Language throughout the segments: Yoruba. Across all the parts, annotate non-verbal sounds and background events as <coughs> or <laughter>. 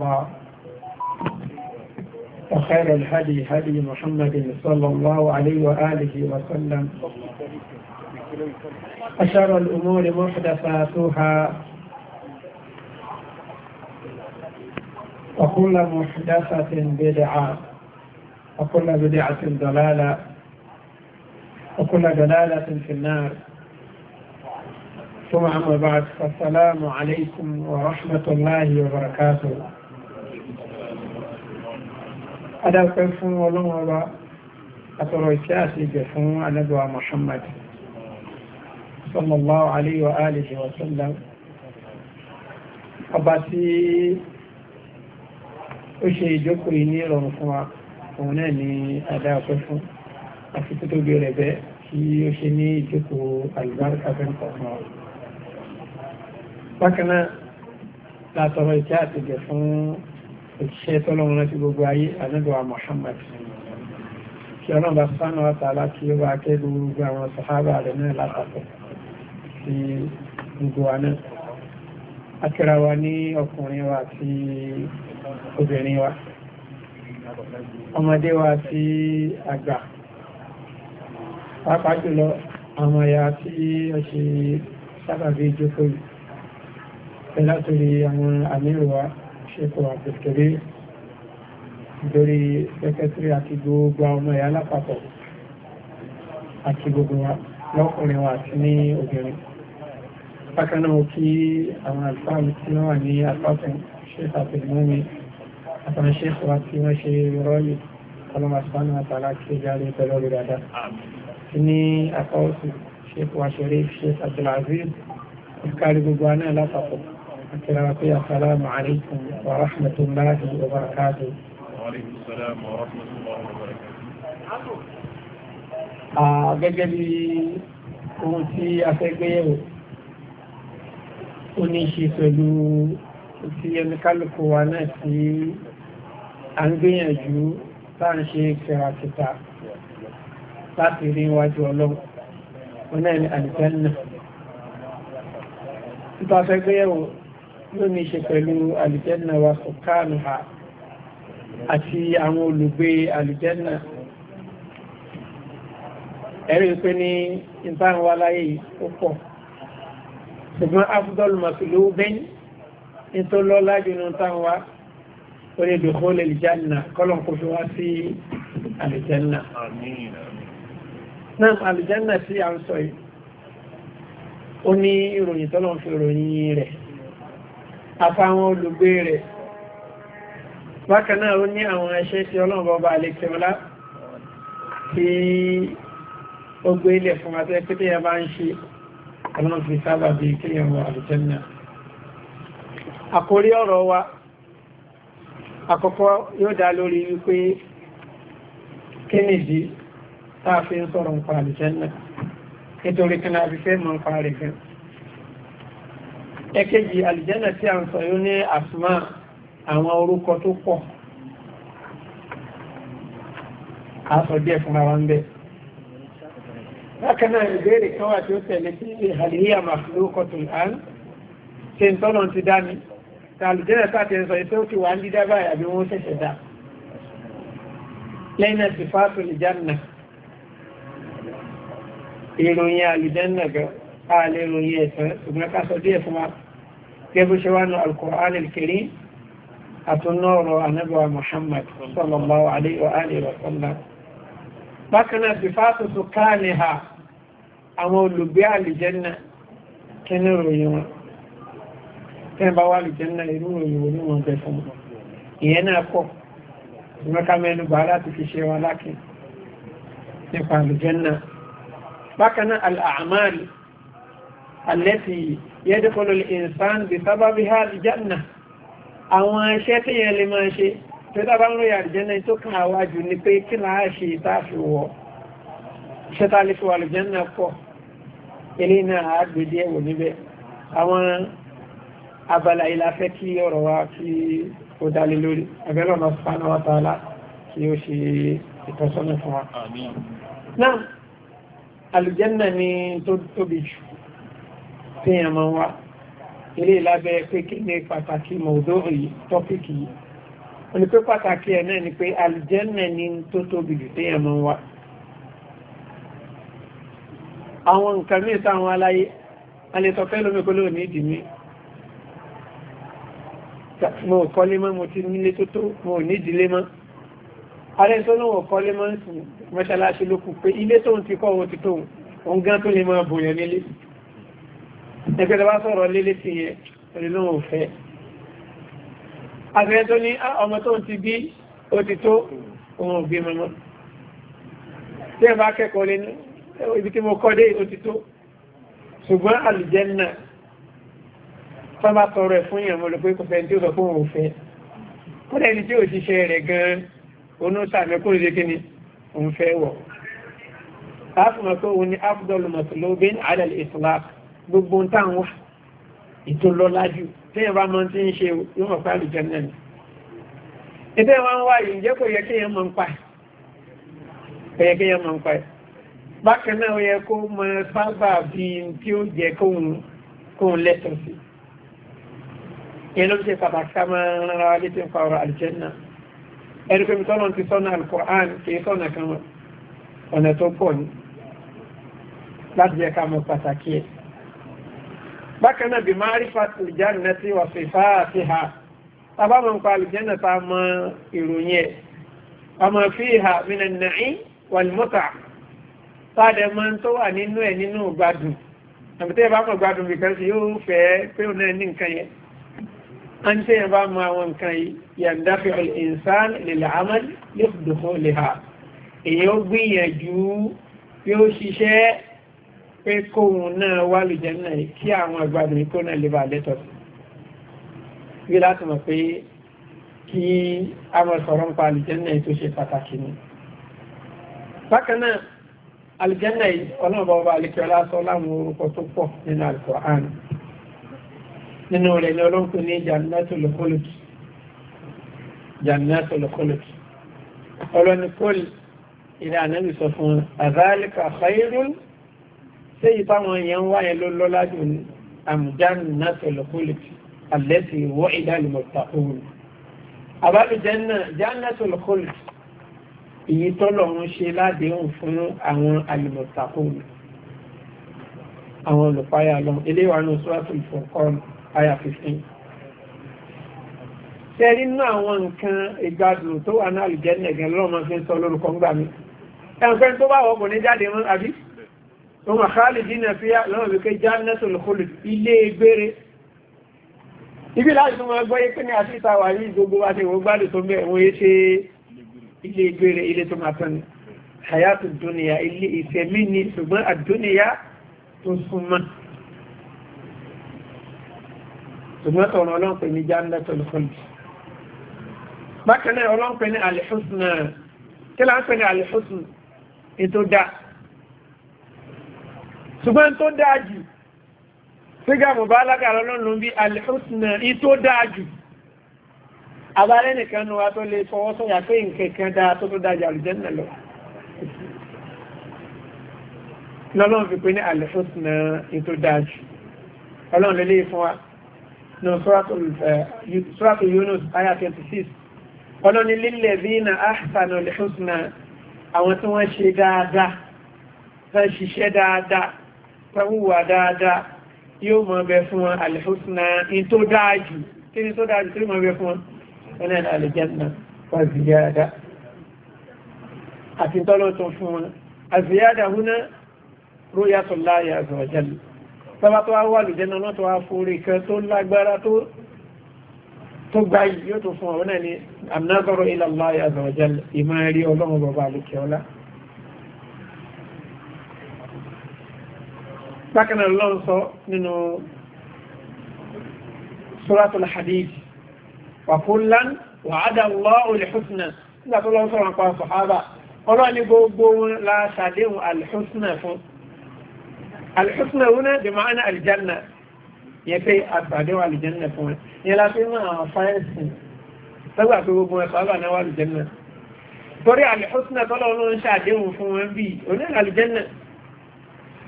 الله وخير الهدي هدي محمد صلى الله عليه وآله وسلم أشر الأمور محدثاتها وكل محدثة بدعة وكل بدعة ضلالة وكل دلالة في النار ثم أما بعد فالسلام عليكم ورحمة الله وبركاته adáfẹ́ fún ọlọ́run ọba àtọ̀rọ̀ ìkẹ́ àti ìgẹ̀ fún anábíwa Muhammad sallallahu alayhi wa alihi wa sallam ọba tí ó ṣe ìjókòó yìí ní ìrọ̀rùn fún wa òun náà ni adáfẹ́ fún àti tó rẹ̀ bẹ́ẹ̀ tí ó ṣe ní ìjókòó àlùbáríkà fẹ́ òṣìṣẹ́ tọ́lọ́run rántí gbogbo ayé àdẹ́dọ̀wà Muhammad kí ọlọ́run bá sánà àtàlá kí ó bá kẹ́lú gbogbo àwọn sàhábà rẹ̀ náà látàkọ̀ sí gbogbo wa náà akẹ́ra wa ní ọkùnrin wa àti obìnrin wa ọmọdé wa àti àgbà pàápàá jùlọ àwọn ẹ̀yà tí ó sábàbí ìjókòó pẹ̀lú àtòrí àwọn àmì ìrọ̀wá ṣètò àtẹ̀kẹ̀rẹ́ nítorí sẹ́kẹ́tìrì àti gbogbo ọmọ ẹ̀yà lápapọ̀ àti gbogbo lọ́kùnrin wa àti ní obìnrin bákan náà kí àwọn àlùfáà mi tí wọ́n wà ní àpapọ̀ ṣètò àtẹ̀mọ́mi àtàwọn ṣètò wa tí wọ́n ṣe rọ́ọ̀lì ọlọ́mọ̀sánà àtàlá kí ó jáde pẹ̀lú ọ̀rẹ́ dáadáa ní àpá òsì ṣètò àṣẹrí ṣètò àtẹ̀lá àzíz ìkárí akẹ́lẹ́wàpẹ́ assalamu alaikum wa rahmatullahi wa barakatuh gẹ́gẹ́ bí ohun tí a fẹ́ gbéyẹ̀wò ó ní ṣe pẹ̀lú ti ẹni kálùkù wa náà tí a ń gbìyànjú bá ń ṣe kẹràkìta láti rí iwájú ọlọ́run ó náà ni àlùjànnà ló ní ṣe pẹ̀lú àlùjẹ́nà wa sọ̀kánù ha àti àwọn olùgbé àlùjẹ́nà ẹ̀rí pé ní ìbáhùn wa láyé ó pọ̀ ṣùgbọ́n afdal masulu bẹ́yìn nítorí lọ́lá jùlọ táwọn wa ó lè dòkó lè jẹ́nà kọ́lọ̀n kò fi wá sí àlùjẹ́nà náà àlùjẹ́nà tí a ń sọ yìí ó ní ìròyìn tọ́lọ̀ fi ròyìn rẹ̀ àfáwọn olùgbé rẹ̀ bákanáà ó ní àwọn ẹṣẹ́ tí ọlọ́ọ̀bọ̀bà alẹ́kẹ̀ọ́lá tí ó gbé ilẹ̀ fún àti ẹkẹ́tẹ́ yà bá ń ṣe ọlọ́n fi sábà bí kíyàn wọ àlùjànnà àkórí ọ̀rọ̀ wa àkọ́kọ́ yóò dá lórí wípé kí ẹ̀kejì àlìjẹ́nà tí a ń sọ yóò ní àsùmá àwọn orúkọ tó pọ̀ aṣọ díẹ̀ fúnra wa ń bẹ bákan náà ìbéèrè kan wà tí ó tẹ̀lé sí àlìyà màfúrúkọ tó án ṣe ń tọ́nà ti dá ni àlìjẹ́nà tá ti ń sọ yìí wà ń dídá báyìí àbí wọ́n ṣẹ̀ṣẹ̀ dá lẹ́yìn náà sìfáàtù àlìjẹ́nà ìròyìn àlìjẹ́nà gan a lè ròyìn ẹ̀sán ṣùgbọ́n ká sọ díẹ̀ fún wa gẹ́gẹ́ ṣe wá ní al-Qur'an al-Karim àtúnnọ́rọ̀ anábíwa Muhammad sallallahu alaihi wa alihi wa sallam bákanáà sì fásitù káàlì ha àwọn olùgbé àlìjẹ́nà kíní ròyìn wọn tẹ́ bá wà àlìjẹ́nà irú ròyìn wọn wọn bẹ fún wọn ìyẹn náà pọ̀ ìmọ́ká bá láti fi ṣe wọn lákì nípa àlìjẹ́nà bákanáà al-a'mal yẹ́dẹ́kọlù ìsán bí sábà bí ha àlìjánà àwọn iṣẹ́ tí yẹn lè máa ṣe tó dábá ń lóye àlìjánà tó kàn àwájú ni pé kí láà ṣe ìtaàfi wọ iṣẹ́ tá lè fi àlìjánà pọ̀ ilé náà àgbèdí ẹ̀wò níbẹ̀ àwọn abala ìlàfẹ́ kí ọ̀rọ̀ wa kí ó dálé lórí abẹ́lẹ̀ ọ̀nà sùpánà wa tààlà kí ó ṣe ìtọ́sọ́nà fún wa. náà àlìjánà ni tó tóbi jù tí a máa wá ilé ìlábẹ́ pé kí ní pàtàkì mọ̀ọ́dọ́ tọ́pìkì yìí wọ́n ni pé pàtàkì ẹ̀ náà ni pé alìjẹ́nà ní tó tóbi jù tí a máa wá àwọn nǹkan mí táwọn aláyé alẹ́sọ̀fẹ́ lómi kó lóò ní mi mo kọ́lé mọ́ mo ti nílé tó tó mo ní ìdílé mọ́ alẹ́ tó lọ́wọ́ kọ́lé mọ́ mọ́ṣáláṣí ló kù pé ilé tóun ti kọ́ òun ti tóun òun gán tó lè máa bòyàn nílé ẹgbẹ́ lọ́wọ́ sọ̀rọ̀ lélé sí yẹ pẹ̀lú òfẹ́ àgbẹ̀ tó ní ah, ọmọ tó ń ti bí ó ti tó ohun òbí mọ́mọ́ tí ẹ bá kẹ́kọ̀ọ́ lé ní ibi tí mo kọ́ dé ó ti tó ṣùgbọ́n àlùjẹ́nà tó bá tọrọ ẹ̀ fún ìyàmọ́ lọ pé kò fẹ́ tí ó sọ fún òun òfẹ́ kó dẹ́ni tí ò rẹ̀ gan-an onú sàmì kó lè kíni òun fẹ́ wọ̀ láti mọ̀ pé òun ni afdol maslubin ala al gbogbo ń táwọn wà ètò lọ́lájú tẹ́yẹ̀ bá mọ́ tí ń ṣe yóò mọ̀ pàálù jẹ́ náà ẹgbẹ́ wọn wá yìí jẹ́ kò yẹ kí yẹn mọ̀ ń pa kò yẹ kí yẹn mọ̀ ń pa bákan náà ó yẹ kó mọ sábà bí tí ó jẹ kóhun lẹ́tọ̀ sí yẹn ló ń ṣe pàtàkì ká máa ń rárá wa létí nípa ọ̀rọ̀ àlùjẹ́nà ẹni pé mi tọ́nà ti sọ́nà alukur'an kì í sọ́nà kan ọ̀nà tó pọ̀ ní láti jẹ́ ká mọ̀ pàtàkì ẹ̀ bákan náà bí ma'rifatu jannati wa sifatiha tábà máa ń pa àlùjànnà tá a mọ ìròyìn ẹ̀ ọmọ fiha minan na'im wal mut'a táàdẹ máa ń tó wà nínú ẹ̀ nínú gbádùn àbítẹ́ bá mọ̀ gbádùn bìkan sí yóò fẹ́ pé òun náà ní nǹkan yẹn a ń bá mọ àwọn nǹkan yàndá fi al-insan lèlà amal yóò dùn ó ha èyí ó gbìyànjú yóò ṣiṣẹ́ pé kóhun náà wà lè jẹ́ náà kí àwọn ìgbádùn ikó náà lè bà lẹ́tọ̀ sí bí láti mọ̀ pé kí a mọ̀ sọ̀rọ̀ ń pa àlìjẹ́nà tó ṣe pàtàkì ni bákan àlìjẹ́nà ọlọ́ọ̀bá ọba àlìkẹ́ọ́lá sọ láwọn orúkọ tó pọ̀ nínú al nínú rẹ̀ ni ọlọ́nkù ní Jannatul Khuld Jannatul Khuld ọlọ́nikọ́lì ìlànà ìsọ̀fún azalika khairun ṣé ìfáwọn èèyàn wá yẹn ló lọ́lá jù ní àmùjánu násọ̀lọ̀ kólẹ̀tì àlẹ́sì wọ́ ìdálùmọ̀tà òun àbálùjẹ́ náà jánásọ̀lọ̀ kólẹ̀tì èyí tọ́lọ̀ ń ṣe ládéhùn fún àwọn àlùmọ̀tà òun àwọn olùpáyà lọ eléwà náà sọ́wọ́sì ìfọ̀kọ́n àyà 15 tẹ́rí nínú àwọn nǹkan ìgbádùn tó wà ní àlùjẹ́ nẹ̀gẹ́ lọ́mọ fi ń sọ lórúkọ ń gbà mí ẹ̀ǹkan wọn wà khalidina fiha lọ́wọ́ wípé jannatul khuld ilé gbére ibi láti tún máa gbọ́yé pé ní àti ìtawà ní gbogbo wa ṣe wọ́n gbádùn tó mẹ́ wọ́n yé ṣe ilé gbére ilé tó máa tán hayatu duniya ilé ìfẹ̀mí ni ṣùgbọ́n àdúnìyà tó súnmọ́ ṣùgbọ́n tọ̀rọ̀ ọlọ́pẹ̀ ṣùgbọ́n tó dáa jù sígá mọ̀bá alágàrọ̀ lọ́nà bí alìhùsùnà ìtó dáa jù abárẹ́ nìkan ní wa tó lè fọwọ́ sọ́yà pé nkẹ̀kẹ́ dáa tó tó dáa jù àlùjẹ́nà lọ lọ́nà fi pé ní alìhùsùnà ìtó dáa jù ọlọ́run lélẹ́ fún wa eh, ní àwọn tí wọ́n ṣe dáadáa fẹ́ ṣiṣẹ́ dáadáa tẹ́wùwà dáadáa yóò mọ̀ bẹ fún wọn alìhúsùnà in tó dáájú kí ni tó dáájú tó mọ̀ bẹ fún wọn ẹ̀nà alìjẹ́nà wà ziyada àti tọ́lọ́ tó fún wọn àziyada húnná róyàtọ̀láyà àzọ̀jẹ́lì tọ́bá tó wá lùjẹ́nà náà tó wá fórí kan tó lágbára tó gbá yìí yóò tó fún ọ̀rọ̀ náà ni àmì سكن اللونسو منو سورة الحديث وكلا وعد الله الحسنى لا تقول الله سبحانه وتعالى صحابة قالوا أن يقولوا لا سادين الحسنى الحسنى هنا بمعنى الجنة يبي أبادوا الجنة فون يلا فيما فايس تقول أتقولوا صحابة نوال الجنة طريق الحسنى طلعوا لهم شادين فون بي هنا الجنة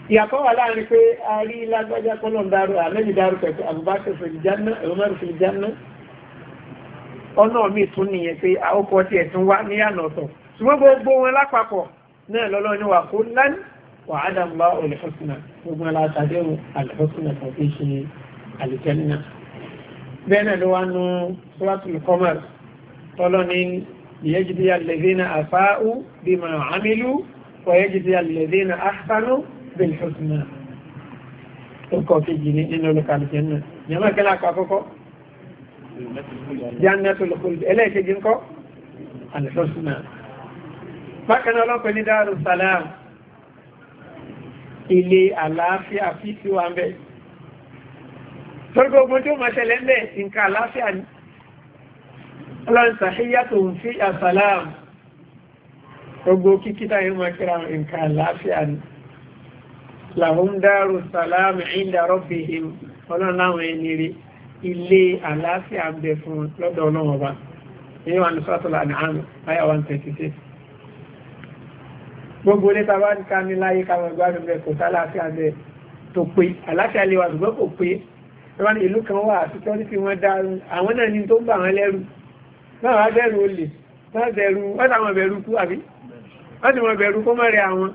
ìyàtọ̀ wà láàrin pé a rí lágbájá kọ́lọ̀ dáró àlẹ́yìn dáró pẹ̀lú Abubakar fìlìjánná Umar fìlìjánná ọ̀nà mi tún nìyẹn pé àwòkọ́ tiẹ̀ tún wá ní àná ọ̀tọ̀ ṣùgbọ́n gbogbo wọn lápapọ̀ náà lọ́lọ́ ní wà kó lán wà ádàmbá olùfọ́sùnà gbogbo wọn látàdéhùn àlùfọ́sùnà kan fi ṣe àlùjẹ́nà bẹ́ẹ̀ náà ló wá nu suratul Qamar tọ́lọ́ ní ìyẹ́jìdí alladhina àfáà bí بالحسنى ọkọ̀ kejì ní nínú olùkàlùkì náà yàmọ́ ìkẹ́lá àkọ́kọ́ jannatul khuld ẹlẹ́ẹ̀kejì ń kọ́ alìsọ́sùnà bákanáà ọlọ́pẹ́ ní dáàrù salam ilé àlàáfíà fi sí wa mẹ́ tọ́gbọ́ ogun tí ó máa tẹ̀lẹ̀ mẹ́ nǹkan àlàáfíà ní ọlọ́run tahiyyatuhum fiha salam gbogbo kíkítà yóò máa kíra nǹkan àlàáfíà ní làwọn dárò sàlámì ìdá rọ́bìhìm ọlọ́run láwọn ẹni rí ilé àlàáfíà ń bẹ fún lọ́dọ̀ ọlọ́run ọba èyí wà ní sọ́tọ̀lá ní àmì àyà 136 gbogbo ní tàbá ní ká ní láyé káwọn ìgbádùn bẹ kò sálàáfíà bẹ tó pé àlàáfíà lè wà ṣùgbọ́n kò pé ẹwà ní ìlú kan wà àtúntọ́ ní fi wọ́n àwọn náà ní tó ń bà wọ́n lẹ́rù náà wá bẹ̀rù olè wọ́n táwọn bẹ̀rù kú àbí wọ́n ti mọ̀ bẹ̀rù kó mọ̀ àwọn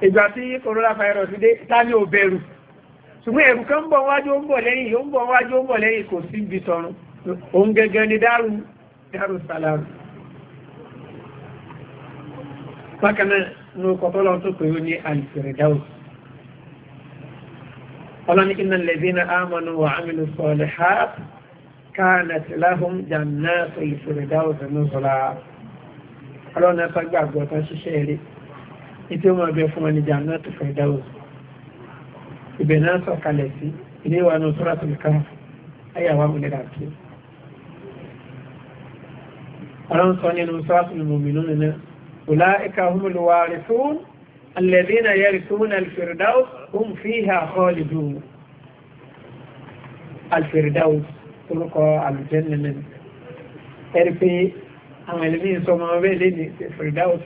ìgbà tí coronavirus dé tání ò bẹ̀rù ṣùgbọ́n ẹ̀rù kan ń bọ̀ wájú ó ń bọ̀ lẹ́yìn ó ń bọ̀ wájú ó ń bọ̀ lẹ́yìn kò sí ibi tọrun òun gẹ́gẹ́ ni dárù dárù sàlárù bákanáà ní kọ̀tọ́lọ́ tó pè ní alìsìrìdáwù ọlọ́ni ọlọ́ni ìtí ó máa bẹ fún wọn ní Jannatul Firdaus ibẹ̀ náà sọ̀kalẹ̀ sí ilé wa náà Suratul Kahf ayàwó amúlẹ̀dà tó ọlọ́run sọ nínú Suratul Mu'minun náà ulaika humul warithun alladhina yarithuna al-Firdaus hum fiha khalidun al orúkọ àlùjẹ́ nínú ẹ̀rí pé àwọn ẹlẹ́mìí sọ ọmọ ọbẹ̀ lé ní Firdaus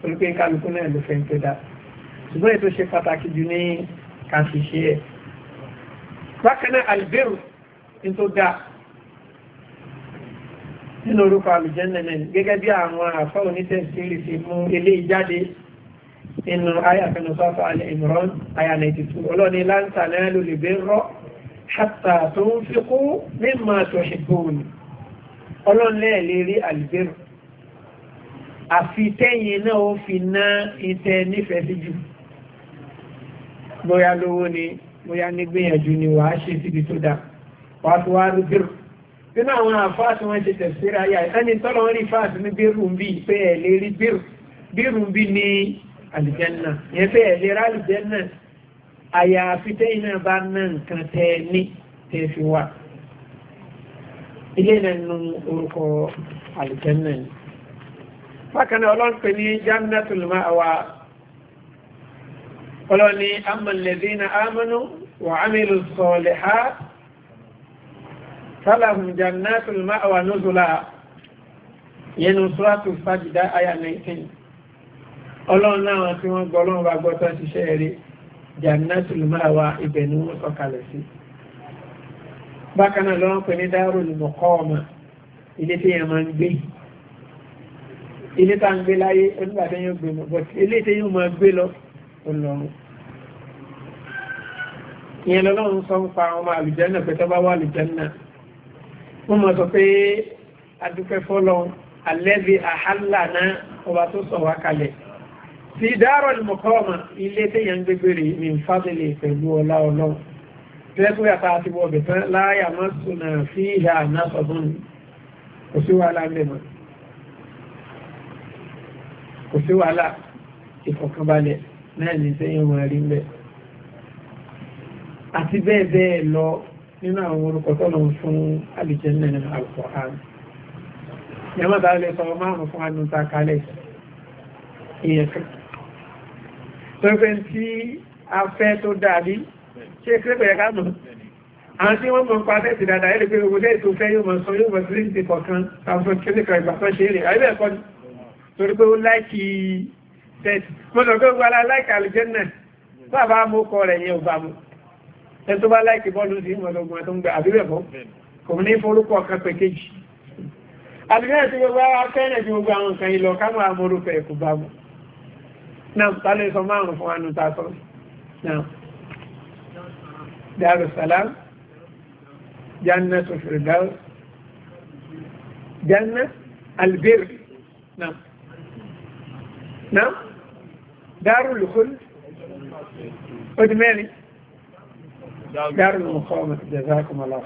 torí pé kálukú náà ló fẹ́ tó dá ṣùgbọ́n ètò ṣe pàtàkì jù ní kàṣìṣe ẹ̀ bákan náà àlùbẹ́rù ní tó dáa nínú orúkọ àlùjẹ́nẹ̀nẹ̀ gẹ́gẹ́ bí àwọn àfọ́ onítẹ̀síri ti mú ilé ìjáde inú ayàfẹ́nusọ́fà alẹ́ ìmọ̀ràn àyà 92 ọlọ́ni láńtà náà ló lè bẹ́ rọ́ ṣàtà tó ń fi kú mímọ̀ àtọ̀ṣẹ̀gbọ́n ọlọ́ni lẹ́ẹ̀lẹ́ rí àlùbẹ́rù àfi tẹ́yìn náà ó fi ná ìtẹ nífẹ̀ẹ́ sí jù bóyá lówó ni bóyá nígbìyànjú ni wàá ṣe síbi tó dáa wàá tó wá rí bírù nínú àwọn àfáàsì wọn ṣe tẹ̀síra ayá ẹni tọ́lọ rí fáàsì ní bírù ń bí pé ẹ̀ lè rí bírù bírù ń bí ní àlìjẹ́nà yẹn pé ẹ̀ lè rá àlìjẹ́nà àyàfi tẹ́yìn náà bá ná nǹkan tẹ́ ní tẹ́ fi wà ilé náà orúkọ àlìjẹ́nà ni fákaná ọlọ́run pè ní jannatul ma'wa ọlọ́ni ammal ladhina amanu wa amilu salihat falahum jannatul ma'wa nuzula yẹnu suratul fàjídá àyà 19 ọlọ́run náà tí wọ́n gbọ́ ọlọ́run bá gbọ́tọ́ ṣiṣẹ́ rí jannatul ma'wa ibẹ̀ ni wọ́n sí ilé tá ń gbé láyé onígbàtẹ́ yóò gbé lọ but ilé tí yóò mọ̀ gbé lọ ọlọ́run ìyẹn lọ́lọ́run sọ ń pa ọmọ àlùjànnà pé tó bá wà àlùjànnà wọ́n mọ̀ sọ pé adúpẹ́ fọ́lọ́ alẹ́bí àhálà náà ọba tó sọ wá kalẹ̀ sí dárọ̀ ni mọ̀kọ́ ọmọ ilé tí yẹn ń gbégbé rè ní fásilè pẹ̀lú ọlá ọlọ́run tẹ́kù yàtà àti wọ̀bẹ̀ tán láyà mọ́sùn kò sí wàhálà ìfọ̀kànbalẹ̀ náà ní sẹ́yìn wọn rí mẹ́ àti bẹ́ẹ̀ bẹ́ẹ̀ lọ nínú àwọn orúkọ tọ́nà fún àlùjànnà nínú Al-Qur'an yamata lè sọ márùn fún àdúntà kalẹ̀ ìyẹn kan pẹ́pẹ́ tí a fẹ́ tó dàbí ṣe kẹ́pẹ̀ ẹ̀ká mọ̀ àwọn tí wọ́n mọ̀ ń pàtẹ́ ti dáadáa ẹ̀rẹ́ pé ogun lẹ́ẹ̀tọ́ fẹ́ yóò mọ̀ sọ yóò mọ̀ sí ìdíkọ̀ kan àwọn kẹ́lẹ́kọ̀ ìgbà kan ṣe rẹ̀ ayébẹ̀ẹ́kọ́ ni torí pé ó láìkì tẹ́tì mo sọ pé ó gbala láìkì àlùjẹ́nà bàbá amókọ rẹ̀ yẹn ò bá mu ẹ tó bá láìkì bọ́ọ̀lù sí ìmọ̀lọ́gbọ̀n tó ń gbà àbí bẹ̀bọ̀ kò ní forúkọ kan pẹ̀ kejì àbíbẹ̀ tí gbogbo ara fẹ́rẹ̀ ju gbogbo àwọn nǹkan Jannatu Firdaus Janna Albir náà نعم. Darul Khuld ó di mẹ́rin Darul الله jazakumullahu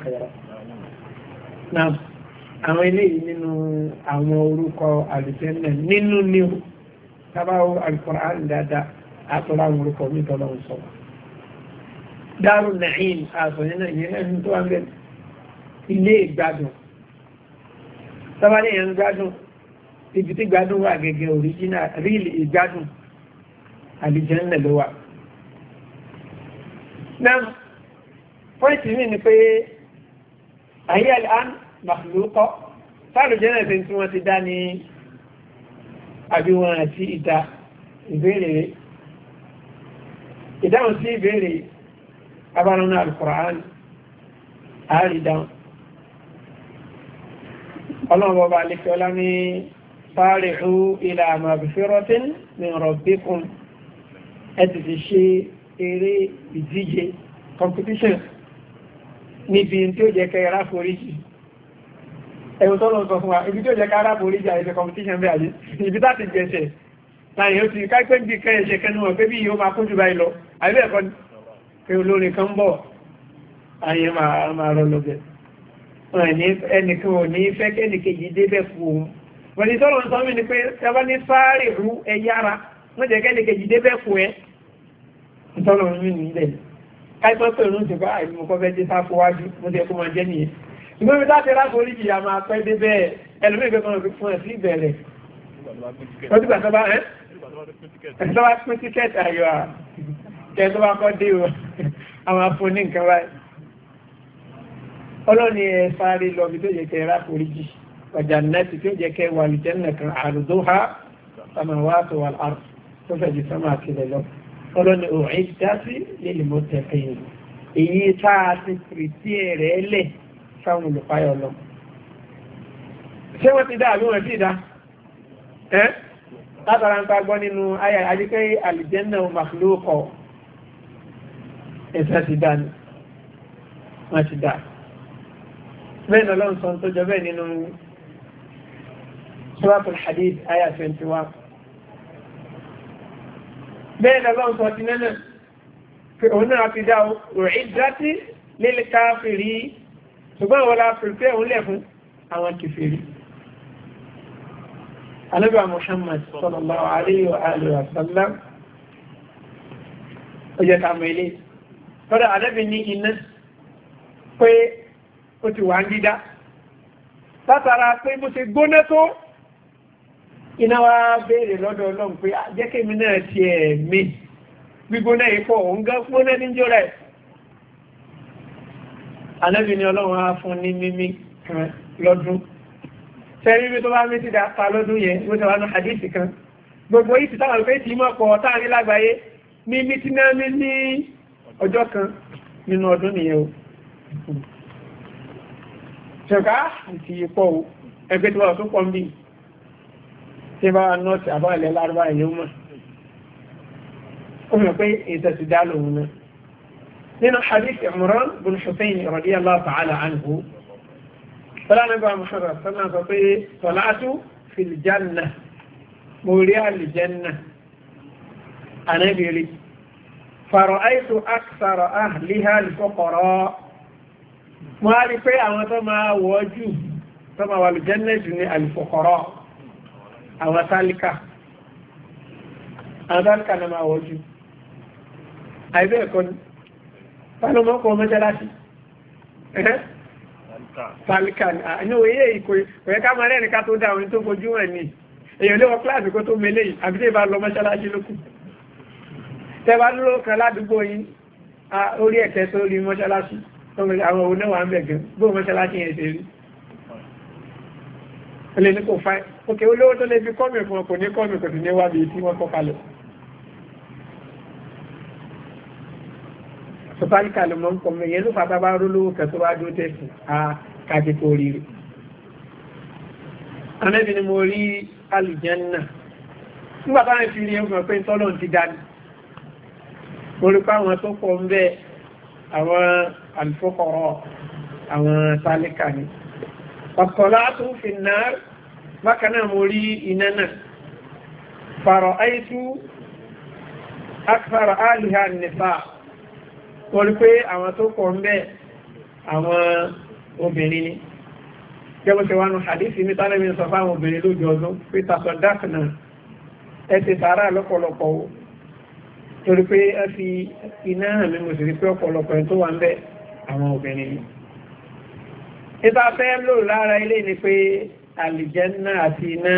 نعم. náà àwọn eléyìí nínú àwọn orúkọ àlùjẹ́nà nínú ní o tábàwọ Al-Qur'an dáadáa àtọ́lá àwọn orúkọ mi tọ́lọ́ ń sọ Darul Na'im àtọ̀yẹ́ náà yẹn lẹ́nu tó wà ilé ìgbádùn tábàlẹ̀ yẹn ń gbádùn ibi tí gbádùn wà gẹ́gẹ́ original real ìgbádùn àlìjẹ́nlẹ̀ ló wà. Náà, pọ́ìntì mi ni pé ayé àlán màlúkọ́, sáàrù jẹ́nlẹ̀ tí wọ́n ti dá ní àbíwọn àti ìta ìbéèrè ìdáhùn sí ìbéèrè abánúnà alkùrán àárí dáhùn. Ọlọ́run bọ́ba alẹ́kẹ́ ọlá ní fáàrìhù ilà àmàbìfẹ́rọ́tín ní rọ̀bíkún ẹ̀tì ti ṣe eré ìdíje competition níbi tí ó jẹ́ kẹrà foríjì ẹ̀wọ̀n tó lọ́nà sọ fún wa ibi tí ó jẹ́ kẹrà foríjì àìsẹ̀ competition bẹ́ẹ̀ àyè ibi láti jẹ́sẹ̀ láyé ó ti káìpẹ́ gbé kẹ́ẹ̀ṣẹ̀ kẹ́nu wọn pé bí yóò máa ẹnìkan ò ní fẹ́ kẹ́nìkejì débẹ̀ fún òun pẹ̀lú tọ́lọ̀ ń sọ mí ni pé e. tẹ́bá ní fáàrì rú ẹ̀yára wọ́n jẹ́ kẹ́lẹ̀ kejì dé bẹ́ẹ̀ fún ẹ́ tọ́lọ̀ ń mí ní ilẹ̀ káìpọ́ pé òun ti bá àìmú kọ́ fẹ́ dé sáfù wájú mo ti ẹkú máa jẹ́ nìyẹn ìgbọ́n mi láti rákò orí jìyà máa pẹ́ dé bẹ́ẹ̀ ẹlòmíì fẹ́ fún ẹ̀ sí ìbẹ̀rẹ̀ ó ti gbà tọ́ba ẹ́ ẹ̀sọ́ba pín tíkẹ́ẹ̀tì wàjànàtì tí ó jẹ́ kẹ́ wà lìjẹ́nà kan àrùdó ha samáwátò wà lárù tó fẹ́ ju sánmà àti ilẹ̀ lọ ọlọ́ ni òun ẹ̀jì dásí lílì mọ́ tẹ̀kẹ́yìn èyí tá a ti pìrìtì rẹ̀ lẹ̀ fáwọn olùpáyọ̀ lọ. ṣé wọ́n ti dá àbí wọ́n ti dá ẹ́ látara ń gbọ́ nínú ayé àdìpé àlìjẹ́nà màkìlókọ̀ ẹ̀sẹ̀ ti dá ni wọ́n ti dá. bẹ́ẹ̀ ni ọlọ́run sọ Surat al-Hadid ayah 21. Bẹ́ẹ̀ lọ́wọ́ sọ ti nẹ́nà, òun náà ti dá u'iddati lil káfìrí, ṣùgbọ́n wọ́n la pèpè òun lẹ̀ fún àwọn kìfìrí. Alẹ́bà Muhammad sallallahu alayhi wa alihi wa sallam, ó jẹ́ ká mọ̀ ilé. Kọ́dà Adẹ́bì ní iná pé ó ti wà ń dídá. Látara pé mo ti gbóná tó iná wá béèrè lọ́dọ̀ ọlọ́run pé ah, jẹ́kẹ́mi náà ti ẹ̀ mi gbígbóná ìpọ̀ òun gán gbóná níjọ́ rẹ̀ anábì ni ọlọ́run á fún ní mímí kan lọ́dún tẹ́rí bí tó bá mí ti dá pa lọ́dún yẹn ló ti ní àdéhìsì kan gbogbo yìí ti táwọn olùkọ́ ìtì mọ̀ pọ̀ táàrin lágbàáyé ní mí tí náà mí ní ọjọ́ kan nínú ọdún nìyẹn o ṣẹ̀ká àti ìpọ̀ o ẹgbẹ́ tí wọ́n tó pọ̀ ń tí bá wà nọ́ọ̀tì àbáàlẹ̀ lárúbá èyí mọ̀ ó mọ̀ pé ìtẹ̀sídá lòun náà nínú hadith Imran bin Hussein radiyallahu ta'ala anhu sọ́lánàbà Muhammad sọ́lánà sọ pé sọ́látú fìlìjánà mo rí àlìjánà anábìrì fàrọ̀ àìsù àkàrọ̀ àhìlíhà lìfọ́kọ̀rọ̀ mo á rí pé àwọn tó máa wọ́ jù tó máa wà lìjánà jù ní àlìfọ́kọ̀rọ̀ àwọn tálíkà àwọn tálíkà náà máa wọ́jú àìbẹ́ ẹ̀kọ́ ni pálọ́mọ́kọ́ mọ́ṣáláṣí tálíkà ní òye ìkò ìwẹ́ ká máa rẹ́rìn ká tó dá àwọn tó fojú wọn ni èèyàn lé wọn kíláàsì kó tó mẹ́lẹ̀ yìí àbí tẹ́ bá lọ mọ́ṣáláṣí lókù tẹ́ bá lóró kan ládùúgbò yín orí ẹ̀kẹ́ sórí mọ́ṣáláṣí àwọn òun náà wà ń bẹ̀ gan bó mọ́ṣáláṣí yẹn ṣe rí ilé ní kò fáì òkè olówó tó lè fi kọ́mì fún ọkọ̀ ní kọ́mì kò sì ní wábi tí wọ́n kọ́ kalẹ̀ sọpáàlì kalẹ̀ mọ́ ń kọ́ mi yẹn ló fàtà bá rú lówó kẹtọ́ wá dúró tẹ̀sí a kájí kó rí rí anẹ́bí ni mo rí alùjẹ́nà nígbà táwọn fi rí ẹgbẹ̀rún pé tọ́lọ̀ ti dání mo rí pa àwọn tó pọ̀ ń bẹ́ àwọn àlùfọ́kọ̀ọ́ àwọn sálíkà ni fàtọ̀látún fi náà bákaná mo rí iná náà fàrọ̀ àìsú akfàrọ̀ àlìhà nìfà wọ́n pé àwọn tó kọ̀ ń bẹ́ àwọn obìnrin ni gẹ́gbẹ́ tí wọ́n nù hadisi ní tánàbí sọ fáwọn obìnrin lójú ọdún pé tàṣọ dákùnà ẹ ti sàárà lọ́pọ̀lọpọ̀ o torí pé ẹ fi iná hàn mí mo sì pé ọ̀pọ̀lọpọ̀ ẹ̀ tó wà ń bẹ́ àwọn obìnrin ni ìbá fẹ́ lò lára ilé ni pé àlìjẹ́nà àti iná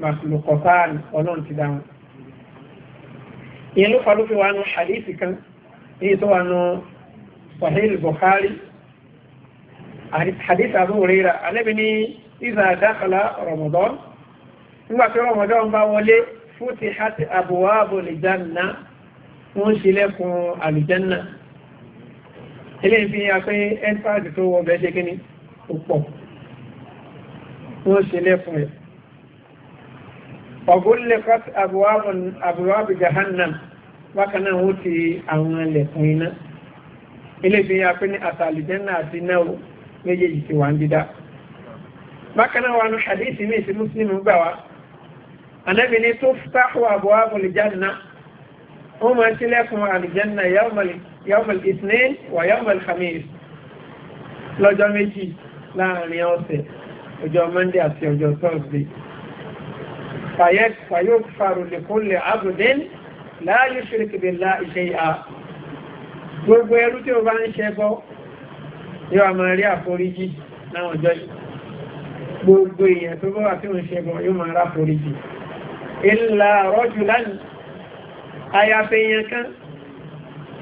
màfìlùkọ̀fáàn ọlọ́run ti dáhùn ìyẹn ló fa ló fi wà nù hadithi kan èyí tó wà nù sahih bukhari hadith abu huraira alẹ́bi ní iza dakhala ramadan nígbà tí ramadan bá wọlé futihat abwabu aljanna wọ́n ṣílẹ̀kùn àlìjẹ́nà ilé ìfihàn pé ẹ́ńtàdì tó wọ bẹ́ẹ̀ ṣe kíní ó pọ̀ wọ́n ṣe lẹ́fún ẹ̀ ọ̀gúnlẹ̀kọ́t àbúwábù jahannam bákan náà wọ́n ti àwọn ẹlẹ́kùn iná ilé fi ya pé ní àtàlìjẹ́nà àti náà méjèèjì ti wà ń dídá bákan náà wà ní hadithi ní ìsìn muslimu gbà wá anábì ní tó fútáhù àbúwábù jahannà wọ́n máa ti lẹ́kùn àlìjẹ́nà yawmal isnin wa yawmal khamis lọ́jọ́ méjì láàrin ọ̀sẹ̀ ọjọ́ monday àti ọjọ́ thursday fayed fayed faru lè kún lè abudin láàyè ṣèkèdè lá iṣẹ́ ìhà gbogbo ẹrú tí ó bá ń ṣe bọ́ yóò máa rí àforíjì láwọn ọjọ́ yìí gbogbo èèyàn tó bọ́ wà tí ó ń ṣe bọ́ yóò máa rá àforíjì ìlà rọ́jù lánìí àyàfẹ́yàn kan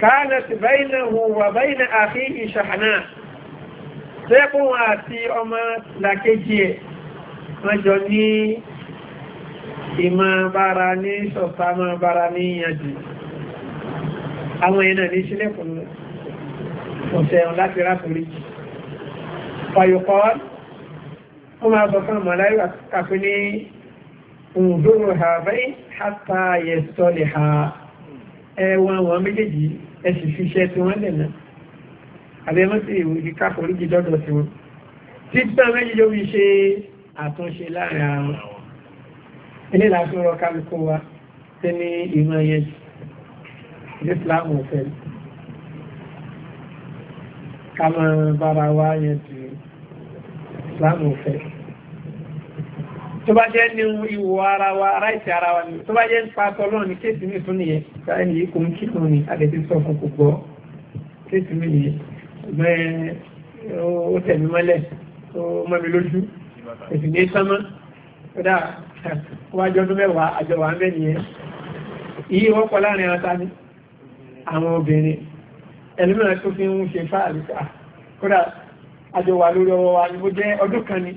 káàlẹ̀ tìbáyìnà hùwà báyìnà àfi ìṣàhánà tẹ́ẹ̀kùn wọn àti ọmọ làkejì ẹ̀ wọ́n jọ ní ìmọ̀ bára ní sọ̀tà mọ́ bára ní ìyànjú àwọn ẹ̀nà ní sílẹ̀kùn ọ̀sẹ̀ ọ̀n láti ráforí fàyọ̀kọ́ ó máa sọ fún ọmọ aláìwà kàfí ní ǹdóró àbáyé hátà yẹ̀sọ́lẹ̀ ha ẹwọ́n àwọn méjèèjì ẹ̀sì fiṣẹ́ tí wọ́n lẹ̀ àbẹ́mọ́sí ìwòsí káforíjì lọ́dọ̀ sí wọn títà méjì ló fi ṣe àtúnṣe láàrin àwọn ilé ìlàsọ́rọ̀ kálukú wa tí ní ìmọ̀ yẹn ìsìláàmù ọ̀fẹ́ kàmọ̀ bára wa yẹn ti ìsìláàmù ọ̀fẹ́ tó bá jẹ́ ní ìwò ara wa ráìtì ara wa ni tó bá jẹ́ ń pa tọ́lọ́ ní kéèsì mi tún nìyẹn káyẹ̀ ní kò ń kíkùn ní àdẹ̀tí sọ fún kò kéèsì mi nìyẹn ó tẹ̀mí mọ́lẹ̀ ó mọ́ mi lójú èsì ní sánmọ́ kódà wájú ọdún mẹ́wàá àjọwà ń bẹ́ nìyẹn iye wọ́n pọ̀ láàrin ata ní àwọn obìnrin ẹlẹ́mìíràn tó fi ń ṣe fáàlùkà kódà àjọwà lórí ọwọ́ wa ni ó jẹ́ ọdún kan ni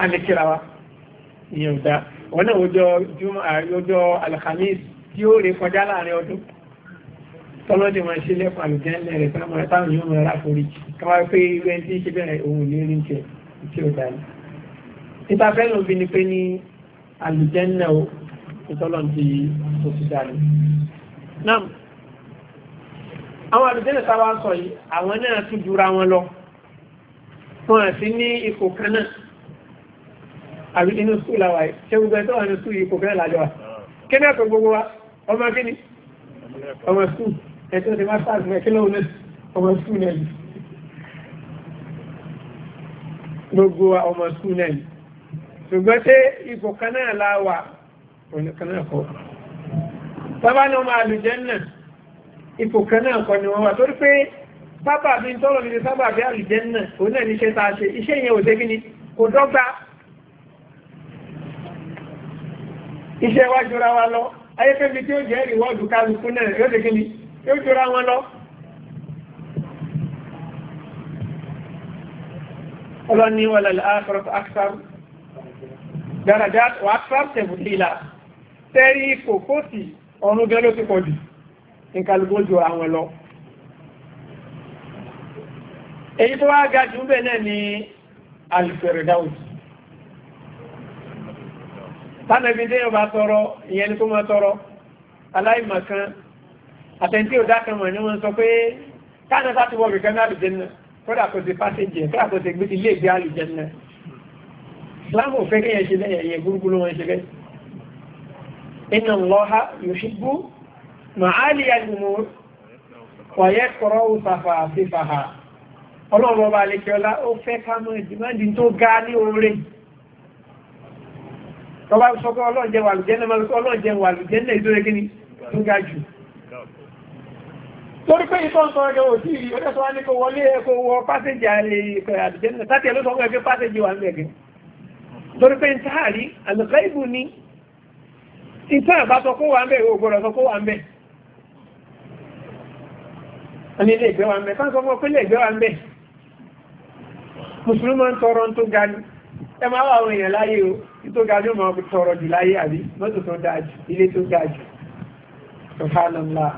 a lè kíra wa ìyẹn ò dá wọn náà ó jọ alhamis tí ó rè kọjá láàrin ọdún tọ́lọ́dẹ̀ máa ṣe lẹ́pàá àlùjẹ́lẹ̀ rẹ̀ táwọn yóò máa ráforí káwá pé ìwé tí ṣe bẹ̀rẹ̀ ohun ìlérí ń tẹ tí ó dáa nípa fẹ́ràn òbí ni pé ní àlùjẹ́lẹ̀ o ìtọ́lọ̀ ti tó ti dáa ni. náà àwọn àlùjẹ́lẹ̀ táwa ń sọ yìí àwọn náà tún jura wọn lọ wọn àti ní ipò kan náà àbí inú skul àwà yìí ṣé gbogbo ẹ̀ tó wà ní skul ipò kan náà lájọ wa kí ni ẹ̀kọ́ gbogbo ọmọ kí ni ọmọ skul ẹ̀tọ́ ti masters mẹ́kílẹ̀ òun ọmọ skul náà yìí gbogbo ọmọ skul náà yìí ṣùgbọ́n ṣé ipò kan náà láwà òní kan náà kọ́ bàbá náà máa lù jẹ́ náà ipò kan náà kọ́ ni wọ́n wà torí pé sábà bí tọ́lọ̀ níbi sábà bí àlùjẹ́ náà òun náà níṣẹ́ tá a ṣe o yẹn ò débi ni kò dọ́gba iṣẹ́ wájú ra wa lọ ayé pé bí tí ó jẹ́ rìwọ́ọ̀dù kálukú náà yóò débi ni yóò jọra wọn lọ. ọlọ́ni wọlé àkọrọ̀ àkṣàrù dáradá wà àkṣàrù tẹ̀bùtìlà tẹ́rí ipò kóòtì ọ̀run gẹ́ ló ti pọ̀ jù nkàlùkù jọ àwọn lọ. èyí tó wá ga jù náà ni alifẹ̀rẹ̀dáwùs tánàbí dé ọba tọrọ ìyẹn ni kó máa tọrọ aláìmọ̀kan àtẹ̀ntí ò dákẹ̀mọ̀ ní wọ́n sọ pé káàdà bá ti wọ́ bìkan náà àlùjẹ́nà kódà kò sí pásẹ̀jì ẹ̀ kódà kò sí ilé ìgbé àlùjẹ́nà islam ò fẹ́ kéèyàn ṣe lẹ́yìn ẹ̀yẹ gúrúgúrú wọn ṣe lẹ́yìn inna Allaha yuhibbu ma'ali al-umur wa yakrahu safasafaha ọlọ́run ọba àlekẹ́ọ́lá ó fẹ́ ká mọ́ ìdìmáàdì tó ní oore torí pé ìtọ́ sọ ẹgbẹ́ òjì yìí ọjọ́ sọ wá ní kó wọlé ẹkọ wọ pásẹ̀jì alẹ́ ìfẹ́ àdìjẹ́nà tàbí ẹ̀ ló sọ ẹgbẹ́ pásẹ̀jì wà lẹ́gẹ̀ torí pé ìtaàrí àlùkọ́ ìbù ni ìtọ́ ẹ̀bá sọ kó wà ń bẹ̀ ò gbọ́dọ̀ sọ kó wà ń bẹ̀ ẹni ilé ìgbẹ́ wà ń bẹ̀ ká sọ fún ọ pé ilé ìgbẹ́ wà ń bẹ̀ mùsùlùmí ń tọrọ tó ga ni ẹ máa wà àwọn èèyàn láyé o tó ga ni ó máa tọrọ jù láyé àbí mọ́tò tó dáa jù ilé tó dáa jù subhanallah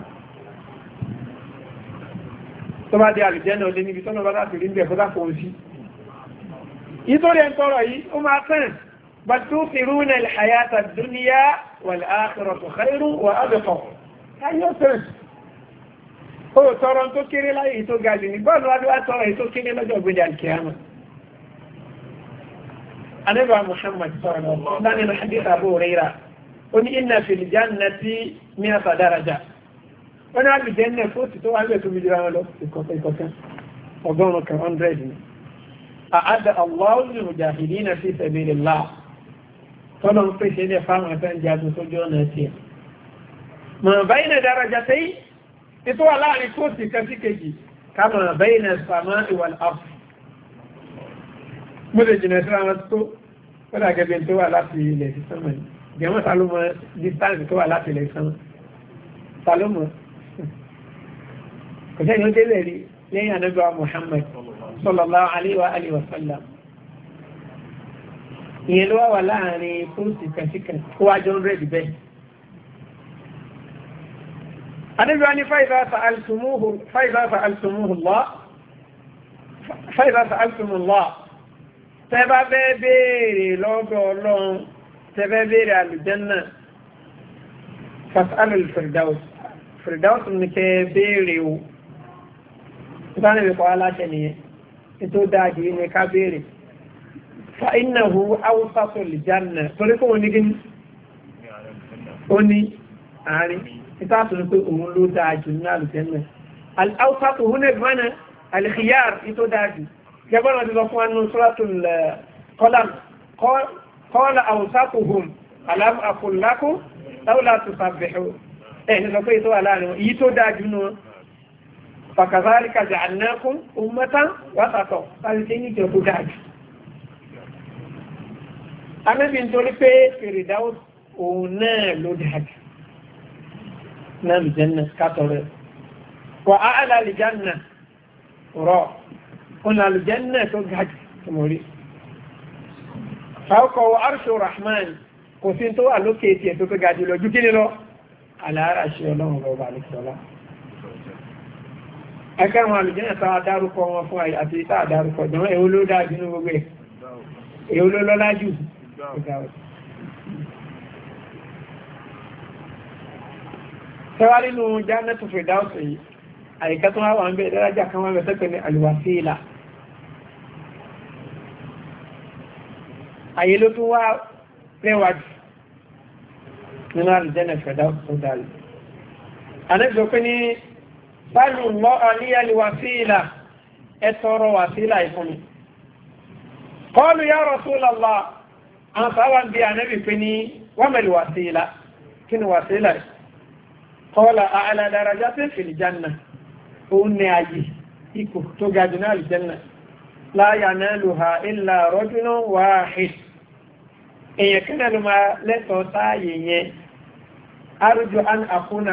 tó bá dé àlùjẹ́nà olé níbi tọ́nà bá láti rí ń bẹ̀ fọ́dá fòun sí nítorí ẹ̀ ń tọrọ yìí ó máa tán bá tó fìrú ní àyàtà dúníyà wà láàkìrọ̀ tó kẹrù wà ábẹ̀kọ̀ ayọ́ tán ó tọrọ tó kéré láyé tó ga jù ní bọ́ọ̀lù wá wá tọrọ tó kéré lọ́jọ́ gbẹ̀dẹ̀ alkiyama anábà muhammad sọ̀rọ̀ lánàá hadith abu rira ó ní inna fil wọ́n ní àlùjẹ́ náà fóòtù tó wà ń bẹ̀ tó bíjúra wọn lọ ìkọ̀kẹ́ ìkọ̀kẹ́ ọgọ́rùn-ún kan hundred ni àádà aláwùjọ mùjàhìdí náà fi sẹ̀bìrì lá tọ́lọ́ ń pèsè ilẹ̀ fáwọn ẹ̀fẹ́ ń jagun sójú ọ̀nà tiẹ̀ mọ̀ báyìí náà dára jàtẹ́ yìí ètò wà láàrin fóòtù kan sí kejì ká mọ̀ báyìí náà sàmá ìwà àfù mo lè jìnà síra wọn tó ó dàgẹ́gẹ́ tó wà láti ilẹ̀ sísánmọ̀ yìí gẹ̀mọ́ ta ló mọ distance tó wà láti ilẹ̀ sísánmọ̀ ta ló kọ̀sẹ́ni ó délẹ̀ rí lẹ́yìn ànábì Muhammad sallallahu alaihi wa alihi wa sallam ìyẹn ló wà wà láàrin fúrúsì kẹsíkẹ ó wájọ ń rẹ̀ bẹ́ẹ̀ ànábì wa ní fàìbá fa'altumullá tẹ́bá bẹ́ béèrè lọ́dọ̀ ọlọ́run tẹ́bẹ́ béèrè àlùjànnà fas'alul firdaus firdaus ní kẹ́ béèrè o ìtànà ìpọ̀ aláṣẹ nìyẹn ètò dáadìí ní ká béèrè fa innahu awsatu al-janna torí fún oní gíní ó ní àárín ìtàtù ní pé òun ló dáadì ní àlùjẹ́nà al-awsatu húnẹ̀ gbọ́nà al-khiyar ètò dáadì gẹ́gbọ́n àti lọ fún wa nínú suratul qalam qala awsatuhum alam aqul lakum lawla tusabbihun ẹ̀ ní sọ pé ètò àláàrin èyí tó dáadì nù wọn fàkàzárìkà ja'alnakum ummatan wàtàtọ̀ láti ṣe níjọ tó dájú. anábì nítorí pé fèrèdáwò òun náà ló dájú náà lùjẹ́nà kátọ̀rẹ́ wà á àlàlìjánà rọ̀ òun làlùjẹ́nà tó dájú tó mọ̀rí fàákọ̀ wọ arṣò rahman kò sí tó wà lókè tí tó tó ga jùlọ jù kí ni lọ àlàáràṣẹ́ ọlọ́run lọ́ba àlùkò ọlọ́run ẹgbẹ́ àwọn àlùjẹ́nà tàà dárúkọ wọn fún àti tàà dárúkọ jọmọ́ èwo ló dájú ní gbogbo ẹ̀ èwo ló lọ́lá jù tẹ́wà nínú jánẹ́tù fìdáùsì yìí àyíká tó wà ń bẹ daraja kan wọ́n mẹ́sẹ́kẹ́ ní alwasila àyè ló tún wá rẹwàjù nínú àlùjẹ́nà fìdáùsì tó dálù bálù lọ àníyàlì wàsílà ẹ tọrọ wàsílà ìfún mi kọlu ya rasulallah àǹfààwà bí ànábì pé ní wàmẹ̀lì wàsílà kí ni wàsílà rẹ̀ kọ́lá àlà darajatin fil janna òun ni ààyè ipò tó ga jù náà lìjánà la yanaluha illa rajulun wahid èèyàn kí náà ló máa lẹ́tọ̀ọ́ sáàyè yẹn arju an akuna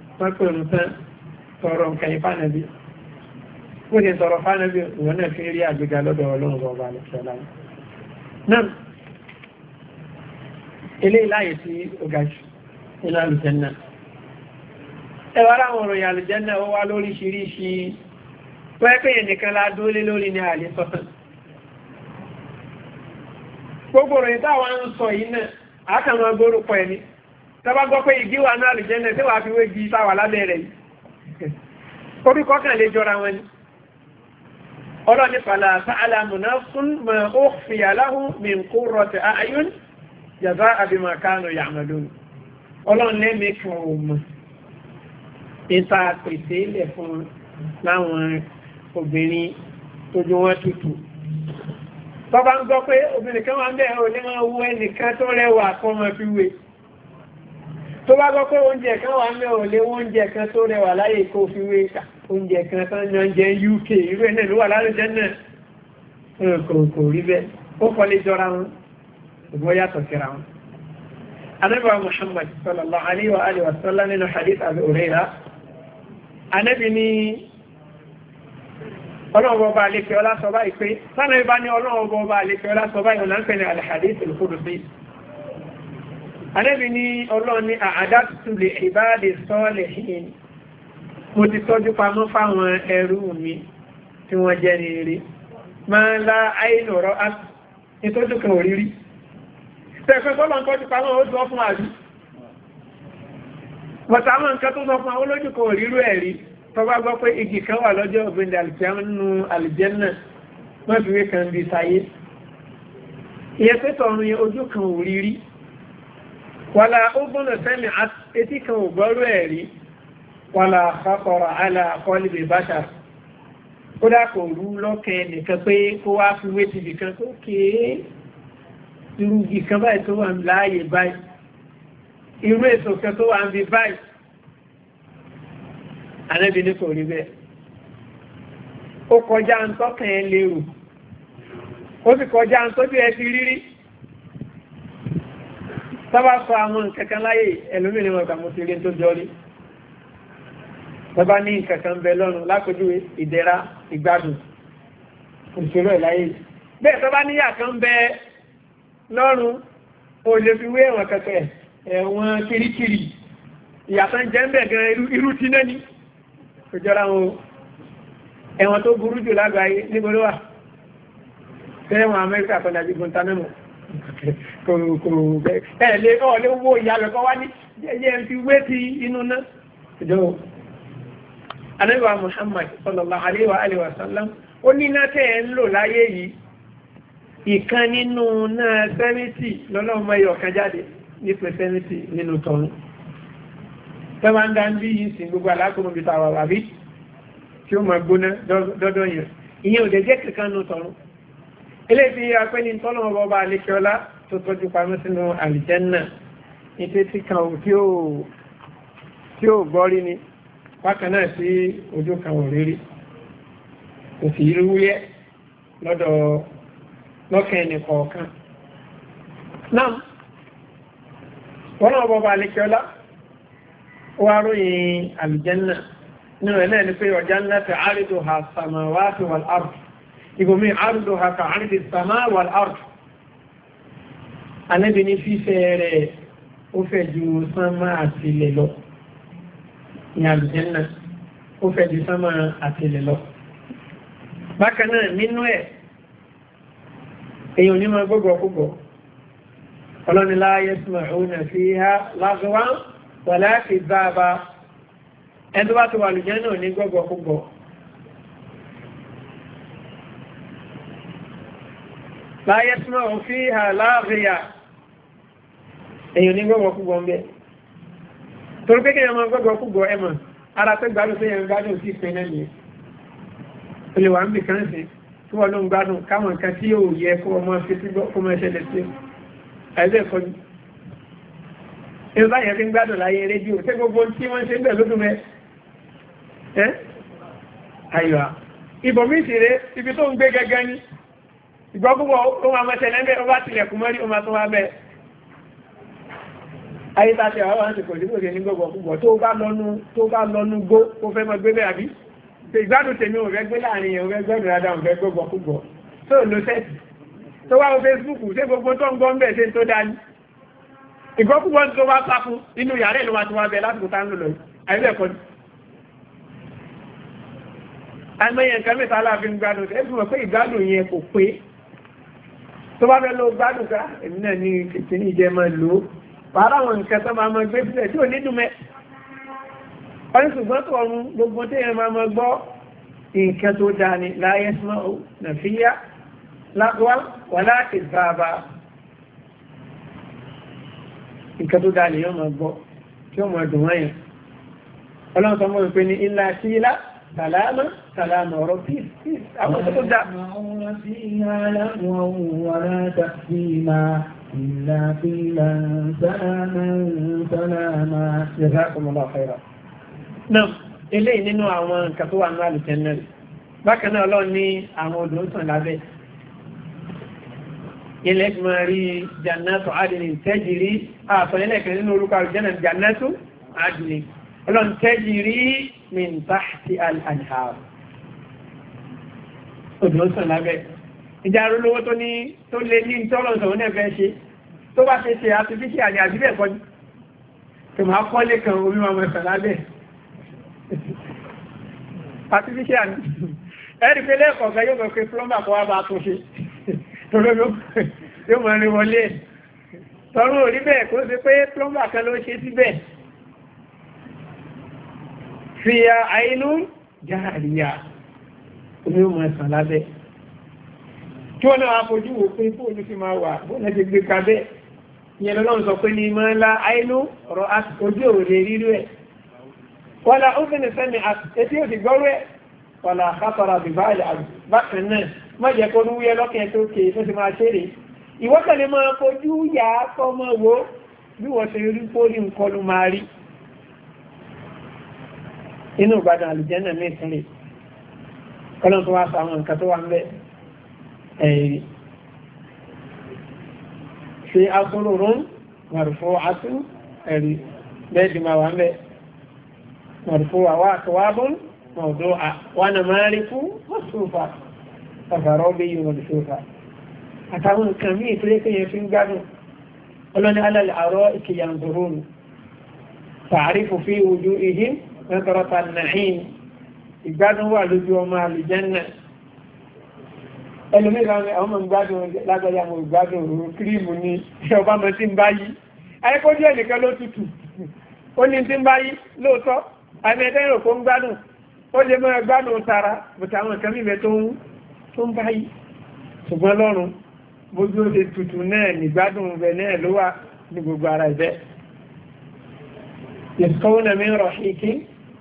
pẹ́pẹ́ òun tán tọrọ nǹkan ìfánàbí ó ní tọrọ fánàbí òun náà fi rí àgbéga lọ́dọ̀ ọlọ́run ọba alẹ́sọ́lá náà ilé láyé sí ọgájú nínú àlùjẹ́nà ẹwà ráwọn òròyìn àlùjẹ́nà ó wá lóríṣiríṣi pẹ́pẹ́ ẹnìkan la dúró lé lórí ní àlè sọ́tàn gbogbo òròyìn táwọn ń sọ yìí náà àkàmọ́ gbórúkọ ẹni tọba gbọ́ pé igi wà náà lùjẹ́nẹ̀ tí wà fi wé jí sáwà lábẹ́ rẹ̀ orí kọ́kàn lè jọra wọn ni ọlọ́ni fàlà sáàlà múná fún ma ó fi aláhùn mi kó rọtẹ ayún yàtọ̀ àbímọ̀ kánú ọlọ́ni lẹ́mí ń gbọ́ pé obìnrin kan wà ń bẹ̀rẹ̀ òní máa wú ẹnìkan tó rẹwà kọ́ máa fi wé tó bá gbọ́ pé oúnjẹ kan wà mẹ́ ò lé oúnjẹ kan tó rẹwà láyé kó fi wé oúnjẹ kan tán yanjẹ UK irú ẹ̀nà ló wà lárúnjẹ náà kò rí bẹ́ẹ̀ ó kọ́lé jọra wọn ìgbọ́ yàtọ̀ síra wọn. anábìwa Muhammad sallallahu alayhi wa alihi wa sallam nínú hadith Abu Hurairah anábì ní ọlọ́run ọba àlefẹ́ ọlá sọ báyìí pé sánà ìbá ní ọlọ́run ọba àlefẹ́ ọlá sọ báyìí ọ̀nà ń pè ní al-hadith al-qudsi Ànábì ní ọlọ́run ní àádátù lè ìbáàdè sọ́ọ̀lẹ̀ hìn. Mo ti tọ́jú pamọ́ fáwọn ẹrú mi tí wọ́n jẹ́ ní eré. Máa ń lá àìnù ọ̀rọ̀ àti ìtọ́jú kan òrírí. Tẹ̀fẹ́ tọ́lọ̀ ń tọ́jú pamọ́ ó dùn fún àrí. Bọ̀tà àwọn nǹkan tó sọ fún àwọn olójú kan òrírú ẹ̀rí. Tọ́gbà gbọ́ pé igi kan wà lọ́jọ́ ògbéǹde àlùjánu àlùjẹ́nà wọ́n fi wé kan bí sáyé. Ìyẹn pé tọ̀run yẹn ojú kan òrírí wàlá ọgbọ́nà sẹ́mi etí kan ò gbọ́rú ẹ̀ rí wàlá àpapọ̀rọ̀ aláàkọ́lìbè báṣà kódà kò rú lọ́kẹ́ nìkan pé kó wá fi wé ti bìkan tó kéé irú ìkan báyìí tó wà láàyè báyìí irú ètò kan tó wà ń bí báyìí Ànábì ní kò rí bẹ́ẹ̀ ó kọjá ń tọ́kàn lérò ó sì kọjá ń tọ́jú ẹ ti rírí sábà sọ àwọn nǹkankan láyé ẹlòmínì wọn kàmú sí ilé tó jọrí sábà ní nǹkankan bẹ lọ́nu lápẹjúwe ìdẹ̀ra ìgbádùn òṣèlú ẹ̀ láyé bẹ́ẹ̀ sábà níyà kan bẹ lọ́rùn o lè fi wé ẹ̀wọ̀n kẹ̀kẹ́ ẹ̀wọ̀n kirikiri ìyàtọ̀ jẹ́ ń bẹ̀ gan irú tí náà kòròkòrò bẹ́ẹ̀ lè náà lè wó ìyàlọ̀ kan wá ní jẹ́jẹ́ fi wé ti inú náà ìjọ Muhammad sallallahu alaihi wa alihi wa sallam ó ní iná tẹ́ ẹ̀ ń lò láyé yìí ìkan nínú náà sẹ́mítì lọ́lọ́mọ ẹyọ kan jáde nípe sẹ́mítì nínú tọ́nu tẹ́wàá ń dá ń bí yìí sí gbogbo alákùnrin bíi tàwa wà tí ó máa gbóná dọ́dọ̀ yẹn ìyẹn ò dẹ̀ jẹ́ kankan nù tọ́nu eléyìí fi apẹ́ni tọ́lọ́mọ bọ́ba àlekẹ́ọ́lá tó tọ́jú pamọ́ sínú àlìjẹ́nà ìpé tí kan tí ó gbọ́rí ni bákan náà sí ojú kan ò rírí kò sì rí wúyẹ́ lọ́dọ̀ lọ́kẹ́ ẹnì kọ̀ọ̀kan náà wọ́n náà bọ́ba alẹ́kẹ́ọ́lá ó wá ròyìn àlìjẹ́nà nínú ẹ̀ náà ni pé ọjà ńlá ti àrídò ha sàmáwá sí wàl-ard ibòmí àrídò ha ka àrídò sàmáwá wàl-ard Ànábì ní fífẹ́ rẹ̀ ó fẹ́ ju sánmà àti ilẹ̀ lọ ní àlùjẹ́nà ó fẹ́ ju sánmà àti ilẹ̀ lọ. Bákan náà nínú ẹ̀ èyàn onímọ̀ gbogbo púpọ̀ ọlọ́nilá yẹ́sùmọ̀ òun àti ha lágbàwá wà láti bá a bá ẹni tó bá ti wà àlùjẹ́nà ní gbogbo púpọ̀ láyé tí wọ́n fi hà láàríyà èyàn ní gbọ́gbọ́ kúgbọ́ ń bẹ́ torí pé kéèyàn máa gbọ́gbọ́ kúgbọ́ ẹ̀mọ̀ ara pé gbádùn tó yẹn gbádùn sí ìpín náà nìyẹn o lè wà ń bì kan sí tí wọ́n ló ń gbádùn káwọn nǹkan tí yóò yẹ kó ọmọ fi sí kó mọ ṣẹlẹ̀ sí ẹgbẹ́ ẹ̀kọ́ ni ẹ̀rọ báyẹn fi ń gbádùn láyé rédíò tẹ́ gbogbo tí wọ́n ṣe ń bẹ̀ lódùn mẹ́ ẹ́ ayọ̀ ìgbọ́gbọ́ ó máa mọ́ ṣẹlẹ̀ mẹ́ ọba tilẹ̀kùn mọ́rí ó máa tún wá bẹ́ẹ̀ ayé tá a ṣe àwọn àti kò dípò ṣe ní gbogbo púpọ̀ tó bá lọ́nu tó bá lọ́nu gbó kó fẹ́ mọ́ gbé bẹ́ẹ̀ àbí ìgbádùn tèmi ò fẹ́ gbé láàrin yẹn ò fẹ́ gbẹ́dùn dáadáa ò fẹ́ gbogbo púpọ̀ tó lọ sẹ́ẹ̀tì tó wá wo Facebook ṣé gbogbo tó ń gbọ́ ń bẹ̀ ṣe tó dání ìgbọ́kúgbọ́ tó wá sáfún inú yàrá ìlú wa ti wá bẹ lásìkò tá ń lò lọ àìbẹ̀kọ́ ni àìmọye aláàfin gbádùn ẹ̀sùn mọ̀ pé ìgbádùn yẹn kò pé tó bá fẹ́ lọ gbádùn ká èmi náà ní kìkìní ìjẹ máa lò ó pàárọ̀ àwọn nǹkan tó máa máa gbé sílẹ̀ tí ò ní dùn mẹ́ wọ́n ní ṣùgbọ́n tó ọrùn gbogbo téèyàn máa máa gbọ́ nǹkan tó dáa ni láyé súnmọ́ ò nàfíyá lágbá wà láti bàbá nǹkan tó dáa ni yóò máa gbọ́ tí ó máa dùn wọ́n ọlọ́run tó mọ̀ pé ní ilá ilá Sàlámà, sàlámà ọ̀rọ̀ peace, àwọn ọ̀sẹ̀ tó dá. Àwọn sí aláwọ̀ wọ́n rádà sí máa ìlà fílà sàlámà sàlámà. Jazakumullahu khairan. Náà, eléyìí nínú àwọn nǹkan tó wà ní àlùjẹ́nà. Bákan náà lọ́ọ̀ ní àwọn odò ń sàn lábẹ́. Ilẹ̀ ìgbìmọ̀ rí Jannatu Adìní tẹ́jìrí, àtọ̀lẹ́lẹ̀kẹ́ nínú orúkọ àlùjẹ́nà Jannatu Adìní. Ọlọ́run tẹ́jìrí min bahti al-anhar odò sàn lábẹ́ ìjà arúlówó tó ní tó lé ní ìtọ́rọ̀ sọ̀rọ̀ náà fẹ́ ṣe tó bá ṣe ṣe artificial ní àdúgbẹ̀ kọjú tó máa kọ́lé kan omi wọn mọ̀ sàn lábẹ́ artificial ní ẹ̀rí pé lẹ́ẹ̀kọ̀ọ̀kan yóò gbọ́ pé plumber kọ́ wá bá tún ṣe torí yóò mọ̀ rí wọlé tọrún òrí bẹ́ẹ̀ kó ṣe pé plumber kan ló ṣe síbẹ̀ fíya àìnú jáàríyà omi ó máa sàn lábẹ́ kí wọ́n náà fojú wò pé fóònù fi máa wà bóòlù ti gbé kabẹ́ ìyẹn lọ́lọ́run sọ pé ní máa ń la àìnú ọ̀rọ̀ ojú òde rírú ẹ̀ wọ́n la ó fẹ́ni sẹ́ni etí òdì gbọ́rú ẹ̀ wọ́n la kápára bìbáàlì bákan náà má jẹ́ kó ní wúyẹ́ lọ́kẹ́ tó ké tó ti máa ṣeré ìwọ́kànlẹ̀ máa fojú yà kọ́ mọ́ wo bí wọ́n ṣe rí pólí nǹkan ló máa rí inú ìbàdàn àlùjẹ́nà mí sílẹ̀ kọ́lọ́n tó wá sọ àwọn nǹkan tó wà ń bẹ́ ẹ̀rí ṣe akúròrún mọ̀rùfọ́ atú ẹ̀rí bẹ́ẹ̀dì máa wà ń bẹ́ mọ̀rùfọ́ àwọ́ àtọwábùn mọ̀ọ̀dọ́ wọn máa rí fún ọ̀ṣùfà ọ̀fàrọ̀ bí yìí mọ̀rùfọ́fà àtàwọn nǹkan mí ìfúré kéèyàn fi ń gbádùn ọlọ́ni alàlẹ́ àrọ́ ìkìyàǹdùrún tààrífù fi ojú ìhìn nẹ́tọ́rọ́ta nàíyìn ìgbádùn wà lójú ọmọ àlùjẹ́nà ẹlòmí ìlànà ọmọ ìgbádùn lágbàáyà mọ̀ ìgbádùn òru kírímù ní ọba mọ̀ tí ń bá yí ayẹ́kọ́ díẹ̀ nìkan ló tutù ó ní tí ń bá yí lóòótọ́ àmì ẹ̀tẹ́ ìrò kó ń gbádùn ó lè mọ́ ẹgbádùn tara bùtà rẹ̀ náà ló wà ní gbogbo ara ẹ̀bẹ́ ìsọ́wọ́n mi rọ̀ ṣìkín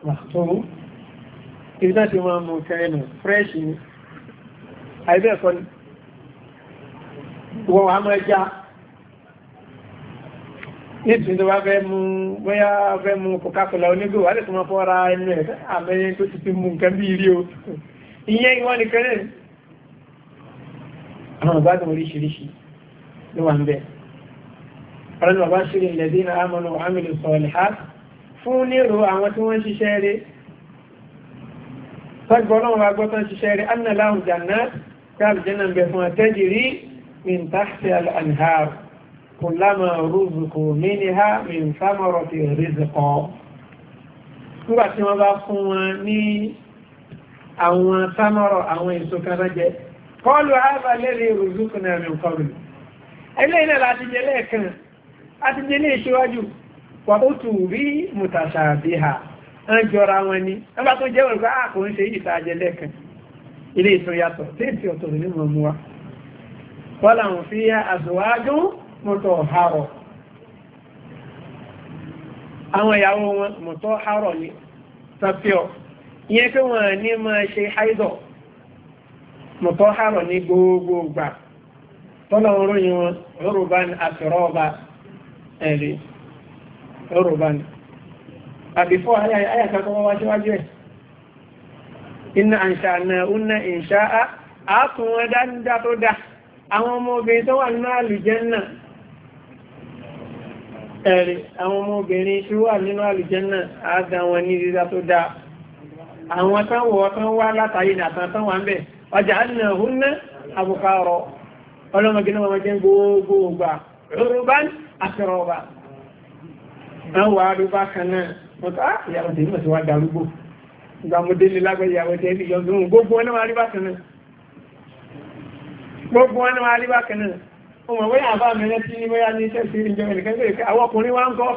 màtọ́wó ibi láti máa mú kẹrẹnù fresh ni àìbẹ́ ẹ̀kọ́ ni wọ́n wà mọ́ ẹja ní ìtùn tó bá fẹ́ mú bóyá fẹ́ mú Coca-Cola onígò wà lè tó máa fọ́ra ẹnu ẹ̀ àmẹ́yẹ tó ti fi mú nǹkan bí rí o ìyẹn ìwọ́n ni kẹrẹnù àwọn ìbádùn oríṣiríṣi ló wà ń bẹ̀ ọ̀rọ̀ ni bàbá ṣírí ilẹ̀ dínà amanu wa amilu salihat fún nírò àwọn tí wọ́n ṣiṣẹ́ rẹ̀ tọ́gbọ́nà wa gbọ́tán ṣiṣẹ́ rẹ̀ annaláhùn jàná káàlùjẹ́nà bẹ̀ fún àtẹ́jì rí min tahti al-anhar kullama ruzuqu minha min thamarati rizqa nígbà tí wọ́n bá fún wọn ní min qabl ẹlẹ́yìn náà jẹ́ ní ìṣíwájú wà ó tù rí mùtàṣà bí ha ń jọra wọn ni wọ́n bá tó jẹ́ wọn pé a ah, kò ń ṣe yìí tá a jẹ lẹ́ẹ̀kan ilé ìtò yàtọ̀ téèntì ọ̀tọ̀ ní mọ̀ mú wa wọ́n làwọn fi yá àzọ̀wájú mọ̀tọ̀ harọ̀ àwọn ìyàwó wọn mọ̀tọ̀ harọ̀ ni tọ́píọ̀ ìyẹn pé wọ́n ní máa ṣe haidọ̀ mọ̀tọ̀ harọ̀ ní gbogbogbà tọ́lọ̀ oróyìn wọn yorùbá ni àtìrọ́ọ̀bá ẹ̀rí ẹ̀rọ bá ní àbífọ́ ayàkàkọ́ wọ́n wá síwájú ẹ̀ iná àṣà náà únà ìṣá àátùn wọn dáadáa tó dá àwọn ọmọ obìnrin tó wà nínú àlùjẹ́nà ẹ̀rẹ̀ àwọn ọmọ obìnrin tí wà nínú àlùjẹ́nà àádá wọn ní dídá tó dá àwọn tánwọ̀ tán wá látàrí nàtàn tán ń bẹ̀ ọjà àdínà húnná àbùkárọ̀ ọlọ́mọgínà wọn jẹ́ gbogbo ògbà rúrúbá àti rọ̀bà náà wà á rí bákan náà wọ́n tó ah ìyàwó tèmi ti wá darúgbó ìgbà mo délé lágbẹ̀ẹ́ ìyàwó tẹ́ ní ìyọ̀dún òun gbogbo wọn náà wà á rí bákan náà gbogbo wọn náà wà á rí bákan náà ọmọ wẹ́yà àbá mẹ́rẹ́ tí ní wẹ́yà ní iṣẹ́ sí ìjọba nìkan tó ìfẹ́ àwọn ọkùnrin wá ń kọ́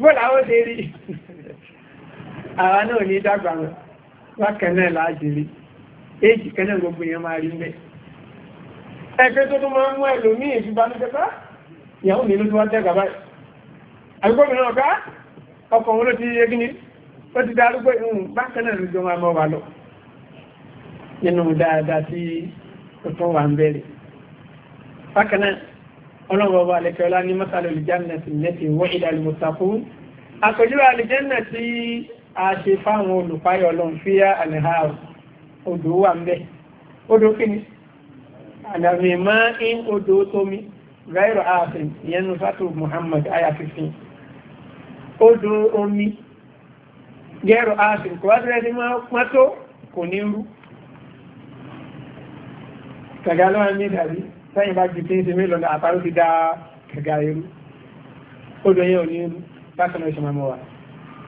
bọ́ọ̀lù àwọn ẹgbẹ́ tó tó máa ń mú ẹlòmíì ìfibanújẹ́ ah, ìyàwó mi ló tó wá dẹ́gà báyìí àgbọ́mìnà ọ̀gá ọkọ̀ wọn ló ti yé gíní ó ti darúgbó ìhùn hmm, bákanáà ló jọ máa mọ́ wa lọ nínú dáadáa tí ó tún wà ń bẹ̀rẹ̀ bákanáà ọlọ́run ọba alẹ́kẹ́ọ́lá ní mọ́sálẹ̀ olùjánà ti nẹ́tì wọ́n ìdàlù mọ́sàkú àpèjúwe àlìjánà tí a ṣe fáwọn olùpáyọ̀ ọlọ́run fíyà àlẹ́hà odò wà ń bẹ̀ odò kíni àdàmì máa ń odò tómi gáírò ààfin ìyẹnu fatu Muhammad aya odò omi gẹ́rọ aṣìn kò wáṣẹ́ ẹni máa tó kò ní rú kẹ̀gà lọ́wọ́ ní ìdàrí sẹ́yìn bá jù tí ń se mí lọ́nà àtàrú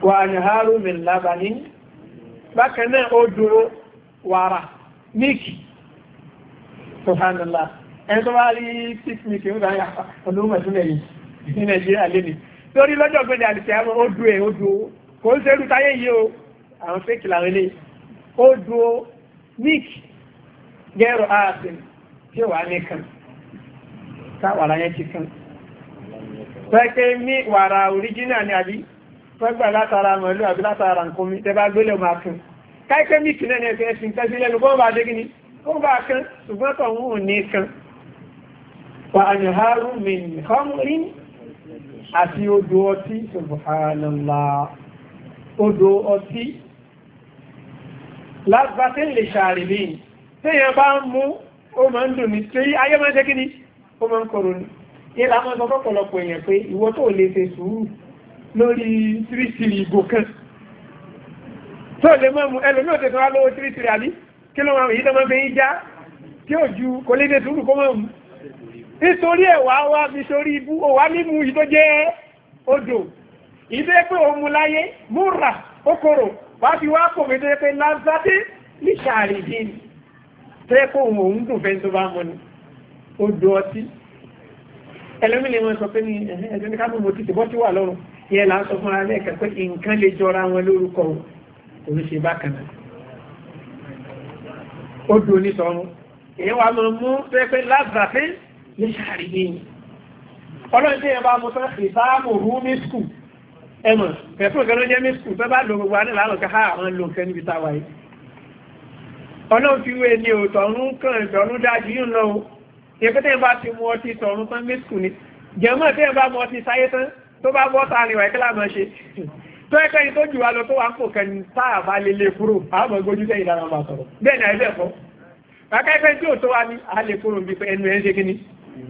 wa wà min labani bákan náà odò wàrà míìkì subhanallah ẹni tó bá rí picnic ń gbà yà ọdún mẹ́sùn lẹ́yìn ní nàìjíríà lẹ́nìí torí lọ́jọ́ gbẹ̀dẹ̀ àlùkẹ́ àwọn odò ẹ̀ odò kò ń ṣerú táyé yìí o àwọn fẹ́kì làwọn ilé odò nick gẹ́rọ aàfin tí wà ní kan táwàrà yẹn ti kan pẹ́kẹ́ ní wàrà òríjínà ní àbí pẹ́gbà látara mọ̀lú àbí látara nǹkan mi tẹ́ bá gbélé ọmọ akán káíkẹ́ míìkì náà ní ẹ̀kẹ́ ẹ̀sìn tẹ́sí lẹ́nu kó bá dé gíní kó bá kan ṣùgbọ́n tó ń hù ní kan wà àyànhárùn-ún mi nìkan àti odò ọtí subhanallah odò ọtí lágbàtí lè ṣàrìbí tíyàn bá ń mú ó máa ń dùn ní tí ayé máa ń jẹ́ kíní ó máa ń kọrò ní ilá máa sọ fọ́pọ̀lọpọ̀ èèyàn pé ìwọ tó lè ṣe sùúrù lórí tírísìrì ìgò kan tó lè mọ́ mú ẹlò náà tẹ̀sán wá lówó tírísìrì àbí kí ló máa yí tó máa fi ń já tí ò ju kò lè ṣe sùúrù kó máa mú nítorí ẹ̀wà wá fi sórí ibú ó wá mímú ìtó jẹ́ odò ìdé pé òun láyé múra okòrò wá fi wá pò mí tó yẹ pé lásàdé ní sàárìdì ni tó òun òun fẹ́ tó bá mọ́ ni odò ọtí ẹlẹ́mì lè wọ́n sọ pé ní ẹ̀ẹ́dẹ́ ní káàmù mo ti tìbọ́ ti wà lọ́rùn yẹ là ń sọ fún alẹ́ ẹ̀kẹ́ pé nǹkan lè jọra wọn lórúkọ òun ṣe bákan náà odò ní sọrun èyí wà mọ̀ ní ṣàrí yìí ọlọ́run tí ẹ bá mú tán ìsáàmù rú ní skul ẹmọ̀ pẹ̀fún kan ló jẹ́ ní skul tó bá lo gbogbo adé lálọ́ káhá àwọn ń lo nǹkan níbi táwa yìí ọlọ́run fi wé ní òótọ́ ọ̀run kan ìdọ̀run dájú yìí lọ o ìyẹn tẹ́ ẹ bá ti mú ọtí tọ̀run tán ní ni jẹ̀mọ́ tẹ́ ẹ bá mú ọtí sáyé tán tó bá bọ́ sáà níwà ìkẹ́lá máa ṣe tó ẹ̀kẹ́ yìí tó jù ni àìbẹ̀kọ́ akẹ́kẹ́ tí ò tó wá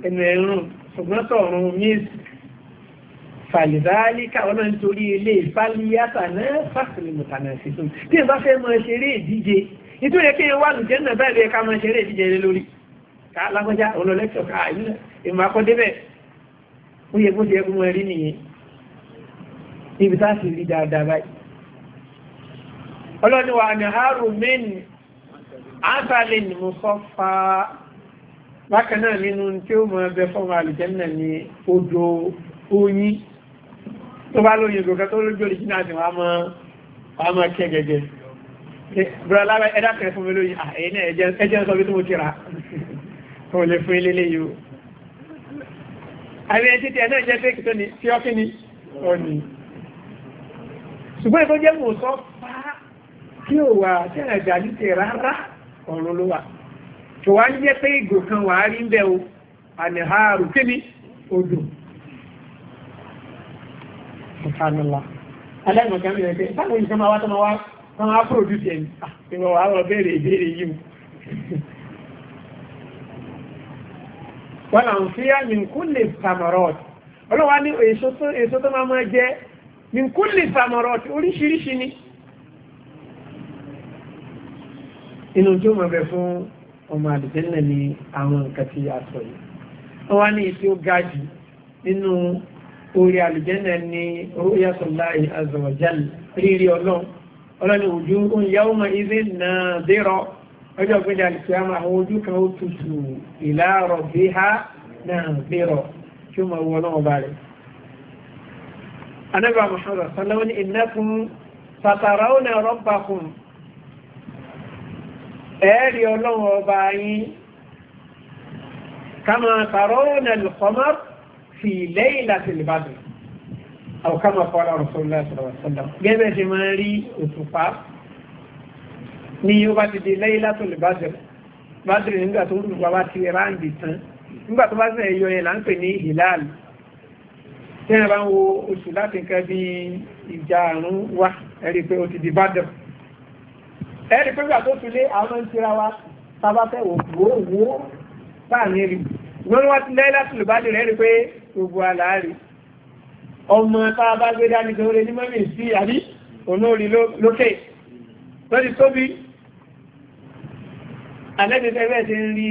ẹnu ẹ̀rùn ṣùgbọ́n tọ̀run miss fàlìbáálíkà ọ̀nà nítorí ilé ìfàlìyàtà náà fásitì mùtànà ìfìtò tí n bá fẹ́ mọ ṣeré ìdíje nítorí kí n wà lùjẹ́ náà báyìí lè ká mọ ṣeré ìdíje lé lórí ká lágbọ́já olólẹ́kọ̀ọ́ ká ìmọ̀ akọ́débẹ̀ ó yẹ kó ti yẹ kó mọ rí nìyẹn níbi tá a sì rí dáadáa báyìí ọlọ́ni wa ni harumin asalin musofa bákan náà nínú tí ó mọ ẹgbẹ́ fọ́ọ̀mù àlùjẹ́nà ni odò oyin tó bá lóyin ìgbòkan tó lójú òrìjìnà àti wọn a mọ kẹ gẹgẹ bùrọ̀ lára ẹ̀dá kẹrẹ fún mi lóyin ẹ̀yìn ẹ̀jẹ̀ ń sọ bí tó mo ti rà kò lè fún ilé léyìí o àwọn ẹ̀jẹ̀ kò wá ń jẹ́ pé ìgò kan wà á rí ń bẹ́ o àlẹ́hàárù kí ni odò ìfànàlá alẹ́gbọ̀n kí a mẹ́rin pé sáwọn ìṣẹ́ máa wá tó máa wá tó máa pòròdúsì ẹni ìwọ̀ wà wọ́n bẹ̀rẹ̀ ìbéèrè yìí mu <laughs> wọ́n là ń fi á ní kúlè samarot ọlọ́wà ní èso tó máa máa jẹ́ ní ọmọ àlùjẹ́nà ni àwọn nǹkan tí a sọ yìí wọ́n wá ní ìtí ó ga jù nínú orí àlùjẹ́nà ni ru'yatullahi azza wa jalla rírí ọlọ́run ọlọ́ni ojú ń yàwó mọ̀ ibi náà dérọ ọjọ́ ìpínlẹ̀ àlùkìyàmọ̀ àwọn ojú kan ẹ̀ẹ́rì ọlọ́run ọba yín kama tàrọ́nà lùkọ́mọ́ fi lẹ́yìn láti lùbàdàn àwọn kama fọ́lá rọ̀sọ́lá sọ̀rọ̀sọ́lá gẹ́gẹ́ ṣe máa rí òtùpá ní yóò bá ti di lẹ́yìn láti lùbàdàn bàdìrì nígbà tó tí wọ́n bá ń wo oṣù láti nǹkan bí ìjà àrùn wá ẹ̀rí pé ó ti di bàdàn ẹ̀rí pé gbà tó fi lé àwọn ń tira wa sábà fẹ́ wò wò wò sáàmì rí wọ́n wá ti lẹ́yìn láti lùbá lè rẹ́rí pé gbogbo àlàárí ọmọ táwa bá gbé dání tó lé ní mọ́mí sí àbí olórí lókè lórí tóbi alẹ́gbẹ̀ẹ́ bẹ́ẹ̀ ti ń rí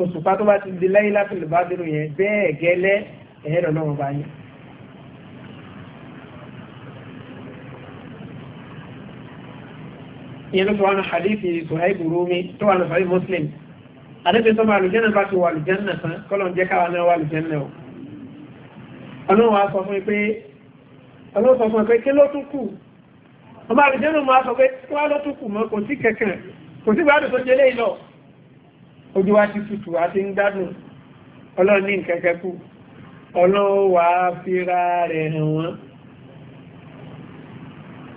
òṣùpá tó bá ti di lẹ́yìn láti lùbá dúró yẹn bẹ́ẹ̀ gẹ́lẹ́ ẹ̀ẹ́dọ̀ náà wọ́n bá yẹn ìyẹn ló fi wá ní hadithi suhaibu rumi tó wà ní sahih muslim adébí sọmọ àlùjẹ́nà bá ti wà àlùjẹ́nà tán kọ́lọ̀n jẹ́ káwà náà wà àlùjẹ́nà o ọlọ́run wa sọ fún pé ọlọ́run sọ fún pé kí ló tún kù ọmọ àlùjẹ́nà máa sọ pé kí wá ló tún kù mọ́ kò sí kẹ̀kẹ́ kò sí gbádùn tó jẹ́ lé lọ ojú wa ti tutù àti ń gbádùn ọlọ́run ní nkẹ́kẹ́ kù ọlọ́run wa fira rẹ̀ hàn wọ́n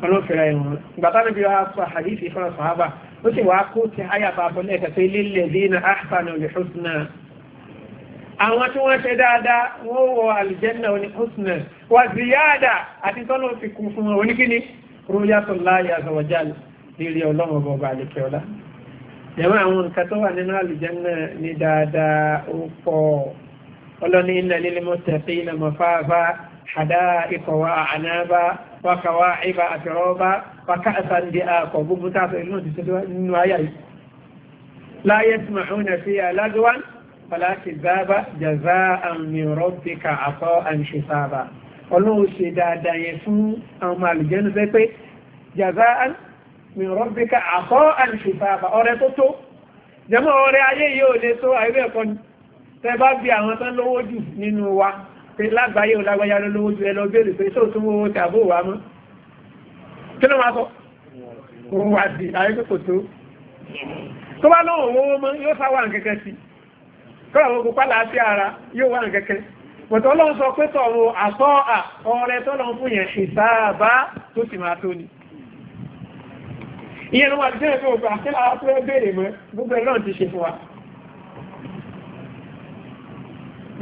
ọlọ́fẹ́ra ẹ̀wọ̀n gbàtánà bí wọ́n sọ àdífì fún ọ̀sọ̀hábà ó sì wá kó ti àyàfà fún ẹ̀kẹ́ pé lílẹ̀ dínà áhàfàànà lè húsùnà àwọn tí wọ́n ṣe dáadáa wọ́n wọ àlùjẹ́nà oní húsùnà wà ziyáàdà àti tọ́nà fi kún fún wọn oníkíní rúyàtọ̀ láàyè àzọ̀wọ̀já lérí ọlọ́run ọba ọba àlùkẹ́ọ́lá jẹ́wọ́n àwọn nǹkan tó wà nínú àlùjẹ́nà ní dáadáa ó pọ̀ ọlọ́ni ilẹ̀ lílẹ̀ mọ́tẹ̀ẹ́fẹ́ ilẹ̀ mọ́fáàfá àdá ikọ̀ wa wákàwá ìbá àtẹ̀rọ́bá wákà àtàndì àkọ̀ gbogbo táàtọ̀ ìlú ti tẹ́tọ́ nínú ayà yìí láyé tí màá ń fi alágbèwá fàlàkì záàbà jàzá àmì rọ́bìkà àfọ́ àǹṣe sáàbà ọlọ́run ṣe dáadáa yẹn fún àwọn ọmọ fẹ́ pé jàzá àmì rọ́bìkà àfọ́ ọrẹ tó tó jẹ́mọ́ ọrẹ ayé yìí lè tó àìwé tẹ́ bá bí àwọn tán lówó jù nínú wa pé lágbàáyé olágbàáyá lólówó ju ẹlọ béèrè pé sóò tún owó tàbí òwà mọ́ kí ló máa sọ òun wà sí àyíkò kò tó tó bá lọ́wọ́ owó mọ́ yóò sá wà nkẹ́kẹ́ sí kọ́lá gbogbo pálá sí ara yóò wà nkẹ́kẹ́ pọ̀tọ́ ọlọ́run sọ pé tọ̀rọ àtọ́ à ọrẹ tọ́lọ́run fún yẹn ìsáàbá tó sì máa tó ni ìyẹn ló máa jẹ́ ẹgbẹ́ òkú àkẹ́lá tó ẹ béèrè mọ́ gbogbo ẹ̀ náà ti ṣe fún wa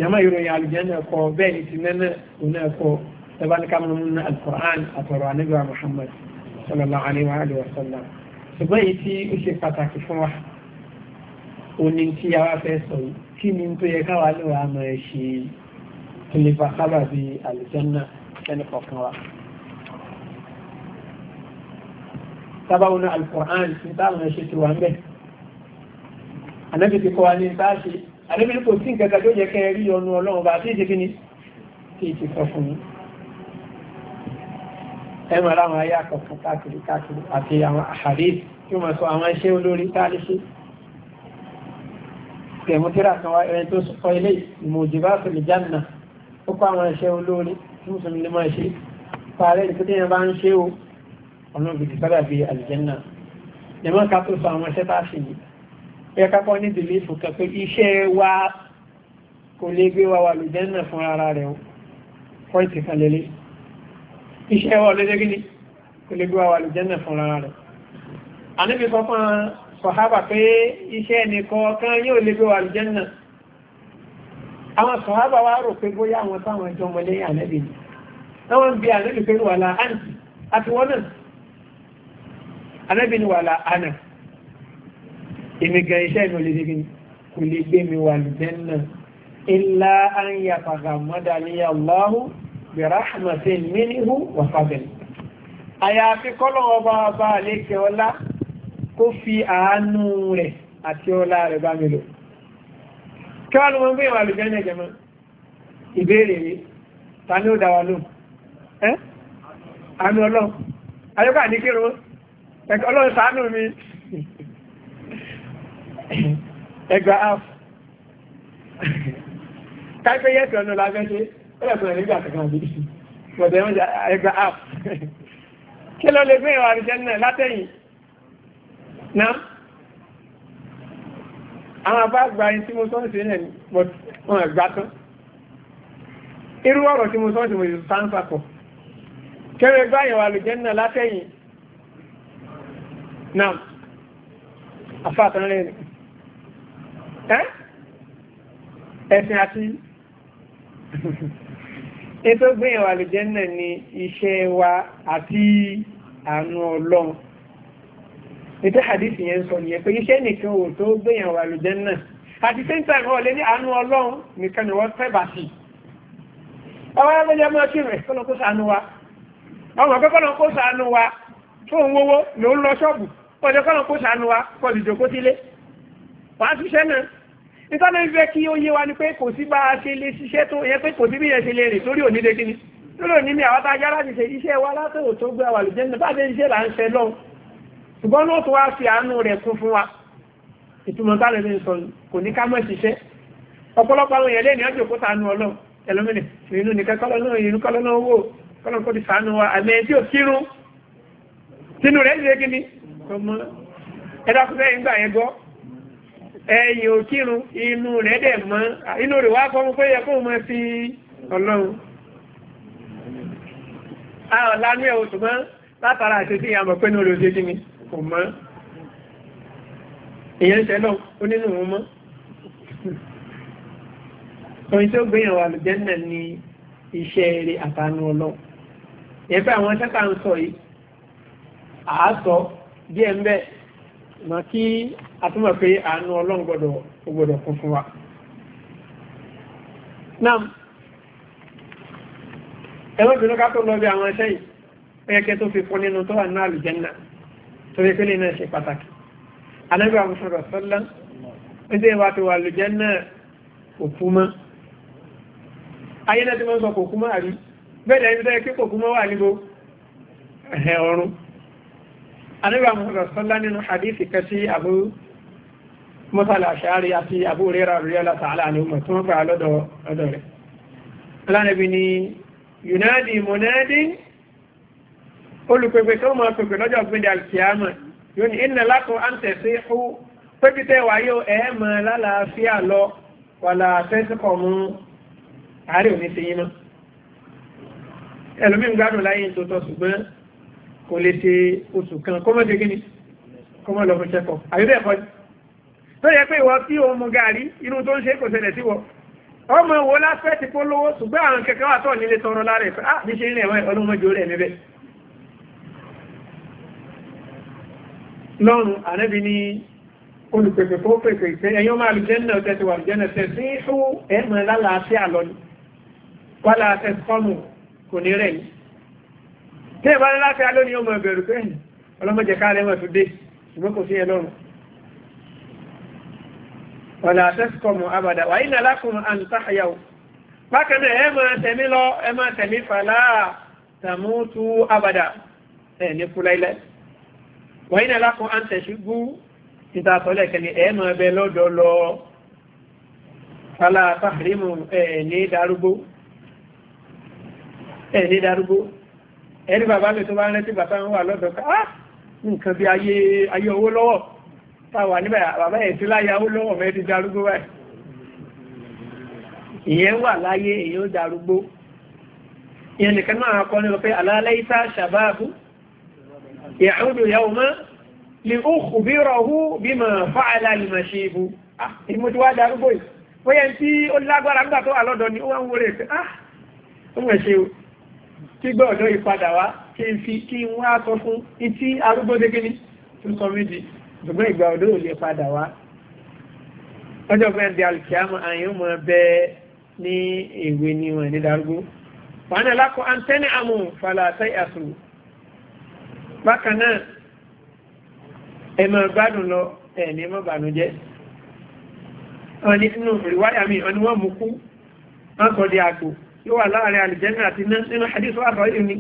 jama ìròyìn aljanna kọ bẹ́ẹ̀ ni ti nẹ́nà òun ẹ̀kọ́ tabanika mun na alquran àtọ̀rọ̀ ànábì wa muhammad sallallahu alaihi wa alihi wa sallam ṣùgbọ́n èyí tí ó ṣe pàtàkì fún wa òní tí a wá fẹ́ sọ yìí kí ni tó yẹ káwa ló wà máa ṣe tó lè fa sábà bí aljanna ẹni kọ̀ọ̀kan wa. sábàwọn náà ní táwọn ẹ̀ṣẹ̀ ti wà ń bẹ̀ àdébí kò sí nǹkan kan tó yẹ kẹ́ rí ọnu ọlọ́run bá tí ì ṣe kí ni tí ì ti sọ fún yín ẹ máa láwọn ayé àkọ́kọ́ káàkiri káàkiri àti àwọn àhàrí tí wọ́n sọ àwọn iṣẹ́ olórí táàlì ṣe tẹ̀mútírà kan wá ẹni tó sọ ilé ìmọ̀jìbá tó lè jánà ó kọ́ àwọn iṣẹ́ olórí tí mùsùlùmí lè máa ṣe parẹ́ ìpínlẹ̀ yẹn bá ń ṣe o ọ̀nà òbí ti sábà bí àlìjẹ́nà lè mọ́ ká tó sọ àwọn iṣẹ́ tá a yìí ẹ kápọ́ ní bìlífù kan pé iṣẹ́ wa kò lè gbé wa wà lùjẹ́nà fún ara rẹ̀ o pọ́ìntì kan lélẹ̀ iṣẹ́ wa lóde gíní kò lè gbé wa wà lùjẹ́nà fún ara rẹ̀ àníbi sọ fún sọ̀hábà pé iṣẹ́ nìkan kan yóò lè gbé wa lùjẹ́nà àwọn sọ̀hábà wa rò pé bóyá àwọn táwọn ẹjọ́ mọ́lẹ́yìn ànẹ́bì ni wọ́n ń bi ànẹ́bì pé wàlà àǹtì àti wọ́n náà ànẹ́bì ni wàlà ànà èmi gan iṣẹ́ mi ò lè ṣe kò lè gbé mi wà lùjẹ́nà ilá an yà fàgà mọ́dà ní Allahu bi rahmatin minhu wà fàbẹ̀lì àyàfi kọ́lọ̀wọ́ bá bá lékẹ ọlá kó fi àánú rẹ̀ àti ọlọ́run ayọ́kà ní kí ọlọ́run ṣàánú mi <coughs> ẹgbà áf káìpẹ́ yẹ́sì ọ̀nà lábẹ́ṣẹ́ ẹlẹ́kùnrin nígbà kankan bí bọ̀dẹ̀ wọ́n jẹ́ ẹgbà áf <coughs> kí ló lè gbé ìwà àríjẹ́ náà látẹ̀yìn náà àwọn àbá gba ẹni tí mo sọ́n sí náà wọ́n gbá tán irú ọ̀rọ̀ tí mo sọ́n sí mo sì sáńsà pọ̀ kẹrẹ gbá ìwà náà látẹ̀yìn náà afáàtàn lẹ́yìn ẹ̀sìn àti <laughs> ètò gbìyànwó àlùjẹ́nà ni iṣẹ́ wa àti àánú ọlọ́run ètò àdìsí yẹn sọ nìyẹn pé iṣẹ́ nìkan ò tó gbìyànwó àlùjẹ́nà àti same time wọ́n lé ní àánú ọlọ́run nìkan ni wọ́n fẹ́ bá sí ọwọ́ ẹgbẹ́jẹ́ mọ́ sí rẹ̀ kọ́lọ́ kó sàánú wa ọmọ pé kọ́lọ́ kó sàánú wa tó ń wówó ló ń lọ ṣọ́ọ̀bù kọ́lọ́ kó sàánú wa kọ́lọ́ ìjòkó sílé wàá túṣẹ́ náà nítorí ìfẹ́ kí ó yé wa ni pé kò sí bá a ṣe lè ṣiṣẹ́ tó yẹ pé kò sí bí yẹn ṣe lè rìn lórí òní lé kíní lórí òní ni àwọn tajà láti ṣe iṣẹ́ wa látòrò tó gbé àwàlù jẹ́ nípa ṣe iṣẹ́ là ń ṣe lọ́wọ́ ṣùgbọ́n náà tó wá fi àánú rẹ̀ kún fún wa ìtumọ̀ tá lẹ́nu sọ kò ní ká mọ̀ ṣiṣẹ́ ọ̀pọ̀lọpọ̀ àwọn èèyàn lẹ́nu ọjọ́ òkúta àánú ọlọ́run ẹlòmínì wa àmì ẹ̀ tí ò kírun tínú rẹ̀ ṣe kíni ẹ̀yìn òkírun inú rẹ̀ dẹ̀ mọ́ inú rẹ̀ wá fọ́mú pé yẹ kó mọ́ sí ọlọ́run àwọn lánú ẹ̀ oṣù mọ́ látara àti sí ìyàmọ̀ pé inú rẹ̀ oṣù kí ni kò mọ́ ìyẹn ṣẹlọ ó nínú wọn mọ́ ohun tí ó gbéyàn wà lùjẹ́ náà ni iṣẹ́ eré àtànú ọlọ́run ẹ̀fẹ́ àwọn sẹ́ta ń sọ yìí àásọ díẹ̀ ń bẹ́ẹ̀ mọ̀ kí a tún mọ̀ pé àánú ọlọ́run gbọ́dọ̀ gbọ́dọ̀ kún fún wa náà ẹ̀wọ́n ìbínú ká tó lọ bí àwọn ẹṣẹ́ yìí ó yẹ kẹ́ tó fi fún nínú tó wà ní àlùjẹ́nà torí pé lè náà ṣe pàtàkì anábì àwọn sọ̀rọ̀ sọ́lá ń anábà muhammad sallá nínú hadithi kan sí abu mọ́sálà àṣàárí àti abu rẹ́ra rẹ́lá tààlà ní ọmọ tí wọ́n gbà lọ́dọ̀ ọ̀dọ̀ rẹ̀ alánàbí ni yunadi monadi olùpẹ̀pẹ̀ kan máa pẹ̀pẹ̀ lọ́jọ́ gbẹ̀dẹ̀ alkiyama yóò ní ìnà lákọ̀ àǹtẹ̀ sí hù pẹ́pítẹ́ wáyé ẹ̀ẹ́mọ̀ lálàáfíà lọ wàlà tẹ́síkọ̀ mú àárẹ̀ òní ti yín mọ́ ẹlòmíì ń gbádùn kò lè ṣe oṣù kan kó kí ni kó mọ́ lọ fún ṣẹ́kọ̀ àbíbẹ̀ ẹ̀kọ́ tó yẹ pé ìwọ tí òun mu gàrí inú tó ń ṣe kò ṣẹlẹ̀ sí wọ ọmọ wo láfẹ́ ti kó lówó ṣùgbọ́n àwọn kẹ̀kẹ́ wà tọ̀ nílé tọrọ lára ẹ̀fẹ́ ah bí ṣe ń rìn ẹ̀wọ̀n ọlọ́mọdé orí ẹ̀mí bẹ́ẹ̀ lọ́rùn àrẹ́bí ní olùpẹ̀pẹ̀ fún pẹ̀pẹ̀ ìfẹ́ ẹ̀yọ́ máa lù jẹ́nà ọ̀tẹ́tẹ̀ wà jẹ́nà tẹ̀ sí ṣú ẹ̀mọ̀ lálàáfíà lọ́nù wálàáfẹ́ fọ́mù kò ní rẹ̀ yìí tí ìbá láti alóní ọmọ ẹgbẹ̀rù pé ọlọ́mọjẹ káàrẹ mọ̀ tó dé ṣùgbọ́n kò sí ẹlọ́run ọ̀nà àtẹ́sìkọmù abàdà wà ìnà lákùn àǹtàyàwó bákan náà ẹ máa tẹ̀mí lọ ẹ máa tẹ̀mí fàlà tàmútú abàdà ẹ ní kúláìlẹ̀ wà ìnà lákùn àǹtẹ̀ṣígbú ìtàtọ̀lẹ̀ ní darúgbó ẹni bàbá lè tó bá rántí bàbá ń wà lọ́dọ̀ ká ah, nǹkan bí ayé owó lọ́wọ́ táwà níbẹ̀ bàbá ẹ̀ tí láyé owó lọ́wọ́ mẹ́ ti darúgbó báyìí ìyẹn wà láyé èyàn darúgbó ìyẹn nìkan náà akọ ní ọpẹ́ alálẹ́ ìta ṣàbáàbù ìyàwó yàwó mọ́ lè ó kùbírọ̀hú bí mà fáàlà lè mà ṣe ibu ìmú wá darúgbó yìí bóyá tí ó lágbára nígbà tó wà lọ́dọ̀ ni ó wá ń wọlé pé ah ó mọ̀ ṣe o kí gbọ́ọ̀dọ́ ìpadà wá kí n fi kí wọ́n á sọ fún ìtí arúgbódé kí ní tó sọ méjì ṣùgbọ́n ìgbà ọ̀dọ́ ò lè padà wá ọjọ́ bẹ́ẹ̀ di alùkìyàmù àyìn mọ̀ bẹ́ẹ̀ ní èwe ni wọ́n ní darúgbó wọn náà lákọ̀ antẹ́nì àmú fàlàtà àṣù bákan náà ẹ máa gbádùn lọ ẹ̀ ní mọ́ bànújẹ́ wọn ní inú ìwáyà mi wọn ni wọ́n mú kú wọ́n sọ di àgbò ló wà láàrin alìjẹ́nà àti nínú hadith wà bọ̀ yìí ni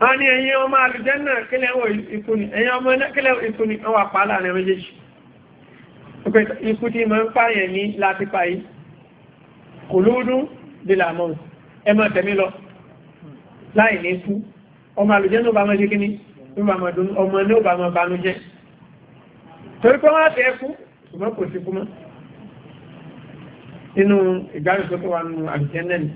a ní ẹ̀yin ọmọ alìjẹ́nà kílẹ̀ ìkúni ẹ̀yin ọmọ kílẹ̀ ìkúni ọwà pa láàrin méjèèjì ikú tí ma ń pààyàn ní láti pààyí kò lóòdún dìlàmọ́ ẹ máa tẹ̀mí lọ láì ní kú ọmọ alìjẹ́nà bá mọ́ jẹ́ kíní wọ́n á tẹ́ kú ṣùgbọ́n kò sí kú mọ́ nínú ìgbàlùsọ tó wà nínú àbìjẹ́nẹ̀ ni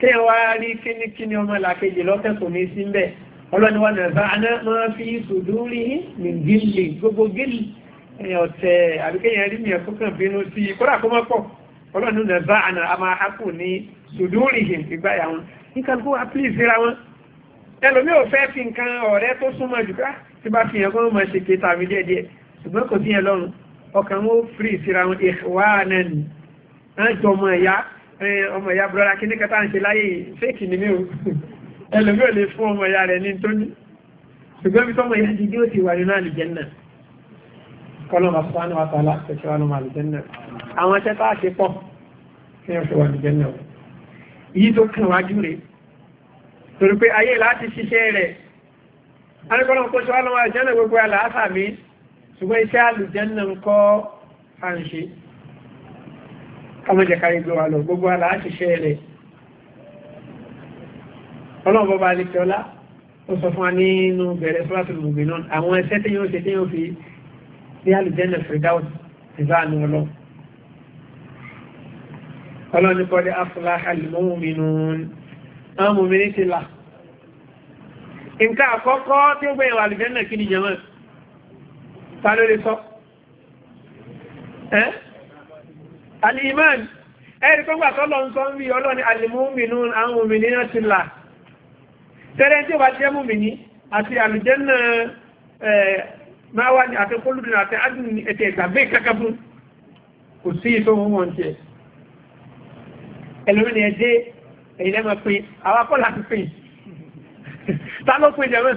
kí ẹ wá rí kíní kíní ọmọ làkejì lọ́tẹ̀ kò ní sí mbẹ́ ọlọ́ni wọn nàbà aná máa fi sùdúrí ní gílì gbogbo gílì ọ̀tẹ̀ àbíkẹ́yìn rí mi ẹ̀kọ́ kan bínú sí i kódà kó má pọ̀ ọlọ́ni nàbà aná a máa hákù ní sùdúrí ìgbà yà wọn nǹkan kó wá pílì síra wọn ẹlòmí ò fẹ́ fi nǹkan ọ̀rẹ́ tó súnmọ́ jù ká ah, tí bá fi hàn kó máa ṣe kéta mi díẹ̀díẹ̀ ṣùgbọ́n kò sí yẹn lọ́rùn ọkàn wọn ó fìrì síra wọn ìwà náà ẹjọ ọmọ ẹ̀yà ọmọ ẹ̀yà brọ́dá kí ní kẹta ń ṣe láyé fẹ́kì ní mẹ́rin ẹlòmí ò lè fún ọmọ ẹ̀yà rẹ̀ ní tóní ṣùgbọ́n bí tọ́mọ ẹ̀yà jíjí ó ti wà nínú àlùjẹ́nà kọlọ́mà sánú àtàlà ṣẹ̀ṣẹ̀ wà nínú àlùjẹ́nà àwọn ẹṣẹ́ tá a ṣe pọ̀ kí wọ́n ṣùgbọ́n iṣẹ́ àlùjẹ́nà ń kọ́ à ọmọdé kárí gbé wa lọ gbogbo ara àṣìṣẹ́ rẹ̀ ọlọ́ọ̀bọ̀ bá lè tọ́lá ó sọ fún wa nínú bẹ̀rẹ̀ sọ́látò gbogbo náà àwọn ẹsẹ́ tí yóò ṣe tí yóò fi ní alùjẹ́nà fìdáwọ̀ ìbánu ọlọ́ ọlọ́ni kọ́dé afúlá alìmọ́mù mi nù án mú mi ní ti là nǹkan àkọ́kọ́ tí ó gbẹ̀yìn alùjẹ́nà kí ni jẹ́mọ́ ta ló alìmán ẹ̀rí tó gbà tọ́lọ̀ ń sọ ń rí ọlọ́ni alìmúmìnú àwọn òmìnì náà ti là tẹ́rẹ tí ó bá jẹ́ múmìnì àti àlùjẹ́nà máwá àti kólùdùn àti adùnì ẹ̀tẹ̀ ìgbàgbé kakabu kò sí ìtò wọn wọn jẹ ẹlòmí ni ẹjẹ èyí ti pè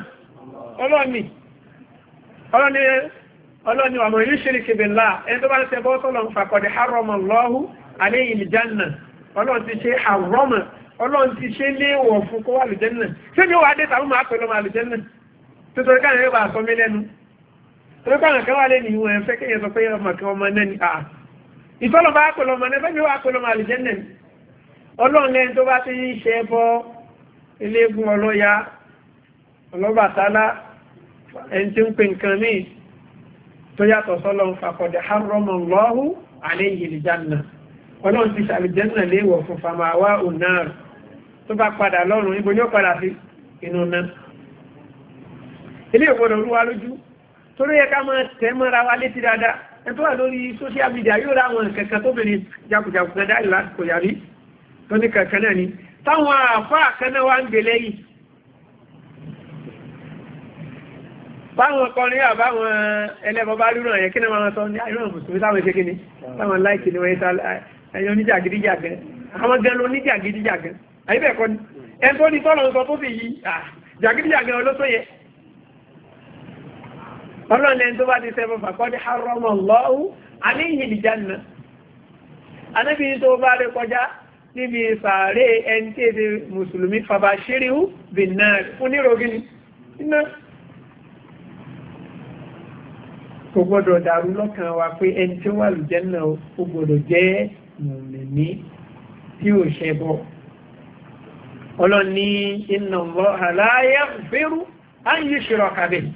ọlọ́ni ọlọ́ni wà mọ̀ ilé ṣíríkì bìlá ẹni tó bá ń ṣẹbọ́ sọ́lọ̀ ń fàkọ̀dẹ̀ harọ́mọ̀ lọ́hù aléyìn ìjánà ọlọ́run ti ṣe harọ́mọ̀ ọlọ́run ti ṣe léèwọ̀ fún kó wà lùjẹ́nà tí ó ní wà dé tàbí máa pẹ̀lú àlùjẹ́nà tuntun káà ní bá sọ mí lẹ́nu torí káà kan wà lé ní ìwọ̀n fẹ́ kéèyàn sọ pé ọmọ ọmọ náà ni àà tó yàtọ̀ sọ́lọ́run fàkọ̀dẹ̀ harramallahu alayhi aljanna ọlọ́run ti ṣàlìjẹ́nà léèwọ̀ fún famawa onar tó bá padà lọ́rùn ibo ní ó padà sí inú náà ilé ìwọ̀nà olúwa lójú torí ẹ̀ká máa tẹ́ mọ́ra wa létí dáadáa ẹn tó wà lórí social media yóò ráwọn kẹ̀kẹ́ tó bèèrè jagunjagun kan dáyìí lásìkò yàrí tó ní kẹ̀kẹ́ náà ni táwọn àfáà kan náà ń gbé lẹ́yìn báwọn ọkọrin àbáwọn ẹlẹ́bọ bá ríràn yẹn kí náà máa sọ ní àìrán mùsùlùmí táwọn ṣe kíni táwọn láìkì ni wọ́n ẹyọ oníjàgídíjàgẹ́ àwọn gan ló níjàgídíjàgẹ́ àyíbẹ̀kọ́ ni ẹni tó ní tọ́lọ̀ ń sọ tó sì yí jàgídíjàgẹ́ olóṣó yẹ ọlọ́run lẹ́ni tó bá ti sẹ́fọ́ fàkọ́dé harrama Allahu alayhi al-janna anábì tó bá rẹ kọjá níbi sàárè ẹni tí èdè mùsùlùmí fàbàṣíríhù bìnnà fún nírògì náà kò gbọ́dọ̀ dàrú lọ́kàn wa pé ẹni tí ó wà lùjẹ́nà ó gbọ́dọ̀ jẹ́ mùmìnì tí ò ṣẹbọ ọlọ́ni inna Allaha la yaghfiru an yushraka bihi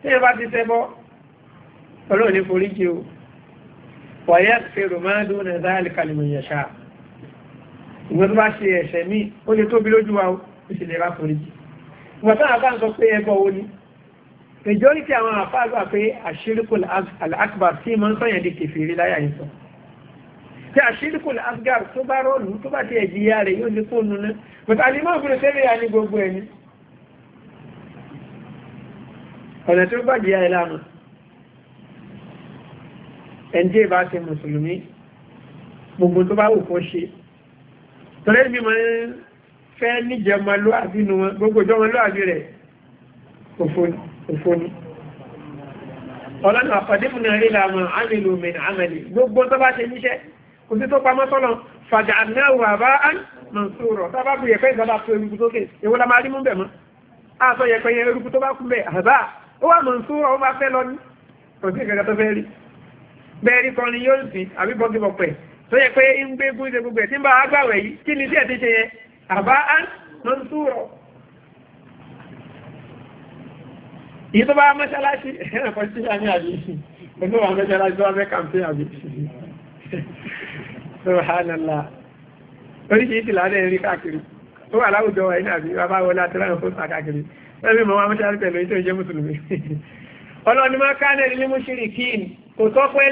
tí ẹ bá ti ṣẹbọ ọlọ́ni foríjì o wa yaghfiru ma duna dhalika liman yasha ìwọ́n tó bá ṣe ẹ̀ṣẹ̀ míì ó lè tóbi lójú wa ó sì lè bá foríjì ìwọ̀n táwọn bá majority àwọn àfáàgbà pé àṣírìkùl al-akbar tí ma ń sọ́yẹ̀ di kèfèrí láyà ìsọ tí àṣírìkùl asgar tó bá rọ́ọ̀lù tó bá ti ẹ̀jì ya rẹ̀ yóò ní fóònù náà but alimọ́ òfin sẹ́rẹ̀ ya ní gbogbo ẹni ọ̀nà tó bá jìyà ìlànà ẹnjẹ́ bá ti mùsùlùmí gbogbo tó bá wù kó ṣe tọ́lẹ́ mi máa ń òfóní ọlọ́nà àfàdébùnà ìlànà àmìlú mẹ́nà àmàlì gbogbo tó bá ṣe níṣẹ́ kò sí tó pamọ́ sọ́nà fàjà àdáwò àbá án mọ̀sùrọ̀ tábà bù yẹ̀pẹ́ ìjọba tó eruku sókè èwo la máa rí mú bẹ̀ mọ́ àtọ̀ yẹ̀pẹ́ yẹn eruku tó bá kú bẹ̀ àbá ó wà mọ̀sùrọ̀ ó bá fẹ́ lọ ní kò sí ìkẹ́kẹ́ tó fẹ́ rí bẹ́ẹ̀ rí kọ́ni yóò sìn àbí bọ́gì bọ̀pẹ̀ tó yẹ pé ń gbé gúnṣe gbogbo ẹ̀ tí ń bá agbáwẹ̀ yìí ìyí tó bá mọ́ṣáláṣí ẹ̀rẹ̀kọ́ sí àní àbí ẹgbẹ́ wà mọ́ṣáláṣí tó wá fẹ́ kàmpé àbí ṣọ́hánàlá oríṣiríṣi láàrín ẹ̀rí káàkiri ó wà láwùjọ wà ní àbí bàbá wọlé àtẹ́láyàn fún sàkáàkiri pẹ́lú mọ́ mọ́ṣáláṣí pẹ̀lú ìtò ìjẹ́ mùsùlùmí ọlọ́ni máa ká nẹ́ẹ̀rí ní mùṣírikín kò sọ pé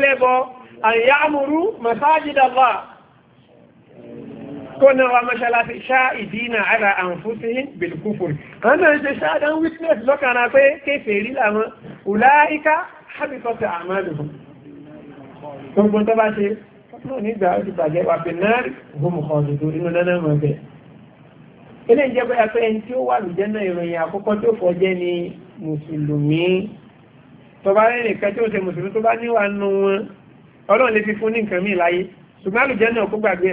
kọ́nà wa mọ́ṣálásí ṣáàìdínà ara àǹfúsíhìn bilkufur kan náà ṣe ṣáàdán witness lọ́kànra pé kéfè rí làwọn ọláìká hábitọ́tì àmàlùkù gbogbo tó bá ṣe náà nígbà ojú bàjẹ́ wà bí náà gbọmọkànlù tó inú náà mọ̀ bẹ́ẹ̀ ilé ìjẹ́ bóyá pé ẹni tí ni mùsùlùmí tó bá rẹ̀ nìkan tí ó ṣe mùsùlùmí ọlọ́run lè fi fún ní nǹkan míì láyé ṣùgbọ́n àlùjẹ́ náà kó gbàgbé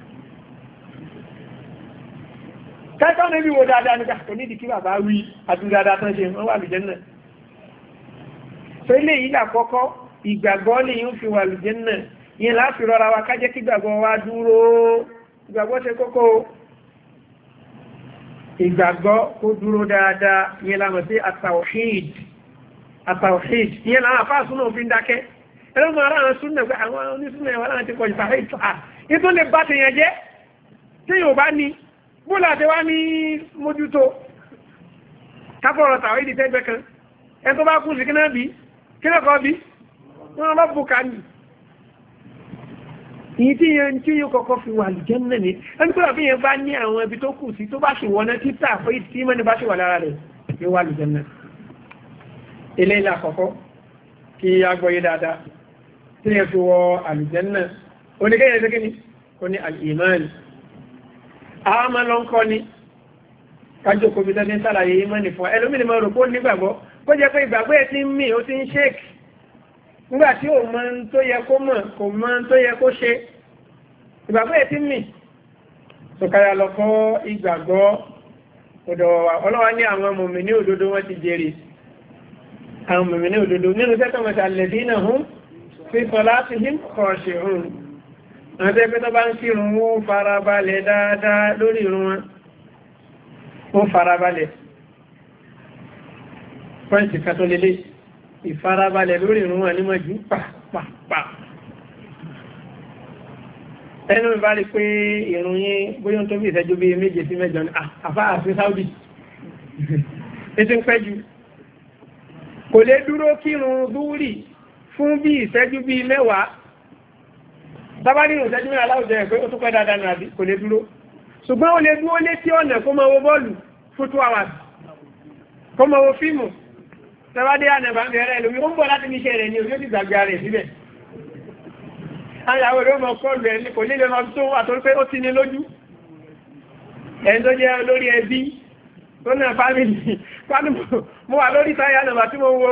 kẹ́kọ́ níbi wo dáadáa nígbà kò nídìí kí bàbá wí adúdáadáa tán ṣe wọ́n wà lùjẹ́ náà so ilé yìí làkọ́kọ́ ìgbàgbọ́ ni yóò fi wà lùjẹ́ náà yẹn láti rọra wa kájẹ́ kí gbàgbọ́ wa dúró ìgbàgbọ́ ṣe kókó ìgbàgbọ́ kó dúró dáadáa yẹn lámọ̀ sí atawhid atawhid yẹn láwọn afá bóòlù àti wá ní mójútó kápọ̀rọ̀ tàwé ìdí tẹ́gbẹ́ kan ẹni tó bá kú sí kíná bí kíná kọ́ bí wọ́n lọ bù ká nì ìyí tí yẹn tí yóò kọ́kọ́ fi wà lùjẹ́ náà ni ẹni tó àfihàn bá ní àwọn ibi tó kù sí tó bá sì wọná títà fún ìtí mẹ́ni bá sì wà lára rẹ̀ yóò wà lùjẹ́ náà eléyìí àkọ́kọ́ kí agbọ́yé dáadáa tí yẹn fi wọ àlùjẹ́ oníkẹ́yẹ̀ ni ó ní àmà lọ ń kọ́ ni kájọ kòbí tó ti ń sàlàyé yìí mọ́ni fún ẹlòmínì mọ́ rògbò nígbàgbọ́ kó jẹ́ pé ìgbàgbọ́ ẹ̀ ti ń mì ó ti ń ṣèkì nígbà tí ò mọ ohun tó yẹ kó mọ̀ kò mọ ohun tó yẹ kó ṣe ìgbàgbọ́ ẹ̀ ti ń mì sọ̀kàyà lọ kọ́ ìgbàgbọ́ ọ̀dọ̀ wa ọlọ́wà ní àwọn mùmínì òdodo wọn ti jèrè àwọn mùmínì òdodo nínú sẹ́tọ̀ mọ̀tàlẹ́dínà hùn fi salatihim khashi'un àti ẹgbẹ́ tó bá ń kírun ó farabalẹ̀ dáadáa lórí ìrun wọn ó farabalẹ̀ pọ́ǹtì kàtó lélẹ̀ ìfarabalẹ̀ lórí ìrun wọn ní mọ́jú pàpàpà ẹnu mi bá rí pé ìrun yín bóyá tó bí ìṣẹ́jú bíi méje sí mẹ́jọ ní àfá àfin Saudi ètò ń pẹ́ jù kò lè dúró kírun dúrì fún bí ìṣẹ́jú bíi mẹ́wàá sábàrí ìrọ̀sẹ́jú mẹ́rin aláwùjọ ẹ̀ pé ó tún pẹ́ dáadáa ní àbí kò lè dúró ṣùgbọ́n ó lè dúró létí ọ̀nà kó máa wo bọ́ọ̀lù fún two hours kó máa wo fíìmù sábàdé ànàbà mi rẹ̀ lómi ó ń bọ̀ láti ní iṣẹ́ rẹ̀ ni òjò ti gbàgbé rẹ̀ síbẹ̀ ayàwó rẹ̀ ó mọ kọ́ọ̀lù ẹ̀ ní kò nílé lọ tó àtọ́rí pé ó ti ní lójú ẹ̀ tó jẹ́ olórí ẹbí tó náà fámìlì mo wà lórí táyà ànàbà tí mo wo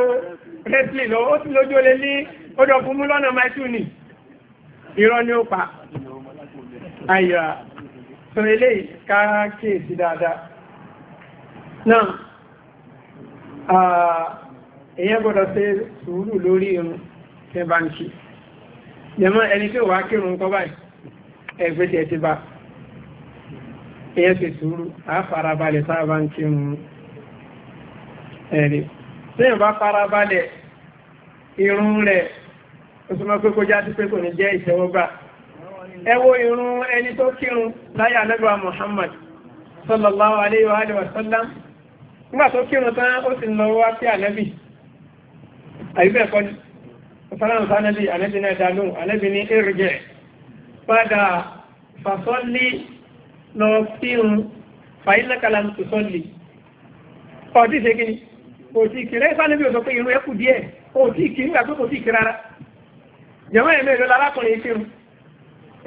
wrestling lọ ó ti lójú ó lé ní ó dọ̀ fún mú lọ́nà máìtú nìí irọ́ ni ó pa àyà sọ ilé káàkiri dáadáa náà èyàn gbọ́dọ̀ ṣe sùúrù lórí irun tí bá ń kí jẹmọ́ ẹni tí ó wá kírun kọ́ báyìí ẹgbẹ́tẹ̀ ti bá èyàn ṣe sùúrù àfarabalẹ̀ sáàbá ń kírun irun rẹ̀ ó súnmọ́ pé kó jáde pé kò ní jẹ́ ìṣẹ́wọ́gbà ẹ irun ẹni tó kírun láyé anábíwá Muhammad sallallahu alayhi wa alihi wa sallam nígbà tó kírun tán ó sì lọ wá sí ànábì àyíbẹ̀ kọ́ ni ọ̀sánàmù sánàbì ànábì náà dánú ànábì ní èrìjẹ̀ padà fàsọ́lì lọ kírun fàílẹ̀kàlà tó sọ́lì ọ̀tí ṣe kí ni kò tí kìrẹ́ sánàbì ò sọ pé irun ẹ díẹ̀ kò tí kìrẹ́ àgbẹ̀ kò tí kìrẹ́ rárá jẹ́mọ́ ẹ̀mẹ́ ìlú lárákùnrin kírun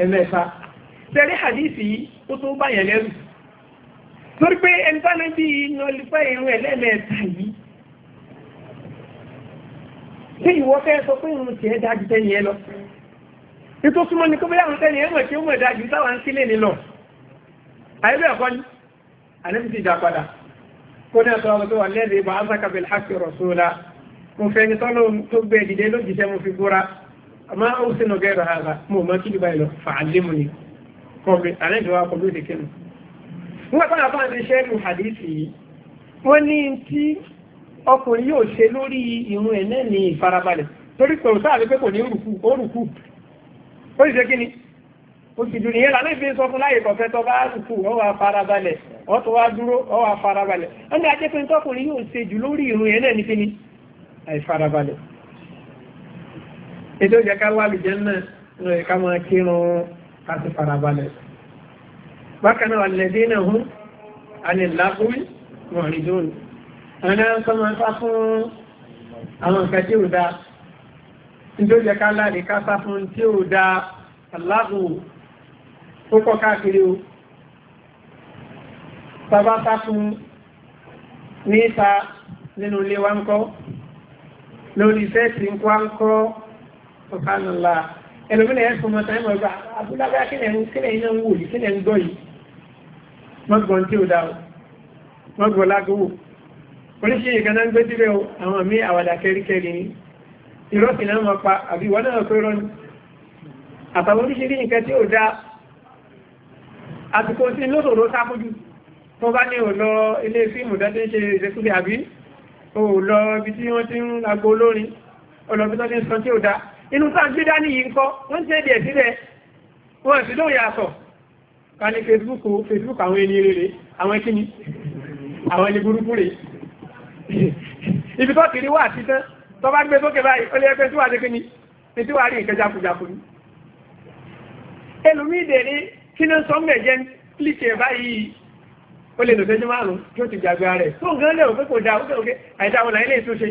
ẹ̀mẹ́fà tẹ́lẹ̀ hadithi yìí ó tó bá yẹn lẹ́rù torí pé ẹni tánà bí nọlifẹ́ irun ẹlẹ́mẹ̀ẹ́ta yìí tí ìwọ fẹ́ sọ pé irun tiẹ̀ dájú tẹ́yìn ẹ lọ ètò súnmọ́ ni kọ́bílẹ̀ àwọn tẹ́yìn ẹ mọ̀ tí ó mọ̀ dájú táwọn sílẹ̀ nílọ àyẹ̀bẹ̀ ẹ̀kọ́ ni mo fẹ́ ni tọ́lọ́ tó gbé dìde lójijẹ́ mo fi búra àmọ́ ó sì nà gẹ́rọ àgbà mo mọ́ kí dubai fa fàálímù ni kọ̀bí àlẹ́jọ́ wa kọ̀bí òde kẹ́nu. nígbà táwọn afáàn ti ṣe ẹnu hadithi yìí wọ́n ní tí ọkùnrin yóò ṣe lórí irun ẹ̀ náà ní ìfarabalẹ̀ torí pẹ̀lú sáà lé pé kò ní rùkú ó rùkú ó sì ṣe kí ni òsìdù nìyẹn lálẹ́ fi sọ fún láyé kọ̀fẹ́ tó bá rùkú ó wá farabalẹ̀ ó tó duro dúró ó wá farabalẹ̀ ẹni ajẹ́pẹ́ tọkùnrin yóò ṣe jù lórí irun yẹn náà ní kí ni farabale ètò ìjẹ́ ká wà lùjẹ́ náà rẹ̀ ká máa kírun àti farabalẹ̀ bákan náà lẹ́dí náà hún alẹ́láàbùwí mọ̀rìndónì àwọn náà ń kọ́ máa sá fún àwọn nǹkan tí ò dáa nítorí ìjẹ́ ká ká sá fún tí ò dáa aláàbù ó kọ́ káàkiri o sábà sá fún ní ìta nínú ilé wa ń kọ́ lórí fẹ́ẹ̀sì ń kọ́ subhanallah ẹlòmínà ẹ̀sùn mọ́ tàbí ọgbà abúlábá kílẹ̀ ń kílẹ̀ iná ń wò yìí kílẹ̀ ń gbọ́ yìí mọ́gbọ̀n tí ó dá o mọ́gbọ̀n lágbówó oríṣìí ìkan náà ń gbé síbẹ̀ o àwọn mí àwàdà kẹríkẹrí ni ìrọ́sì náà máa pa àbí ìwọ náà pé rọ́ni àtàwọn oríṣìí nǹkan tí ó dá àsìkò sí lóṣòro sáfójú tó bá ní ò lọ ilé fíìmù dájú ń ṣe ìṣẹ́kúlẹ̀ àbí ò lọ ibi tí wọ́n ti ń agbo olórin ọlọ́bí tó ti ń sọ tí ó dá inú tá gbé dání yìí kọ́ wọ́n tẹ́ díẹ̀ sílẹ̀ wọ́n sì lóun yàtọ̀ ká ní Facebook Facebook àwọn ẹni rere àwọn kíni àwọn ẹni burúkú rè ibi tó kiri wà títán tó bá gbé sókè báyìí ó lè ẹgbẹ́ tí wà ní kíni ní tí wà rí nǹkan jákujàku ni ẹlòmíì dẹ̀ ní kí ní sọ́mọ̀ jẹ́ klíkẹ̀ báyìí ó lè lò sẹ́jú márùn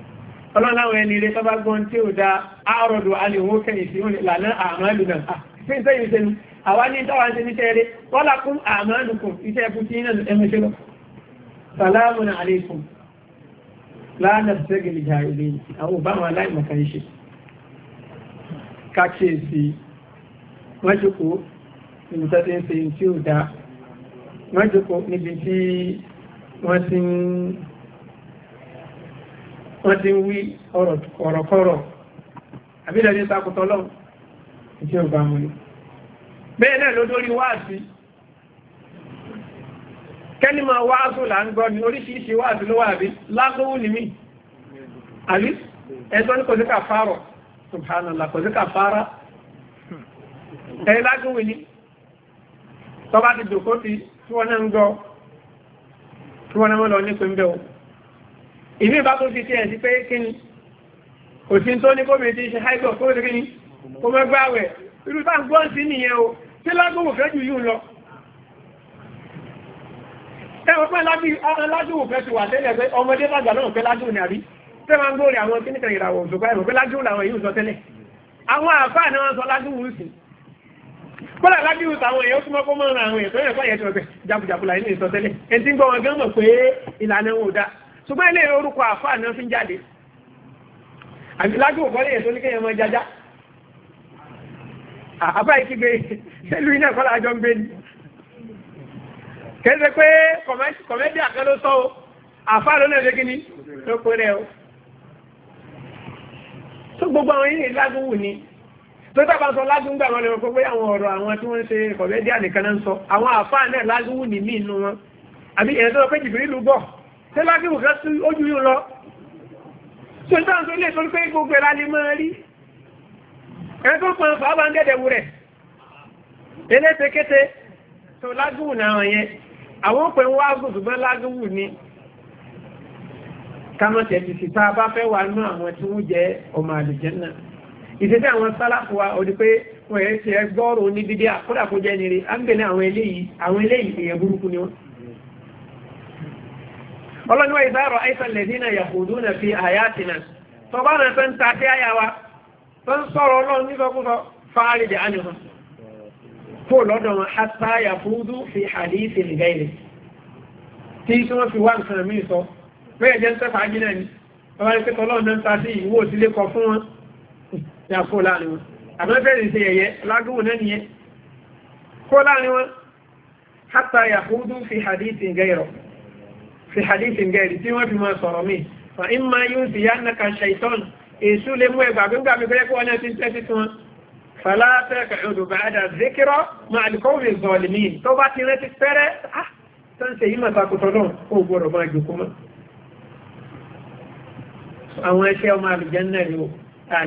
ọlọ́láwọn ẹni rẹ̀ tọ́bá gbọ́n tí ó dá àárọ̀dọ̀ alìhó kẹ́yìn sí ìlànà àmàlù náà ah, fi ń sẹ́yìn sẹ́nu àwá ní tọ́wà ń ṣe ní tẹ́ẹ̀rẹ́ wọ́lá kún àmàlù kùn iṣẹ́ ẹkù tí náà ẹmọ ṣe lọ salamun alaikum lánà sẹ́gìlì jàìlì àwọn òbáwọn aláìmọ̀kan iṣẹ́ kákíyèsí wọ́n jùkú níbi tó ti ń ṣe tí ó dá wọ́n jùkú níbi tí wọ́n ti ń wọ́n ti ń wí ọ̀rọ̀kọ́rọ̀ àbílẹ̀ ní takùtọ̀ lọ́wọ́ ìjọ ọba mú ní bẹ́ẹ̀ náà ló dórí wáàsí kẹ́límà wáàsù là ń gbọ́ ní oríṣiríṣi wáàsù ló wà bí ní mí àbí ẹ̀tọ́ ní kò sí subhanallah kò sí kàfàrà ẹ̀ lágbówó ní tọ́ba ti dòkó ti tí wọ́n náà ń gbọ́ tí wọ́n náà mọ́ lọ ní pé ìmí bá tó fi tí ẹ̀ sí pé kí ni kò sí tó ní kóbi tí ṣe haibọ̀ kó rí ní kó mẹ́gbẹ́ àwẹ̀ irú bá ń gbọ́n sí nìyẹn o tí lágbòwò fẹ́ jù yìí lọ ẹwọ pé lágbòwò fẹ́ ti wà tẹ́lẹ̀ pé ọmọdé lágbà náà pé lágbòwò ní àbí tẹ́ máa ń gbóòrè àwọn kíníkan ìràwọ̀ òṣùpá ẹ̀rọ pé lágbòwò làwọn yìí sọ tẹ́lẹ̀ àwọn àfáà ni wọ́n sọ lágbòwò sí kọ́lá lágbòwò táwọn èèyàn túnmọ́ kó mọ́ràn àwọn èèyàn tó yẹ kọ́ yẹ ti ọ̀sẹ̀ jàpùjàpù láì ní ìsọtẹ́lẹ̀ ẹni tí ń gbọ́ wọn gán mọ̀ pé ìlànà wọn ṣùgbọ́n ilé orúkọ àfáà náà fi ń jáde àti lájú òkọ́lé èso ní kéèyàn máa jájá àbá ìkígbe ìlú iná kọ́lá àjọ ń gbé ni kẹ́sẹ̀ pé kọ̀mẹ́dì àkẹ́ ló sọ o àfáà ló náà légíní ló pé rẹ̀ o tó gbogbo àwọn yìí lágún wù ni tó tábà sọ lágún gbà wọn lè wọ́n pé àwọn ọ̀rọ̀ àwọn tí wọ́n ń ṣe kọ̀mẹ́dì ànìkan sọ àwọn àfáà náà lágún wù ní mí inú wọn àbí ẹ̀yẹ́ tẹ́ lágbìmù rẹ̀ sí ojú yóò lọ tó ń tán tó lè tó ń pé gbogbo ẹ̀lá lè máa rí ẹ̀ tó pọn fàábà ń dẹ̀dẹ̀wò rẹ̀ eléte kété tó lágbìmù náà yẹn àwọn pẹ̀ ń wá gbùgbùgbọ́n lágbìmù ni kámọ́tẹ̀ ti sì tá a bá fẹ́ wà nú àwọn tí wọ́n jẹ́ ọmọ àlùjẹ́ náà ìṣẹ́sẹ́ àwọn sálàfù wa ò ní pé wọ́n ẹ̀ ti ẹ gbọ́rùn-ún ní dídí àkúdàkújẹ́ nire á ń gbẹ̀ ní àwọn eléyìí àwọn eléyìí èèyàn burúkú ni wọ́n ọlọ́niwá ìbára àìsànlẹ̀dínà yàkùdú na fi àyàtìnà tó bá rẹ̀ tó ń ta sí àyàwá tó ń sọ̀rọ̀ ọlọ́run nígbàkúsọ fáàrí dẹ̀ ánìyàn kó lọ́dọ̀ wọn hátà yàkùdú fi hadithi nìgẹ́lẹ̀ tí tí wọ́n fi wá nǹkan mí sọ bẹ́ẹ̀ jẹ́ ń tẹ́ fàájì náà ni ọba ní pẹ́tọ́ ọlọ́run ń fi hadithi nìgẹ́rọ̀ fi hadithin gẹ̀ẹ́rì tí wọ́n fi mọ́ sọ̀rọ̀ mi fa in ma yóò sì yá nàka shaitan èṣù lè mú ẹgbà gbígbà mi fẹ́ kó wọn ti tẹ́sí tí wọn fàlá tẹ́kẹ̀ odò bá dà zikirọ́ ma alikọ́wé zọ̀ọ̀lì tó bá ti rántí pẹ́rẹ́ ah tó ń ṣe yí kòtò náà ó gbọ́dọ̀ máa jòkó mọ́ àwọn ẹṣẹ́ ọmọ àlùjànnà náà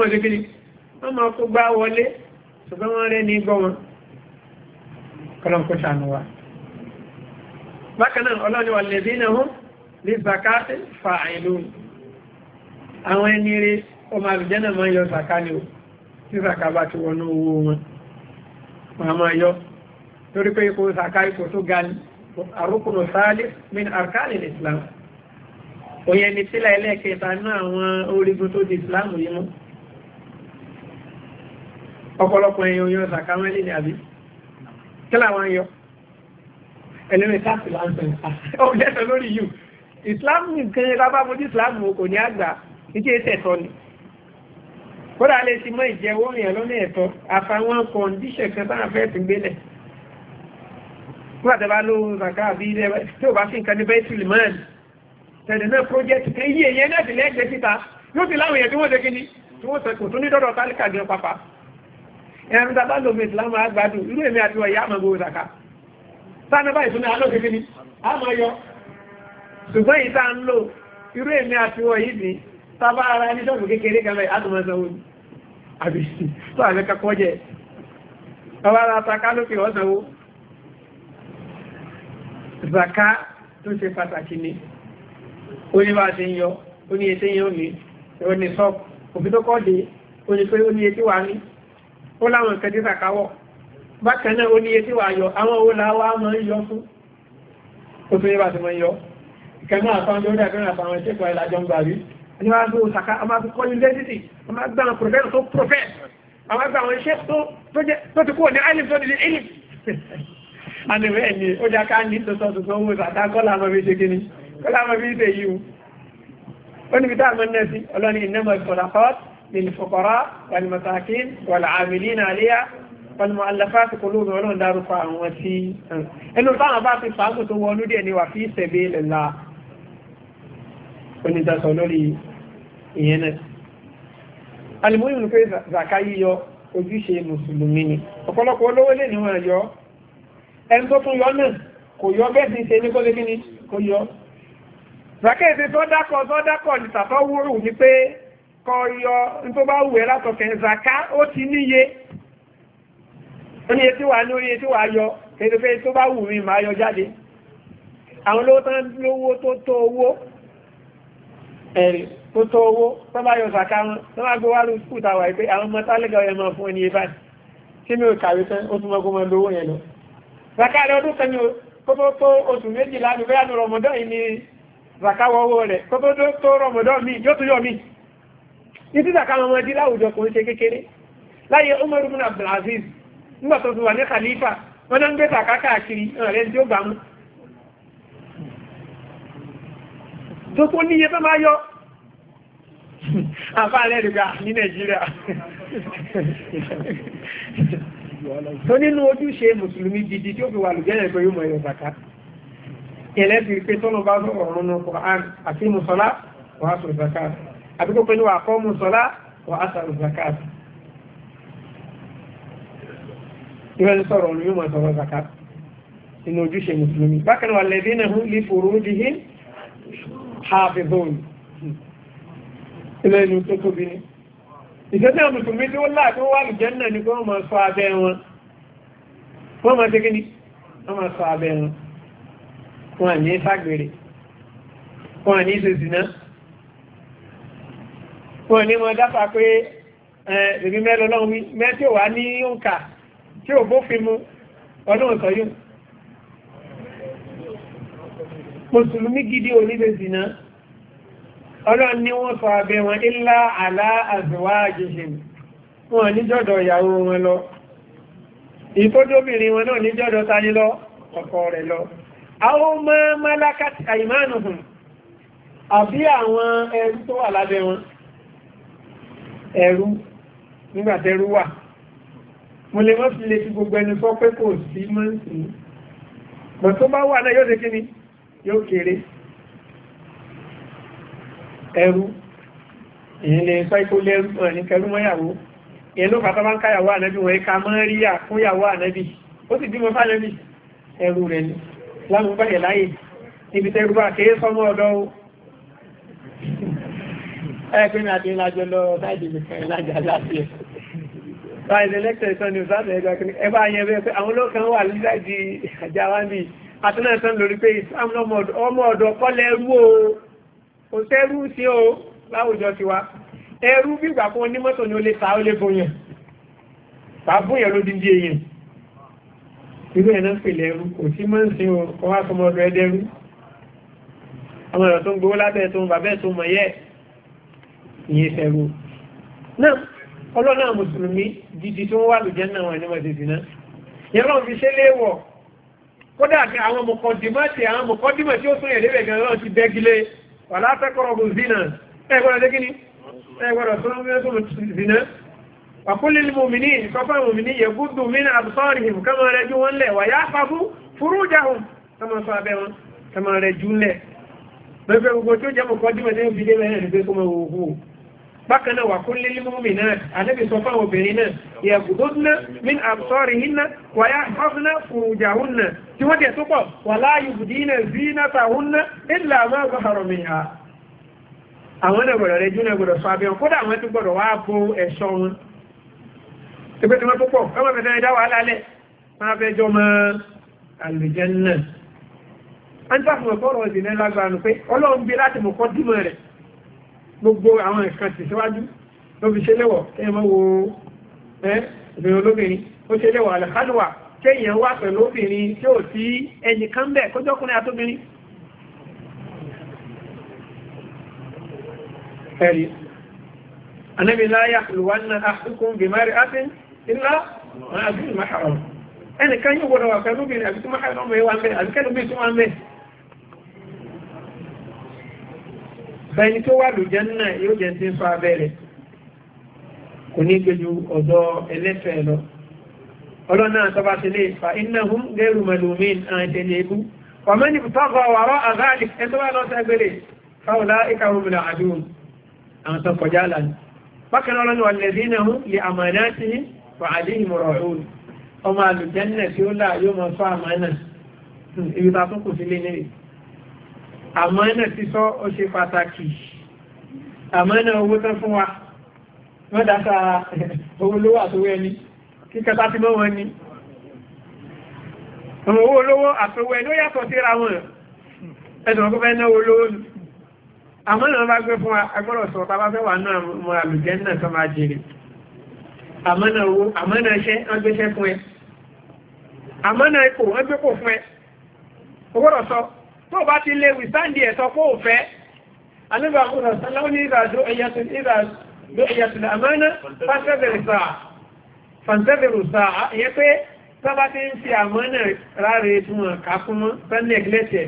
wọ́n lé kiri wọ́n máa kó gbá wọlé ṣùgbọ́n wọ́n rẹ̀ ní gbọ́ wọn kọlọ́nkó ṣàánú wa bákan náà ọlọ́ni wà hún ní zakati fa àìlú àwọn ẹni rí ọmọ àlùjẹ́nà máa yọ zaka ni ó tí zaka bá ti wọnú owó wọn wọ́n máa yọ torí pé ipò zaka ipò tó ga ní sáálí min arkani islam òyìn ẹni sílẹ̀ ẹlẹ́ẹ̀kẹta náà àwọn orígun tó di islam yìí mú ọ̀pọ̀lọpọ̀ èèyàn yọ ṣàkámẹ́lì ní àbí kí làwọn yọ ẹlẹ́rìn káàkiri láńpẹ̀ ó lẹ́sọ̀ lórí yìí islam nìkan yẹn lábá mojú islam kò ní àgbà nítorí ẹsẹ̀ ẹ̀tọ́ ni kódà lè ti mọ ìjẹ́wọ́ yẹn lọ́nà ẹ̀tọ́ àfàwọn kọ̀ǹdíṣẹ̀ kan sáà fẹ́ẹ̀ tún gbélẹ̀ nígbàtẹ́ bá lóhun zaka àbí ilẹ̀ tí ó bá fi nǹkan ní bẹ́ẹ̀tìlì máa ní tẹ̀lẹ̀ náà project kan iye yẹn náà ti lẹ́gbẹ̀ẹ́ síta yóò ti láwọn èèyàn tí wọ́n ṣe kí ni tí wọ́n ṣe kò tó ní dọ́dọ̀ tálíkà gan pàpà ẹ̀rọ tàbá lòmí ìsìlámù àgbàdùn irú èmi àti wọ̀nyí àmà gbogbo ìsàká sáàmì báyìí fún àlọ́ kékeré àmà yọ ṣùgbọ́n yìí tá ń lò irú èmi àti wọ̀nyí ni sábà ara ní sọ́ọ̀bù kékeré kan bẹ́ẹ̀ àtùmọ̀ sanwó ni àbí tó àmì kakọ́ jẹ ọba ara ta kálókè ọ̀sanwó zaka tó ṣe pàtàkì ni ó ní bá ṣe ń yọ ó ní ètè yẹn ó ní ó ní sọ́ọ̀kù òfin tó kọ́ de ó ní pé ó ní ètè wà ní ó láwọn nǹkan tí sàkáwọ̀ bákan náà ó níye tí wà yọ àwọn owó láwá máa ń yọ fún ó tó yẹ bá ti máa ń yọ ìkẹ́mọ́ àfáwọn tó dà fẹ́ràn àfáwọn a máa fi kọ́ yunifásitì a máa gbà àwọn prọfẹ́sì tó prọfẹ́sì a máa gbà àwọn iṣẹ́ tó ti kúrò ní ilim tó nílé ilim àníwẹ̀ ẹ̀mí ó já ká ní tuntun tuntun owó ìsàká kọ́lá àmọ́ fi ṣe kíní kọ́lá àmọ́ fi ṣe yìí ó níbi tá àmọ́ nẹ́ẹ̀sì ọlọ́ni ìnẹ́mọ̀ ìsọ̀rọ̀ للفقراء والمساكين والعاملين عليها والمؤلفات قلوب ولون دار فاهم وفي انه طبعا بقى فاهم تو ولودي اني وفي سبيل الله كنت تسولولي ينس المهم ni pé zaka yíyọ ojúṣe mùsùlùmí ni ọ̀pọ̀lọpọ̀ olówó lè ní wọ́n yọ ẹni tó tún yọ náà kò yọ bẹ́ẹ̀ sí ṣe ní kó lé kí ni kò yọ zaka èdè tó dákọ̀ tó dákọ̀ nìtàtọ̀ wúrù ni pé kọ yọ tó bá wù ẹ́ látọ̀kẹ̀ zaka ó ti níye oníye tí wà ní oríye tí wà yọ kẹ́lẹ́fẹ́ tó bá wù mí máa yọ jáde àwọn olówó tán lówó tó tó owó ẹ̀rì tó tó owó tó bá yọ zaka wọn tó bá gbé wárú skul tàwà pé àwọn ọmọ tálẹ́gà ọyẹ máa fún ẹniyẹ báyìí tí mi ò kàwé tán ó tún mọ́ zaka rẹ ni kó tó tó oṣù méjìlá nù bẹ́ẹ̀ zaka wọ́wọ́ rẹ̀ kó tó tó rọmọdọ́ mi ìtìsà káwọn ọmọdé láwùjọ kò ń ṣe kékeré láyé Umar ibn Abdul Aziz nígbà tó fi wà ní khalifa wọn náà ń gbé tàkà káàkiri ọ̀rẹ́ tí ó gbà mú tó tó níye tó máa yọ àfáà rẹ̀ rẹ̀ ní Nàìjíríà tó nínú ojúṣe mùsùlùmí gidi tí ó fi wà lùgẹ́rẹ̀ pé yóò mọ̀ ẹ̀yọ̀ zaka ẹlẹ́bìí pé tọ́nà bá sọ̀rọ̀ ọ̀run náà àti mùsọ̀lá wàásù zaka àbíkó pẹ̀lú àkọ́mù sọ́lá wà á sàrù zakat ìwẹ́ni sọ̀rọ̀ olú yóò mọ̀ sọ̀rọ̀ zakat inú ojúṣe mùsùlùmí bákan wà lẹ́bí náà hún lè fòrò ó dìhé hafizoni ilẹ̀ inú tó tóbi ní ìṣẹ́sẹ́ mùsùlùmí tí ó láàkí sí kí o ní mọ dáfà pé ẹ̀rí mẹ́lọ náà wí mẹ́tí ò wá ní òǹkà tí ò bófin mu ọdún ọ̀sán yóò mùsùlùmí gidi onílé zina ọlọ́run ní wọ́n sọ abẹ́ wọn ilá àlá àzùwá àjèjì wọn níjọ́dọ̀ ìyàwó wọn lọ ìtọ́jọ́bìnrin wọn náà níjọ́dọ̀ tani lọ ọkọ rẹ̀ lọ àwọn ọmọ málákàtì àìmánùhùn àbí àwọn ẹrú tó wà lábẹ́ wọn ẹ̀rú nígbàtẹ̀rú wà mo lè mọ́ fi lè fi gbogbo ẹnu sọ pé kò sí mọ́ sí mọ̀ tó bá wà náà yóò ṣe kíni yóò kéré ẹ̀rú èyí lè sọ ikú lẹ́rú mọ̀ ní kẹrú mọ́yàwó èyí ló fàtọ́ bá ń káyàwó ànábì wọ́n ká mọ́ rí à fún yàwó ànábì ó sì bímọ fánàbì ẹ̀rú rẹ̀ ni láwọn bá láyè ibi tẹ́rú bá kéé sọmọ ọ̀dọ́ ẹ̀kí ní àti ìlàjọ lọ sáìdì nìkan ìlàjà láti ẹ̀. Báyìí lẹ́kṣẹ̀ ìtọ́ ni ìsáàtì ẹgbẹ́ akíní. Ẹ bá yẹn bẹ́ẹ̀ pé àwọn olókan wà níláìdí àjà wa níbi. Àtúnà ìtàn lórí pé ìsáàmù ọmọ ọ̀dọ̀ kọ́lẹ̀ ẹrú o. Kò sẹ́rú sí o láwùjọ ti wa. Ẹrú bí ìgbà fún onímọ́tò ni ó lè ta ó lè bóyàn. Bàbú ló di di Irú ẹ̀ náà pèlè ẹrú kò sí mọ́ sí o kọ́ ọdọ̀ ẹdẹrú. Ọmọ ọ̀dọ̀ tó ń gbowó lábẹ́ tó ń bàbẹ́ tó mọ̀ yẹ́ ìyẹn fẹ́rú náà ọlọ́nà mùsùlùmí gidi tó wà lùjẹ́ náà wà ní mọ̀tẹ́sì náà yẹn lọ́n fi ṣe léèwọ̀ kódà àwọn mọ̀kọ́dìmọ̀tì àwọn mọ̀kọ́dìmọ̀ tí ó tún ẹ̀dẹ́bẹ̀ gan lọ́n ti bẹ́gilé wà látẹ́kọ̀rọ̀ zina ẹgbọ́dọ̀ dé kíní ẹgbọ́dọ̀ tó ń zina wàkúlì mùmìnì ìkọ́fà mùmìnì yẹ gúdù mí náà àbúsọ́rì hìm kọ́mọ rẹ̀ jú wọn lẹ̀ wà yá fàbú fúrújà hùn kọ́mọ sọ abẹ́ wọn kọ́mọ rẹ̀ jú lẹ̀ gbẹgbẹ gbogbo tó jẹ́ mọ̀kọ́dìmọ̀ tí ó fi dé mẹ́rin bákan náà wà kún lílí múmi náà ànábì sọ fáwọn obìnrin náà yẹ̀bùdóná min àbsọ́rì hinna wà yá hafna fùrùjà hunna tí wọ́n tẹ̀ tó pọ̀ wà láàyè bùdínà zínàtà hunna ìlà máa bá harọ̀ mi ha àwọn náà gbọ́dọ̀ rẹ̀ júnà gbọ́dọ̀ sọ abẹ́ wọn kódà àwọn tó gbọ́dọ̀ wá bo ẹ̀ṣọ́ wọn ẹgbẹ́ tí wọ́n tó pọ̀ ọmọ mi náà dá wàhálà lẹ̀ máa fẹ́ jọ gbogbo àwọn nǹkan sì síwájú ló fi ṣe lẹ́wọ̀ kéèyàn máa wo obìnrin olóbìnrin ó ṣe lẹ́wọ̀ àlẹ́kálùwà kéèyàn wà pẹ̀lú obìnrin tí ò sí ẹnì kan bẹ̀ kójọ́kùnrin àtóbìnrin ẹ̀rí anábi láyá lùwánà àkùnkùn bí mari ilá wọn àbí ìmáhàrùn ẹnìkan yóò gbọdọ̀ wà pẹ̀lú obìnrin àbí bẹ́ẹ̀ni tó wà lójẹ́ náà yóò jẹ́ tí ń fa abẹ́rẹ̀ kò ní gbẹ́jú ọ̀dọ́ ẹlẹ́fẹ̀ lọ ọlọ́ náà tọ́ba ti lè fa innahum ghayru malumin àìtẹ̀lẹ̀ ebú ọmọ ní tọ́gbà wàrọ́ àgáàlì ẹ̀tọ́ wà lọ́sẹ̀ gbélé fáwọlá ìkàwọ̀mùlà àdúhùn àwọn tó kọjá lánà bákan ọlọ́ni wà lè dínà hún lè àmàdá sí wà àdéhìn mọ̀rọ̀ òun ọmọ àlùjẹ́ náà tí ó là yóò mọ̀ fọ́ àmàdá ibi ta tó kù sílé nílé àmọ́nà sísọ ó ṣe pàtàkì àmọ́nà owó tán fún wa wọ́n dáta owó lówó àtowó ẹni kíkẹta ti mọ́ wọn ni owó olówó àtowó ẹni ó yàtọ̀ síra wọn ẹ̀sùn ọkọ̀ fẹ́ náwó olówó ni àmọ́nà bá gbé fún wa agbọ́rọ̀ sọ tàbá fẹ́ wà náà mọ́ àlùjẹ́ náà tó máa jèrè àmọ́nà owó àmọ́nà iṣẹ́ wọ́n gbéṣẹ́ fún ẹ àmọ́nà ipò wọ́n gbépò fún tó bá ti lè wìsáǹdì ẹ̀sọ́ kó fẹ́ alẹ́bà ọ̀rọ̀ sálọ́ ní ìràdó ẹ̀yàtùn àmánà fàǹsẹ́bẹ̀rù sáà yẹ pé sábà ti ń fi àmánà ráre túnmọ̀ kákúnmọ́ sánlẹ̀ gílẹ̀tẹ̀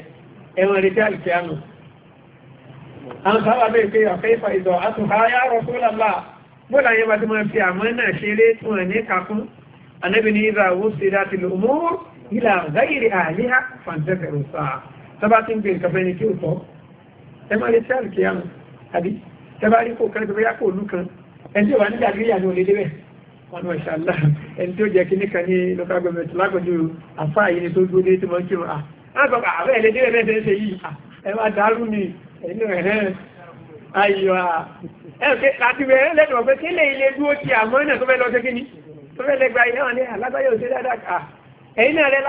ẹ̀wọ̀n rẹ̀ tí a lè fi àmù àwọn sábà bẹ́ẹ̀ pé ọ̀fẹ́ ìfà ìdọ̀ àtùkáyà rọ̀ sólàlá bọ́lá yẹ bá ti mọ́ fi àmánà ṣeré túnmọ̀ ní kákún anábìnrin ìràwó sí láti lò mú ìlà gáyìrì àlíhà fàǹsẹ́bẹ̀rù sáà tọ́bá tí ń gbé nǹkan fẹ́ni tí ó tọ́ ẹ máa lè tí àrùkì yánu àbí tẹ́bá rí kò kẹ́lẹ́ bóyá kò lú kan ẹni tí ó wà nígbà gíríyà ní olèdè bẹ́ẹ̀ wọn ní ọ̀ṣà ńlá ẹni tí ó jẹ́ kíní kan ní local government lágbọ̀dọ̀ àfa yìí ni tó dúró dé tí mo ń kí wọn à lágbọ̀ àwẹ̀ ẹlẹ́dẹ́ rẹ̀ bẹ́ẹ̀ ṣe yìí ẹ wá dàrú ni ẹnu ẹ̀hẹ́n ayọ̀ à ẹ pé láti bẹ̀rẹ̀ lẹ́nu ọ̀pẹ kí lè ilé dúró ti àmọ́ náà tó fẹ́ lọ sí kíní tó rẹ̀ ẹ̀ lè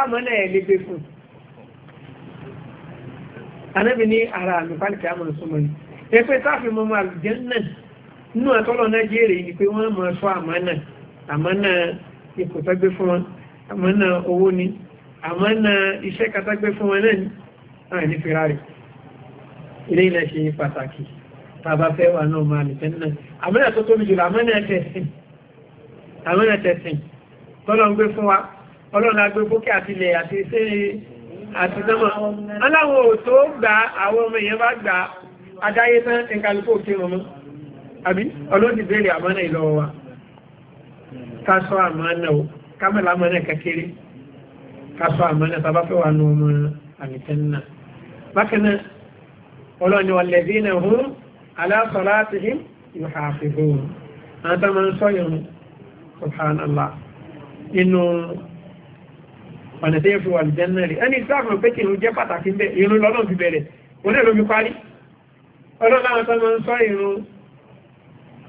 anábì ní ara àmì pálíkì àmọ̀ súnmọ́ ni ẹgbẹ́ táàfin mọ́mọ́ àlùjẹ́nà nínú àtọ́lọ̀ náà jèrè ni pé wọ́n mọ̀ sọ àmánà àmánà ipò tọ́gbé fún wọn àmánà owó ni àmánà iṣẹ́ katágbé fún wọn náà ni àwọn ẹni fi rárẹ̀ ilé ilẹ̀ ṣe pàtàkì tàbá fẹ́ wà náà máa àlùjẹ́nà àmánà tó tóbi jùlọ àmánà tẹ̀sìn àmánà tẹ̀sìn tọ́lọ́ ń gbé àti sánmà aláwọ̀ òtó gba àwọn ọmọ èèyàn bá gba adáyé tán ẹnkàlùkò kí wọn mọ́ àbí ọlọ́dì bèèrè àmọ́nà ìlọ́wọ́ wa ká sọ àmọ́nà o kámẹ́lá àmọ́nà kékeré ká sọ àmọ́nà tàbá fẹ́ wà ọ̀nà tí yẹn fi wà ní jẹ́nà rẹ̀ ẹni ìsáàmù pé kí ìrún jẹ́ pàtàkì bẹ́ẹ̀ ìrún lọ́nà fi bẹ̀rẹ̀ oní ìlú mi parí ọlọ́láwọn tó máa ń sọ ìrún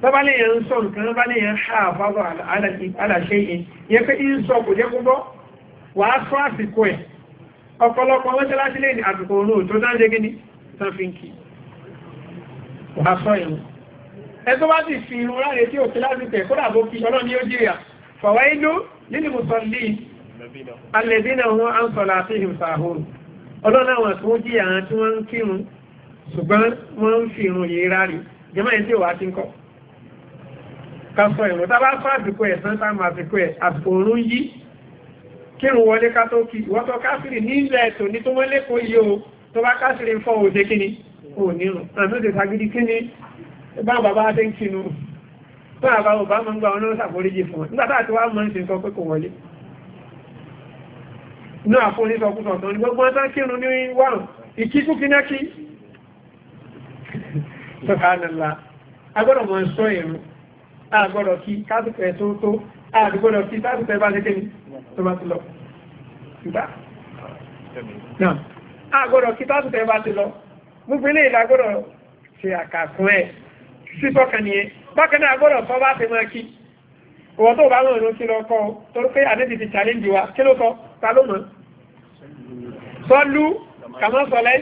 tọ́bálẹ̀ yẹn ń sọ nǹkan bálẹ̀ yẹn ha àbábọ̀ aláṣẹ yẹn yẹn pé ń sọ kò jẹ́ púpọ̀ wàá sọ àsìkò ẹ̀ ọ̀pọ̀lọpọ̀ wọ́n tẹ́lá sílẹ̀ ní àsìkò fi ń kì wàá sọ fi irun láre ó jìyà fọ̀wá inú nínú mùsọ̀lì alẹ́dínà wọn á ń sọ̀lá sí ìhùsàhùn ọlọ́nà àwọn tó jí àwọn tí wọ́n ń kírun ṣùgbọ́n wọ́n ń fi irun yìí rárí jẹ́mọ́ ẹ̀ tí ò wá ti ń kọ́ ká sọ ìrùn tá bá fọ́ àsìkò ẹ̀ sán sáàmù àsìkò ẹ̀ àsìkò òórùn yí kírun wọlé ká tó kí wọ́n tó káfìrì ní ilẹ̀ ètò ní tó wọ́n lẹ́kọ̀ọ́ yìí o tó bá káfìrì ń fọ́ òde kíni ò nírun àmì òde tagidi kíni bá bàbá á ti ń kinu fún àbáwò bá mọ́ ń gbà wọn ní ó ṣàforíjì náà fún oníṣọ́kúsọ̀ tán ní gbogbo ọjọ́ kírun ní wárùn ìkíkú kí náà kí sọ̀hánàlá agbọ́dọ̀ mọ̀ sọ ìrún agbọ́dọ̀ kí kásùpẹ̀ tó tó agbọ́dọ̀ kí kásùpẹ̀ bá ṣe kéni tó bá ti lọ agbọ́dọ̀ kí kásùpẹ̀ bá ti lọ gbogbo ilé ìlàgbọ́dọ̀ ṣe àkàkùn ẹ̀ sísọ́kàn nìyẹn bákan náà agbọ́dọ̀ sọ bá ti mọ́ kí ọwọ́ tó bá mọ̀ ìrún kí lọ kọ́ torí pé àdébìtì challenge wa kí ló kọ́ ta ló mọ̀ sọ́lú kàmọ́sọ̀lẹ́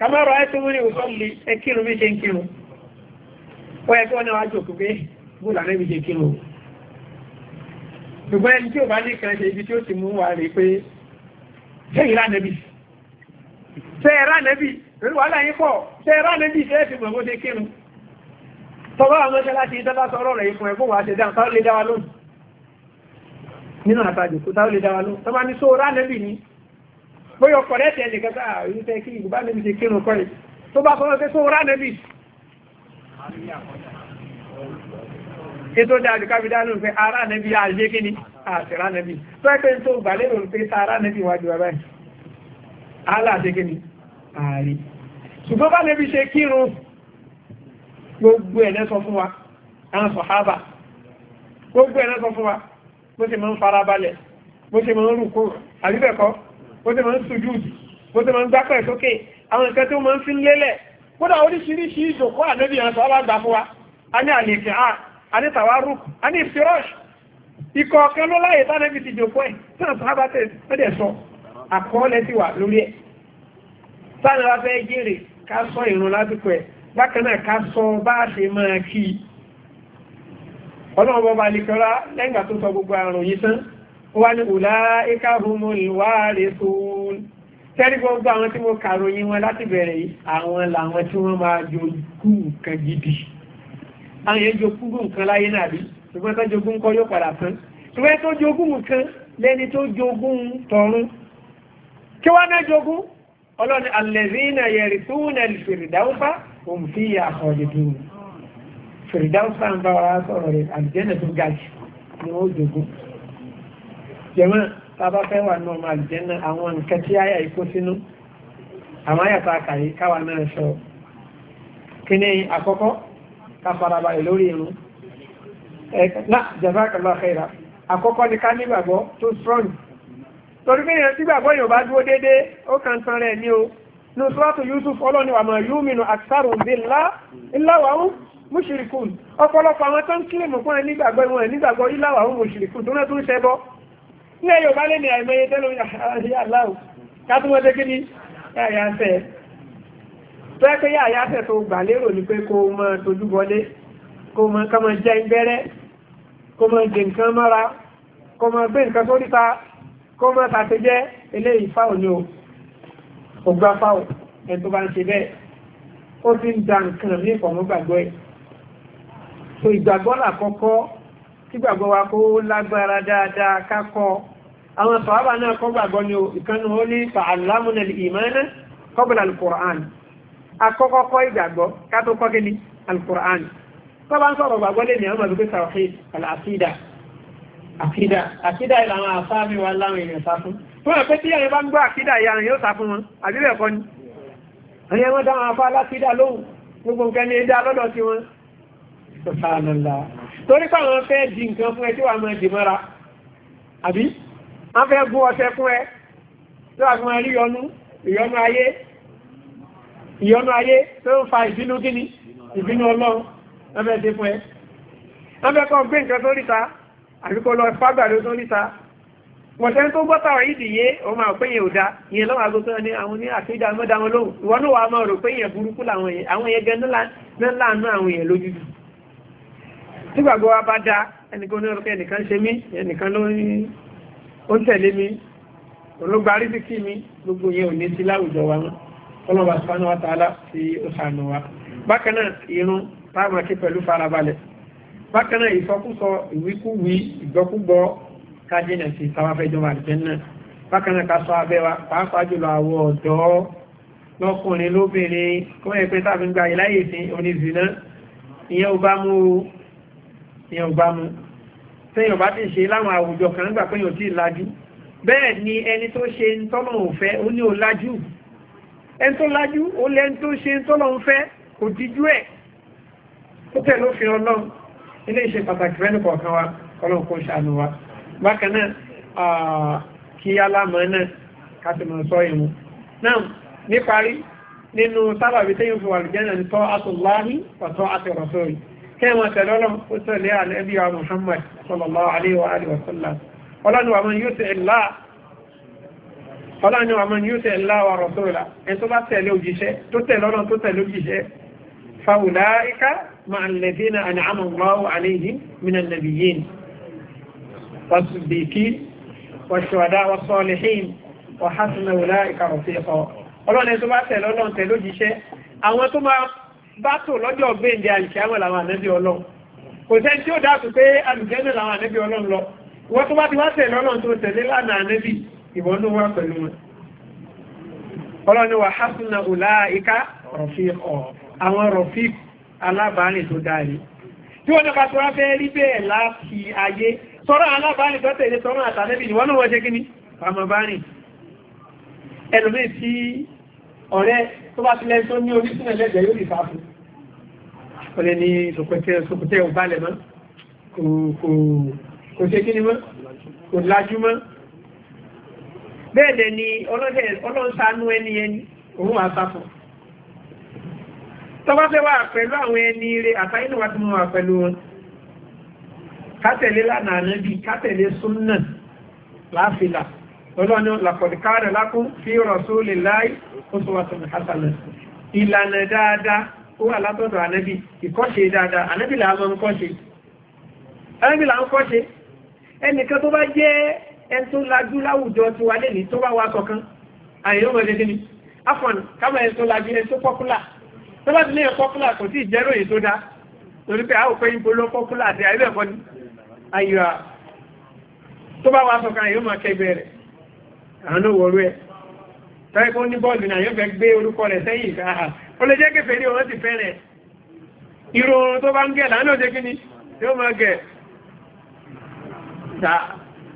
kàmọ́rọ̀ ẹ́tùmúrí òsọ́lì ẹkírù bí ṣe ń kírù ó yẹ kí wọ́n náà wájú òkú pé bóòlà náà bí ṣe kírù ṣùgbọ́n ẹni tí ò bá nìkan ṣe ibi tí ó ti mú wà rí pé ṣé ìrà nẹ́bì ṣé ìrà nẹ́bì lórí wàhálà yín pọ̀ ṣé ìrà nẹ́bì ṣé ẹ̀sìn mọ̀ bó ṣe kírù tọ́wọ́ àwọn ọmọṣẹ́ láti dábàá sọ̀rọ̀ rẹ̀ fún ẹ̀kọ́ wà ṣe dáhùn táwọn lè dá wa lóhùn nínú àtàjù kó táwọn lè dá wa lóhùn tọ́ bóyọ kọ̀rẹ́ tẹ̀ nìkan sáà ah, ìlú tẹ́ kí ìgbà níbi ti kírun kọ́ yìí tó bá kọ́ pé tó rá nẹ́bì ètò dáadù kábídá ló ń fẹ́ ará nẹ́bì àìyé ni àtìrá nẹ́bì tó ẹ́ pé tó gbàlérò ń pé sára nẹ́bì wájú ọ̀rẹ́ aláàṣẹ́ kí ni ààrí ṣùgbọ́n bá nẹ́bì ṣe kírun gbogbo ẹ̀nẹ́ sọ fún wa àwọn sọ̀hábà gbogbo ẹ̀nẹ́ sọ fún wa bó ṣe máa bó ṣe máa ń sùjú bó ṣe máa ń gbápẹ̀ sókè àwọn nǹkan tó máa ń fi ń lélẹ̀ kódà oríṣiríṣi ìjòkó ànábì àti alágbà fún wa a ní àlèfẹ́ à a ní tàwárùk a ní ìfirọ́ṣ ikọ̀ ọ̀kan ló láyé tánẹ́bì ti jòkó ẹ̀ ẹ̀ a ṣe máa kí ọlọ́run bọba àlèkọ́lá lẹ́yìn tó tán wọ́n ulaika humul warithun tẹ́rí gbogbo àwọn tí mo kàròyìn wọn láti bẹ̀rẹ̀ yìí àwọn làwọn tí wọ́n máa jogú nǹkan gidi àwọn èèyàn jogún nǹkan láyé náà bí ṣùgbọ́n tó jogún kọ́ yóò padà tán ṣùgbọ́n tó jogún nǹkan lẹ́ni tó jogún tọ̀run kí wọ́n náà jogún ọlọ́ni alladhina yarithuna al-firdawsa hum fiha khalidun firdawsa ń bá wa sọ̀rọ̀ rẹ̀ àlùjẹ́nà tó ga jù ni wọ́n jogún jẹ́mọ́ tàbá fẹ́ wà náà máa jẹ́nà àwọn nǹkan tí àyà ikó sínú àwọn àyàtọ̀ àkàrí káwà náà sọ kí ní àkọ́kọ́ ká farabalẹ̀ lórí irun ẹ̀kọ́ jazakallahu khaira àkọ́kọ́ ni ká nígbàgbọ́ tó strong torí pé ìrántí gbàgbọ́ yóò bá dúró dédé ó kàn tán rẹ̀ ní o ní sọ́tù Yusuf ọlọ́ni wà máa yú mìíràn àkísàrò ìláwàáhùn mushrikun ọ̀pọ̀lọpọ̀ àwọn tó ń kílèmù fún ẹ nígbàgbọ́ ìwọ̀n nígbàgbọ́ ìláwàáhùn mushrikun tó náà tún ṣẹbọ́ ní ẹ̀yọ̀ bá lè ní àìmẹ́yẹ tẹ́lọ aláwò kátúmọ́dé kí ní yáyáṣẹ́ tó ẹ́ pé yáyáṣẹ́ tó gbà lérò ní pé kó mọ́ tójú bọlé kó mọ́ kọmọ jẹ́ ìgbẹ́rẹ́ kó mọ́ jẹ nǹkan mọ́ra kó mọ́ gbé nǹkan tó ríta kó mọ́ tàṣẹ jẹ́ eléyìí fáwọn ni ò gbá fáwọn ẹ̀ tó bá tí gbàgbọ́ wa kó lágbára dáadáa kákọ́ àwọn sọ̀hábà náà kọ́ gbàgbọ́ ni ìkanu ó ní fa'alamuna al-imana qabla al-Qur'an akọ́kọ́kọ́ ìgbàgbọ́ kátó kọ́ kí ni al-Qur'an tó bá ń sọ̀rọ̀ gbàgbọ́ lè ní ọmọ ìgbé tawhid al-aqida àkídà àkídà ìlànà àfáàmì wa láwọn èèyàn sá fún tó rẹ̀ pé tí ẹ̀yẹ bá ń gbọ́ àkídà ìyá rẹ̀ yóò sá fún wọn àbíbẹ̀ kọ́ ni ẹ̀yẹ wọ́n àbí wọ́n fẹ́ bú ọṣẹ fún ẹ tó àfihàn máa rí ìyọnu ìyọnu ayé ìyọnu ayé tó ń fa ìbínú kíni ìbínú ọlọ́run wọ́n fẹ́ ṣe fún ẹ wọ́n fẹ́ kọ́ gbé nǹkan tó ríta àbí kó lọ fágbàdo tó ríta wọ̀tẹ́ tó gbọ́ tàwọn yìí dìye òun máa pé yẹn ò da ìyẹn lọ́wọ́ àgọ́ sọ́ni ẹnìkan ní ọ̀rọ̀ ẹnìkan ṣe mí ẹnìkan ló ó ń tẹ̀lé mi ológbárí sí kí mi gbogbo yẹn ò ní sí láwùjọ wa mọ́ ọlọ́ba sanu wa tààlà sí oṣàánú wa bákan náà irun táwọn akí pẹ̀lú farabalẹ̀ bákan náà ìsọkúsọ ìwíkúwí ìgbọ́kúgbọ́ kájínà sí sáwáfẹ́jọba àdìjẹ́nà bákan náà ká sọ abẹ́ wa pàápàá jùlọ àwọ̀ ọ̀dọ́ lọ́kùnrin lóbìnrin kó ẹ̀ pé táàfin gba ìláyè sí onízìnà ìyẹn ò bá mú ìyẹn ò bá mú tẹ́yìn ọba ti ṣe láwọn àwùjọ kan nígbà pé yóò ti lajú bẹ́ẹ̀ ni ẹni tó ṣe ń tọ́lọ̀ ń fẹ́ ó ní ò lajú ẹni tó lajú ó lẹ́ni tó ṣe ń tọ́lọ̀ ń fẹ́ kò díjú ẹ̀ ó tẹ̀ ló fi ọlọ́run ilé iṣẹ́ pàtàkì rẹ̀ nìkan kan wa ọlọ́run kò ṣàánú wa bákan náà kí alámọ̀ náà ká sì mọ̀ sọ ìmú náà níparí nínú sábàbí tẹ́yìn fi wà náà ní tọ́ àtúláhí pàtó àti kẹwọn tẹ̀lọ́lọ́ ó tẹ̀lé ànẹ́bí wa Muhammad sallallahu alaihi wa alihi wa sallam ọlọ́ni wa man yuti Allah ọlọ́ni wa man yuti Allah wa rasula ẹni tó bá tẹ̀lé òjíṣẹ́ tó tẹ̀lọ́lọ́ tó tẹ̀lé òjíṣẹ́ fa والشهداء والصالحين وحسن أولئك رفيقا ọlọ́run ẹni tó tẹ̀lé ọlọ́run tẹ̀lé òjíṣẹ́ àwọn tó bá tò lọ́jọ́ gbéǹde àìsíáwọ̀ làwọn ànẹ́bí ọlọ́run kò sẹ́ni tí ó dáàtò pé àlùjẹ́nà làwọn ànẹ́bí ọlọ́run lọ wọ́n tó bá ti wá tẹ̀lé ọlọ́run tó tẹ̀lé lánàá ànẹ́bí ìwọ́n ló wá pẹ̀lú wọn ọlọ́ni wà hásùnà tó bá ti lẹ́yìn tó ní onísìnà lẹ́jẹ̀ yóò lè fàáfù ọlẹ́ ni sòkòtẹ́ ò balẹ̀ mọ́ kò ṣe kíni mọ́ kò lájú mọ́ bẹ́ẹ̀dẹ̀ ni ọlọ́nsánú ẹni ẹni òun àsáfù tọ́bá fẹ́ wà pẹ̀lú àwọn ẹni rẹ̀ àtàyínú wa ti mọ́ wà pẹ̀lú wọn kátẹ̀lé lánàá náà bí kátẹ̀lé súnnà láàfilà ọlọ́ni làkọ̀dìkáàrẹ̀ lákún fi rasulillahi uswatun hasana ìlànà dáadáa ó wà látọ̀dọ̀ ànábì ìkọ́ṣe dáadáa ànábì làwọn kọ́ṣe ànábì làwọn kọ́ṣe ẹnìkan tó bá jẹ́ ẹni tó lajú láwùjọ ti wà lẹ́ni tó bá wá kọ̀kan àyẹ̀wò ẹ̀dẹ́dẹ́ ni afọ̀n kámọ̀ ẹni tó lajú ẹni tó pọ́kúlà tó bá ti ní pọ́kúlà kò sí ìjẹ́ròyìn tó dáa torí pé àwọn òpin àwọn òwòrú ẹ̀ tọ́ẹ̀kọ́ ní bọ́ọ̀lù gbé orúkọ rẹ̀ sẹ́yìn lè jẹ́ ní ọ̀rọ̀ ti fẹ́rẹ̀ tó bá ń gẹ̀ jẹ́ kíní tí ó máa gẹ̀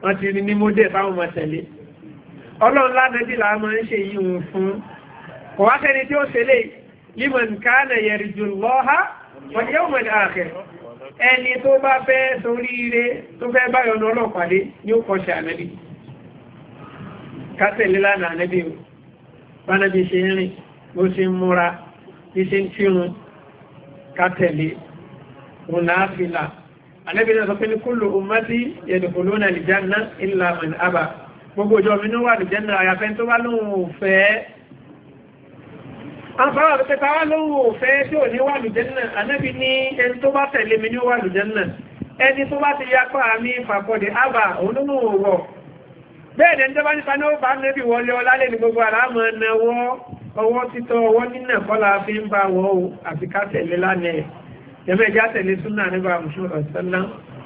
wọ́n ti ní mọ́dẹ̀ fáwọn ọmọ ẹni tó bá fẹ́ ire tó fẹ́ báyọ̀ ọ̀nà ọlọ́pàá ní ó kọ́ ṣe àmẹ́lì kátẹ̀lé lánàá nẹ́bí o bánẹ́bí ṣe ń rìn bó ṣe ń múra bí ṣe ń kírun kátẹ̀lé ònàáfìlà anẹ́bí náà sọ pé ní kullu ummati yadkhuluna al-janna illa man aba gbogbo ìjọ mi ní wà al-janna àyàfẹ́ tó bá lóun ò fẹ́ àfáà àti pẹta wá lóhun òfẹ́ tí bẹ́ẹ̀dẹ̀ ń tẹ́bá nípa náà bá nẹ́bí wọlé ọlá lè ní gbogbo àlámọ̀ náwọ́ ọwọ́ títọ́ ọwọ́ nínà kọ́lá fi ń bá wọ́ o àti ká tẹ̀lé lánàá ẹ̀ ẹ̀mẹ́ ìjà tẹ̀lé súnà nípa àmúṣọ́ ọ̀sánná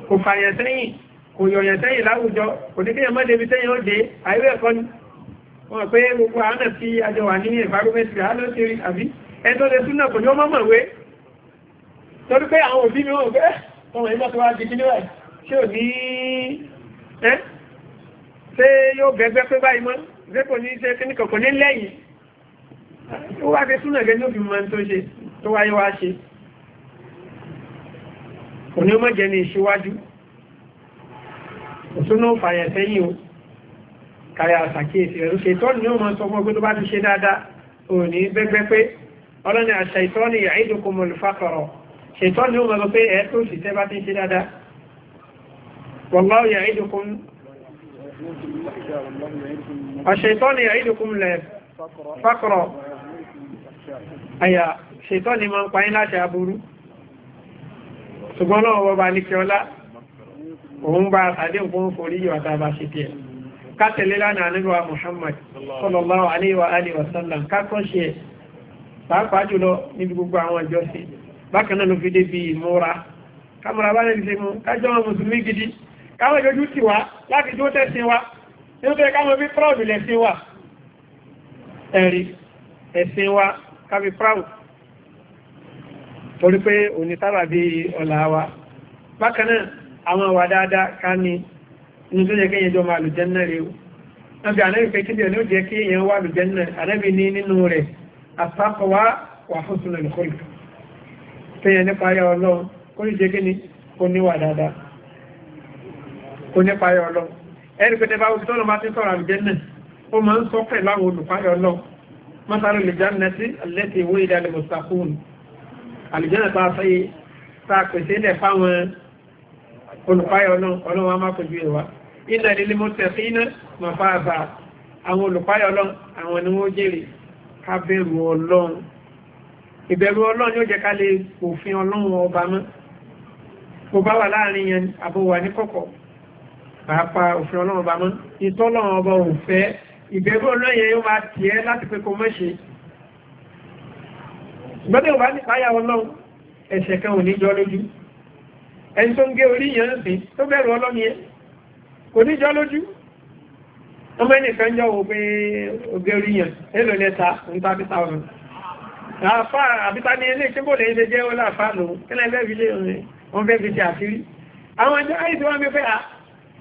kò fàyàn sẹ́yìn kò yọ̀yàn sẹ́yìn láwùjọ kò ní kéèyàn mọ́ débi sẹ́yìn ó dé àìwé ẹ̀kọ́ ni wọ́n pé gbogbo àánà tí ajọ wà ní ìfàrúmẹ́sì àlọ́ ti rí àbí ẹni tó lè súnà kò ní ó mọ̀mọ̀ wé torí pé àwọn òbí mi wọ́n pé eh, ọmọ ìmọ̀ tó wá di kí níwáyé ṣé ò ní ṣé yóò gẹ́gbẹ́ pé báyìí mọ́ lẹ́kọ̀ọ́ ní ṣe kí nìkan kò ní lẹ́yìn ó wá fi súnà gẹ́gẹ́ òfin mọ́ tó ṣe tó wáyé wá ṣe kò ní mọ́ jẹ́ ní ìṣíwájú òtúnú fàyẹ̀ sẹ́yìn o kàyà àṣàkíyèsí rẹ̀ ṣe tọ́ ni ó mọ́ sọ fún tó bá ti ṣe dáadáa ò ní gbẹ́gbẹ́ pé ọlọ́ni àṣà ìtọ́ni ya'idukumul faqra ṣètọ́ ni ó mọ́ sọ pé ẹ̀ẹ́ tó sì tẹ́ bá ti ṣe dáadáa wallahu الشيطان يعيدكم فقرا أيا الشيطان ما قاين لا تابورو ṣùgbọ́n náà wọ́n bá ní kí ọlá òun bá àdéhùn fún forí yíò àtàbà ṣe tí ẹ̀ ká tẹ̀lé lánàá nílùú Muhammad sallallahu alaihi wa alihi wa sallam ká kọ́ ṣe ẹ̀ pàápàá jùlọ níbi gbogbo àwọn ìjọsìn bákan náà ló fi dé bí ìmúra kámọ́ra bá lè fi mú kájọ́ mùsùlùmí gidi káwọn ìdójú tì wá láti jó tẹ́sìn wa nínú tó káwọn bí proud lẹ́sìn wa ẹ̀rí ẹ̀sìn wa kábi proud torí pé òní sábà bí ọ̀la wa bákan náà àwọn àwà dáadáa ká ní inú tó jẹ́ kí èyàn jọ máa lùjẹ́ náà rẹ̀ wọ́n bí ànábì ní wà dáadáa onípayọ̀ ọlọ́ ẹni pẹ̀lú bá ojú tọ́lọ máa ti sọ̀rọ̀ àlùjẹ́nà ó máa ń sọ pẹ̀lú àwọn olùpayọ̀ ọlọ́ mọ́sálù lìjánà sí alẹ́tì ìwé ìdálẹ̀ mustaqun àlùjẹ́nà tá a fẹ́ tá a pèsè ilẹ̀ fáwọn olùpayọ̀ ọlọ́wọ́ máa pẹ̀lú ẹ̀wà iná lílé mo tẹ̀ sí iná mọ̀ fáàfà àwọn olùpayọ̀ ọlọ́ àwọn ni wọ́n jèrè ká bẹ̀rù ìbẹ̀rù ọlọ́run yóò jẹ́ ká lè òfin ọlọ́run ọba mọ́ bó bá wà láàrin yẹn àbò ní kọ̀kọ̀ pàápàá òfin ọlọ́run bá mọ́ ìtọ́lọ́run ọba ò fẹ́ ìbẹ̀rù ọlọ́yẹ yóò máa tì ẹ́ láti pé kó mọ́ṣe gbọ́dọ̀ wà ní ìpáyà ọlọ́run ẹ̀ṣẹ̀ kan ò ní jọ lójú ẹni tó ń gé orí yẹn ń sìn tó bẹ̀rù ọlọ́run yẹn kò ní jọ lójú ọmọ ẹnìkan jọ wò pé ògbé orí yẹn èlò lẹ́ta ń ta bí táwọn àfá àbíta ní ilé ìṣẹ́bò lè ṣe jẹ́ ó láfá lòun kí lẹ́ẹ̀fẹ́ fi lé òun fẹ́ fi ṣe àṣírí àwọn ẹjọ́ àìsí wọn fi fẹ́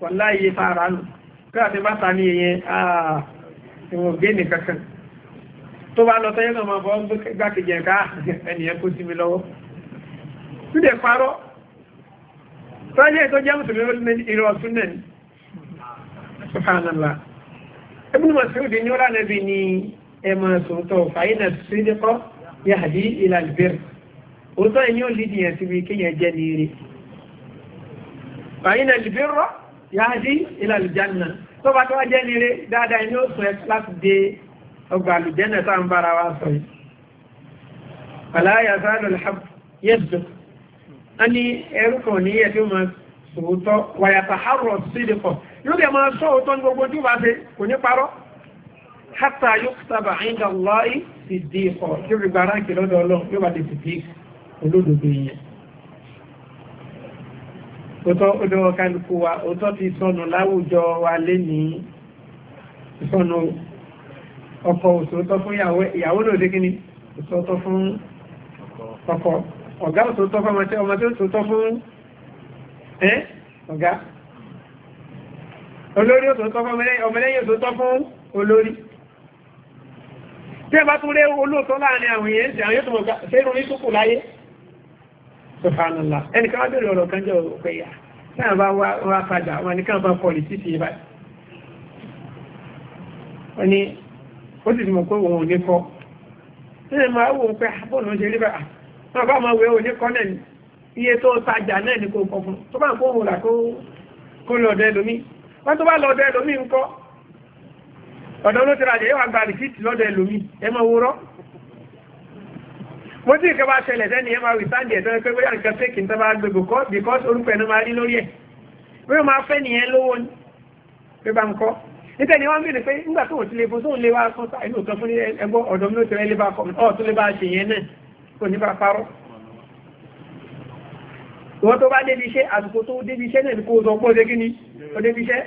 wọ̀lá iye fa ara nù kí àti bá ta ní ìyẹn ah, ìwọ̀n gbé ní kankan tó bá lọ tẹ́yẹ́ náà máa bọ́ gbákejì ẹ̀ká ẹnìyẹn kó sí mi lọ́wọ́ tó dẹ̀ parọ́ tọ́jẹ́ tó jẹ́ mùsùlùmí ló ní ìrọ̀ súnẹ̀ ní subhanallah ibùdó mọ̀síwòdì ní ọ̀rá nẹ́bí ni ẹmọ̀ sòótọ́ fàyínà sídẹ́kọ́ yahdi ila yáàdí ilẹ̀ àlùjánà tó bá tó wá jẹ́ nire dáadáa inú oṣù ẹ̀ láti dé ọgbà àlùjánà tá ń bára wa sọ yìí aláyà sáàdù alhab yẹ́dù a ní ẹrùkọ̀ ní yẹ́ tí ó máa sòótọ́ wàyàtà harrọ̀ sídìkọ̀ yóò dẹ̀ máa sọ́ọ̀tọ́ ní gbogbo òtọ́ odòwò kálukú wa òtọ́ ti sọnù láwùjọ wa lé ní ìsọnù ọkọ òsòótọ́ fún ìyàwó lòdé kíní òsòótọ́ fún ọkọ ọ̀gá òsòótọ́ fún ọmọdé ọmọdé òsòótọ́ fún ẹ́ ọ̀gá olórí òsòótọ́ fún ọmọlẹ́yìn òsòótọ́ fún olórí tí ẹ bá tún lé olóòtọ́ láàrin àwọn èèyàn sí àwọn yóò tó mọ̀ Subhanallah ẹnìkan wọ́n bèèrè ọ̀rọ̀ kan jẹ́ òpé náà bá wá padà wọn ni káàbá pọ̀lì sí ti ibà wọ́n ni ó sì mọ̀ pé òun ò ní kọ́ nínú máa wò pé àbọ̀nà ah, ṣe rí bàá ah, wọn bá máa wẹ ò ní kọ́ náà ni iye tó tajà náà ni kò kọ̀ fún tó bá ń kó kó lọ ẹlòmí tó bá lọ ẹlòmí ń kọ́ mo tí nǹkan bá ṣẹlẹ̀ sẹ́ni ẹ máa wì sáǹdì ẹ̀ sẹ́ni bóyá nǹkan fẹ́kì tó bá gbogbo kọ́ because orúkọ ẹ̀nu máa rí lórí ẹ̀ bí ó máa fẹ́ nìyẹn lówó ni pé bá ń kọ́ níta ni wọ́n bèèrè pé nígbà tó ti lè fún tóun lè wá sán sáà inú òtọ́ fún ẹgbọ́ ọ̀dọ́ mi ló ti rẹ́ lé bá kọ́ ọ̀ tó lè bá ṣe yẹn náà kò ní bá parọ́ ìwọ́n tó bá débi iṣẹ́ àsìkò tó débi iṣẹ́ náà kó sọ pọ́ ó débi iṣẹ́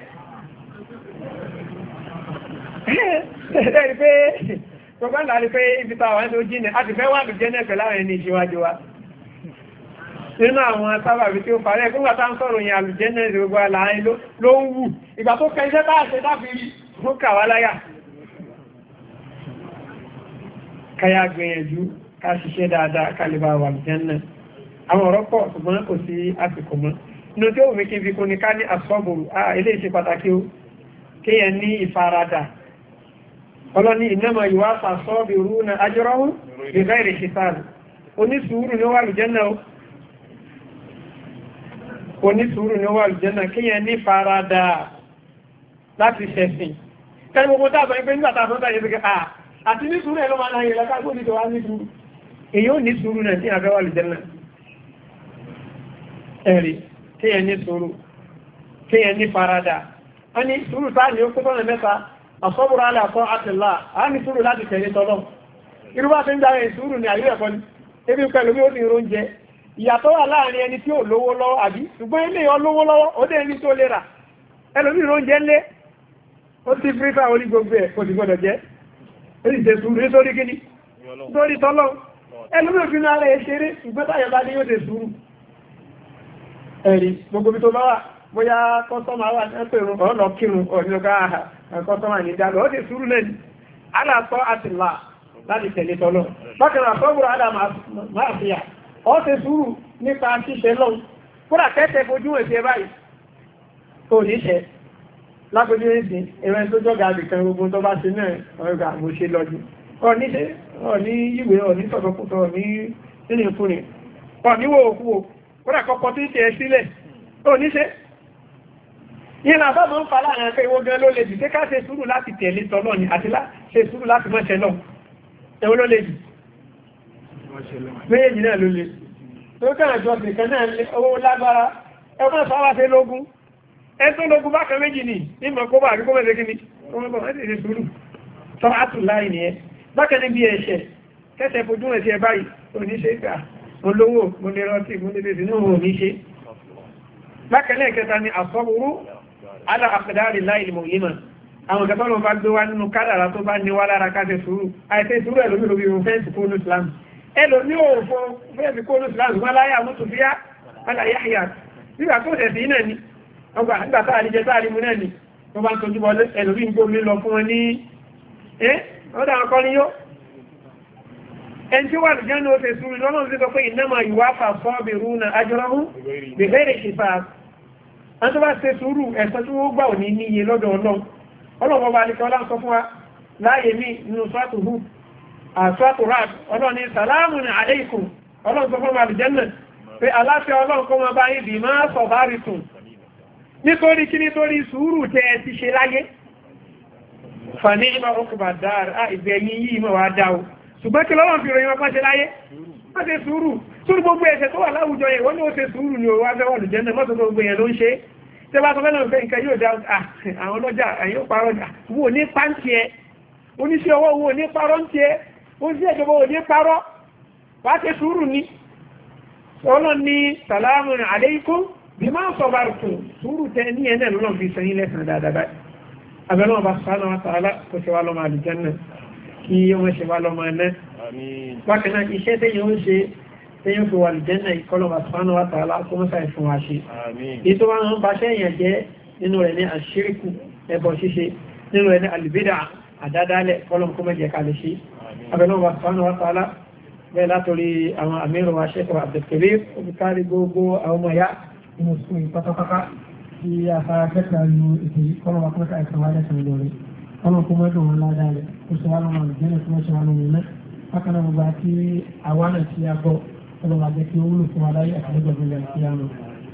<laughs> propaganda ni pé ibi ta wà ní ojú ní a ti fẹ́ wà ní jẹ́nẹ̀fẹ̀ láàrin ní ìṣíwájú wa nínú àwọn sábàbí tí ó parẹ́ fún gbàtà ń sọ̀rọ̀ yìn àlùjẹ́nẹ̀ gbogbo àlàáyìn ló ń wù ìgbà tó kẹ́ iṣẹ́ táà ṣe dábìrì ó kà wá láyà káyà gbìyànjú ká ṣiṣẹ́ dáadáa kálíbà wà àlùjẹ́nẹ̀ àwọn ọ̀rọ̀ pọ̀ ṣùgbọ́n kò sí fi kún ni ká ní àsọ́bùrù eléyìí ṣe pàtàkì ó kéèyàn ọlọ́ni ìnáma yíwá pàṣọ́ bí rú na ajọ́rọ́hún bí gáìrì ṣìtàlù onísùúrù ní wà lùjẹ́nà ó onísùúrù ní wà lùjẹ́nà kíyàn ní farada láti ṣẹ̀sìn kẹ́lú gbogbo dáàbọ̀ ẹgbẹ́ nígbàtà fún báyìí pé à ah, àti nísùúrù ẹ̀ ló máa láyé lọ́ká gbó ní tòwá nísùúrù èyí ó nísùúrù náà tí a fẹ́ farada wọ́n ní sùúrù táà ní ó kó tọ́nà mẹ́ta àsọ́bùrọ̀ alẹ́ àtọ́ àtìlá a ní sùúrù láti tẹ̀lé tọ́lọ́ irúbá tí ń járe ìsúrù ní ayé ẹ̀kọ́ ni ebi pẹ̀lú bí ó ti róúnjẹ ìyàtọ̀ wà láàrin ẹni tí ò lówó lọ́wọ́ àbí ṣùgbọ́n ilé ọ lówó lọ́wọ́ ó dé ẹni tó lè rà ẹlòmí róúnjẹ ńlé ó ti fírífà orí gbogbo ẹ̀ kò sì gbọdọ̀ jẹ́ ó sì ṣe sùúrù nítorí kíní nítorí tọ́lọ́ ẹlòmí òfin ara ẹ̀ ṣeré ṣùgbọ́n táyọ̀ bóyá kọ́sọ́mà wà ní ẹ̀pẹ̀ ìrùn ọ̀nà kírun ọ̀nìyànká kọ́sọ́mà ní ìdálọ́ ó ti sùúrù lẹ́nu aláàtọ́ àti là láti tẹ̀lé tọ́lọ́ bákan náà sọ́gbùrù àdà máa fi à ó ti sùúrù nípa ṣíṣe lọ́n kúrà kẹ́tẹ̀ fojú èsì ẹ báyìí kò ní ṣe lápẹjú èsì ẹ̀rẹ́ tó jọ́gà àbìkan gbogbo tó bá ṣe náà ọ̀gá mo ṣe lọ́jú ọ̀ní ṣe ọ̀ní ìwé ọ̀ní sọ̀tọ̀kùtọ̀ ọ̀ní nínú ìfúnni ọ̀níwò òkú kúrà kọ́kọ́ tí ń ṣe sílẹ̀ ọ̀ní ṣe ìrìnà bá mọ́ ń fa láàrin ẹ̀kẹ́ ìwọ gan ló lè jù tẹ́ká ṣe sùúrù láti tẹ̀lé tọ́lọ́ ni àti ṣe sùúrù láti mọ́ ṣe lọ́n ẹ̀wọ́n ló lè jù méjèèjì náà ló lè tó kàn jọ nìkan náà owó lágbára ẹgbọ́n sọ wá sí lógún ẹ tó lógún bákan méjì ni ìmọ̀ kó bá àrí kó mẹ́sẹ̀ kíni bákan náà kẹta ni àsọ́wọ́rú ala àkàdárì láìlì mọ̀ yíma àwọn ìgbà tọ́lọ̀ bá gbé wá nínú kádàrà tó bá ní wá lára káṣẹ sùúrù àìsẹ sùúrù ẹlòmí lóbi ohun fẹ́ǹsì kónú islam ẹlòmí ò fọ fẹ́ǹsì kónú islam wọn láyà mú tó fíyá padà yáyà nígbà tó tẹ̀sí iná ni ọgbà nígbà tá àríjẹ tá àrímu náà ni wọ́n bá ń tọ́jú bọ́ ẹlòmí ń gbómi lọ fún wọn ní ẹ́ wọ́n dà kọ́ níyó ẹni tí wà lùjẹ́ ní ó ṣe sùúrù lọ́nà ẹni tó bá ṣe sùúrù ẹ̀san gbà ò ní níye lọ́dọ̀ ọlọ́run wa láàyè mí nínú sọ́tò hù àtúwàtò rad ọlọ́run ní sàlámù ní aleikum ọlọ́run sọ fún wa àlùjẹ́nà pé aláfẹ́ ọlọ́run kọ́ máa bá yín bì máa sọ bá rí tùn nítorí kí nítorí sùúrù tẹ ẹ ti ṣe láyé fani ìmọ̀ ọkùnbà dáa ìgbẹ̀yìn yìí mọ̀ wá dá o ṣùgbọ́n kí lọ́wọ́n fi ròyìn wọn pọ́n ṣe láyé wọ́n ṣe sùúrù sùúrù gbogbo ẹ̀ṣẹ̀ tó wà láwùjọ yẹn wọ́n ó ṣe sùúrù ni òun wá fẹ́ wọ́n lùjẹ́ náà tẹ́ bá sọ fẹ́ràn pé nǹkan yóò dá àwọn ọlọ́jà àyín ó parọ́ jà wo ní pàǹtì ẹ oníṣẹ́ ọwọ́ wo ní parọ́ ń tiẹ oníṣẹ́ ìjọba wo ní parọ́ wàá ṣe sùúrù ni ọlọ́ ní sàlámù aleikum bí máa ń sọ̀bà kù sùúrù tẹ ní ẹ̀ náà lọ́nà fi sẹ́yìn lẹ́sàn dáadáa báyìí abẹ́lẹ́ wọn bá sàánà wa tààlà kó ṣe wá lọ́mọ àlùjànnà kí wọ́n ṣe wá tẹ́yìn fi wà lìjẹ́nà ìkọlọ̀bà sánà wà tààlá kó mọ́sá ìfún wa ṣe. Èyí tó máa ń bá ṣẹ́yìn jẹ́ nínú rẹ̀ ní àṣíríkù ẹbọ ṣíṣe nínú rẹ̀ ní àlùbídà àdádálẹ̀ kọlọ̀m kó mẹ́jẹ kalẹ̀ ṣe. Abẹ́lọ́wà sánà wà tààlá bẹ́ẹ̀ látòrí àwọn àmírò wa ṣẹ́kọ̀ àbẹ̀kẹ̀lé obìkárí gbogbo àwọn ọmọ ya nínú sùn pátápátá tí a fara kẹta lu ètò yìí kọlọ̀wà kó mẹ́ta ìfún wa lẹ́sẹ̀ lórí. Kọlọ̀ kó mẹ́ta òun ládàá rẹ̀ kó sọ wà lọ́mọ àlùjẹ́nà kó mẹ́ta wà lọ́mọ iná. Bákan náà gbogbo àti àwa náà ti a gbọ́ ọlọ́wà jẹ́ kí ó wúlò fún aláyé àti nígbàgbọ́ ìyá ìyá náà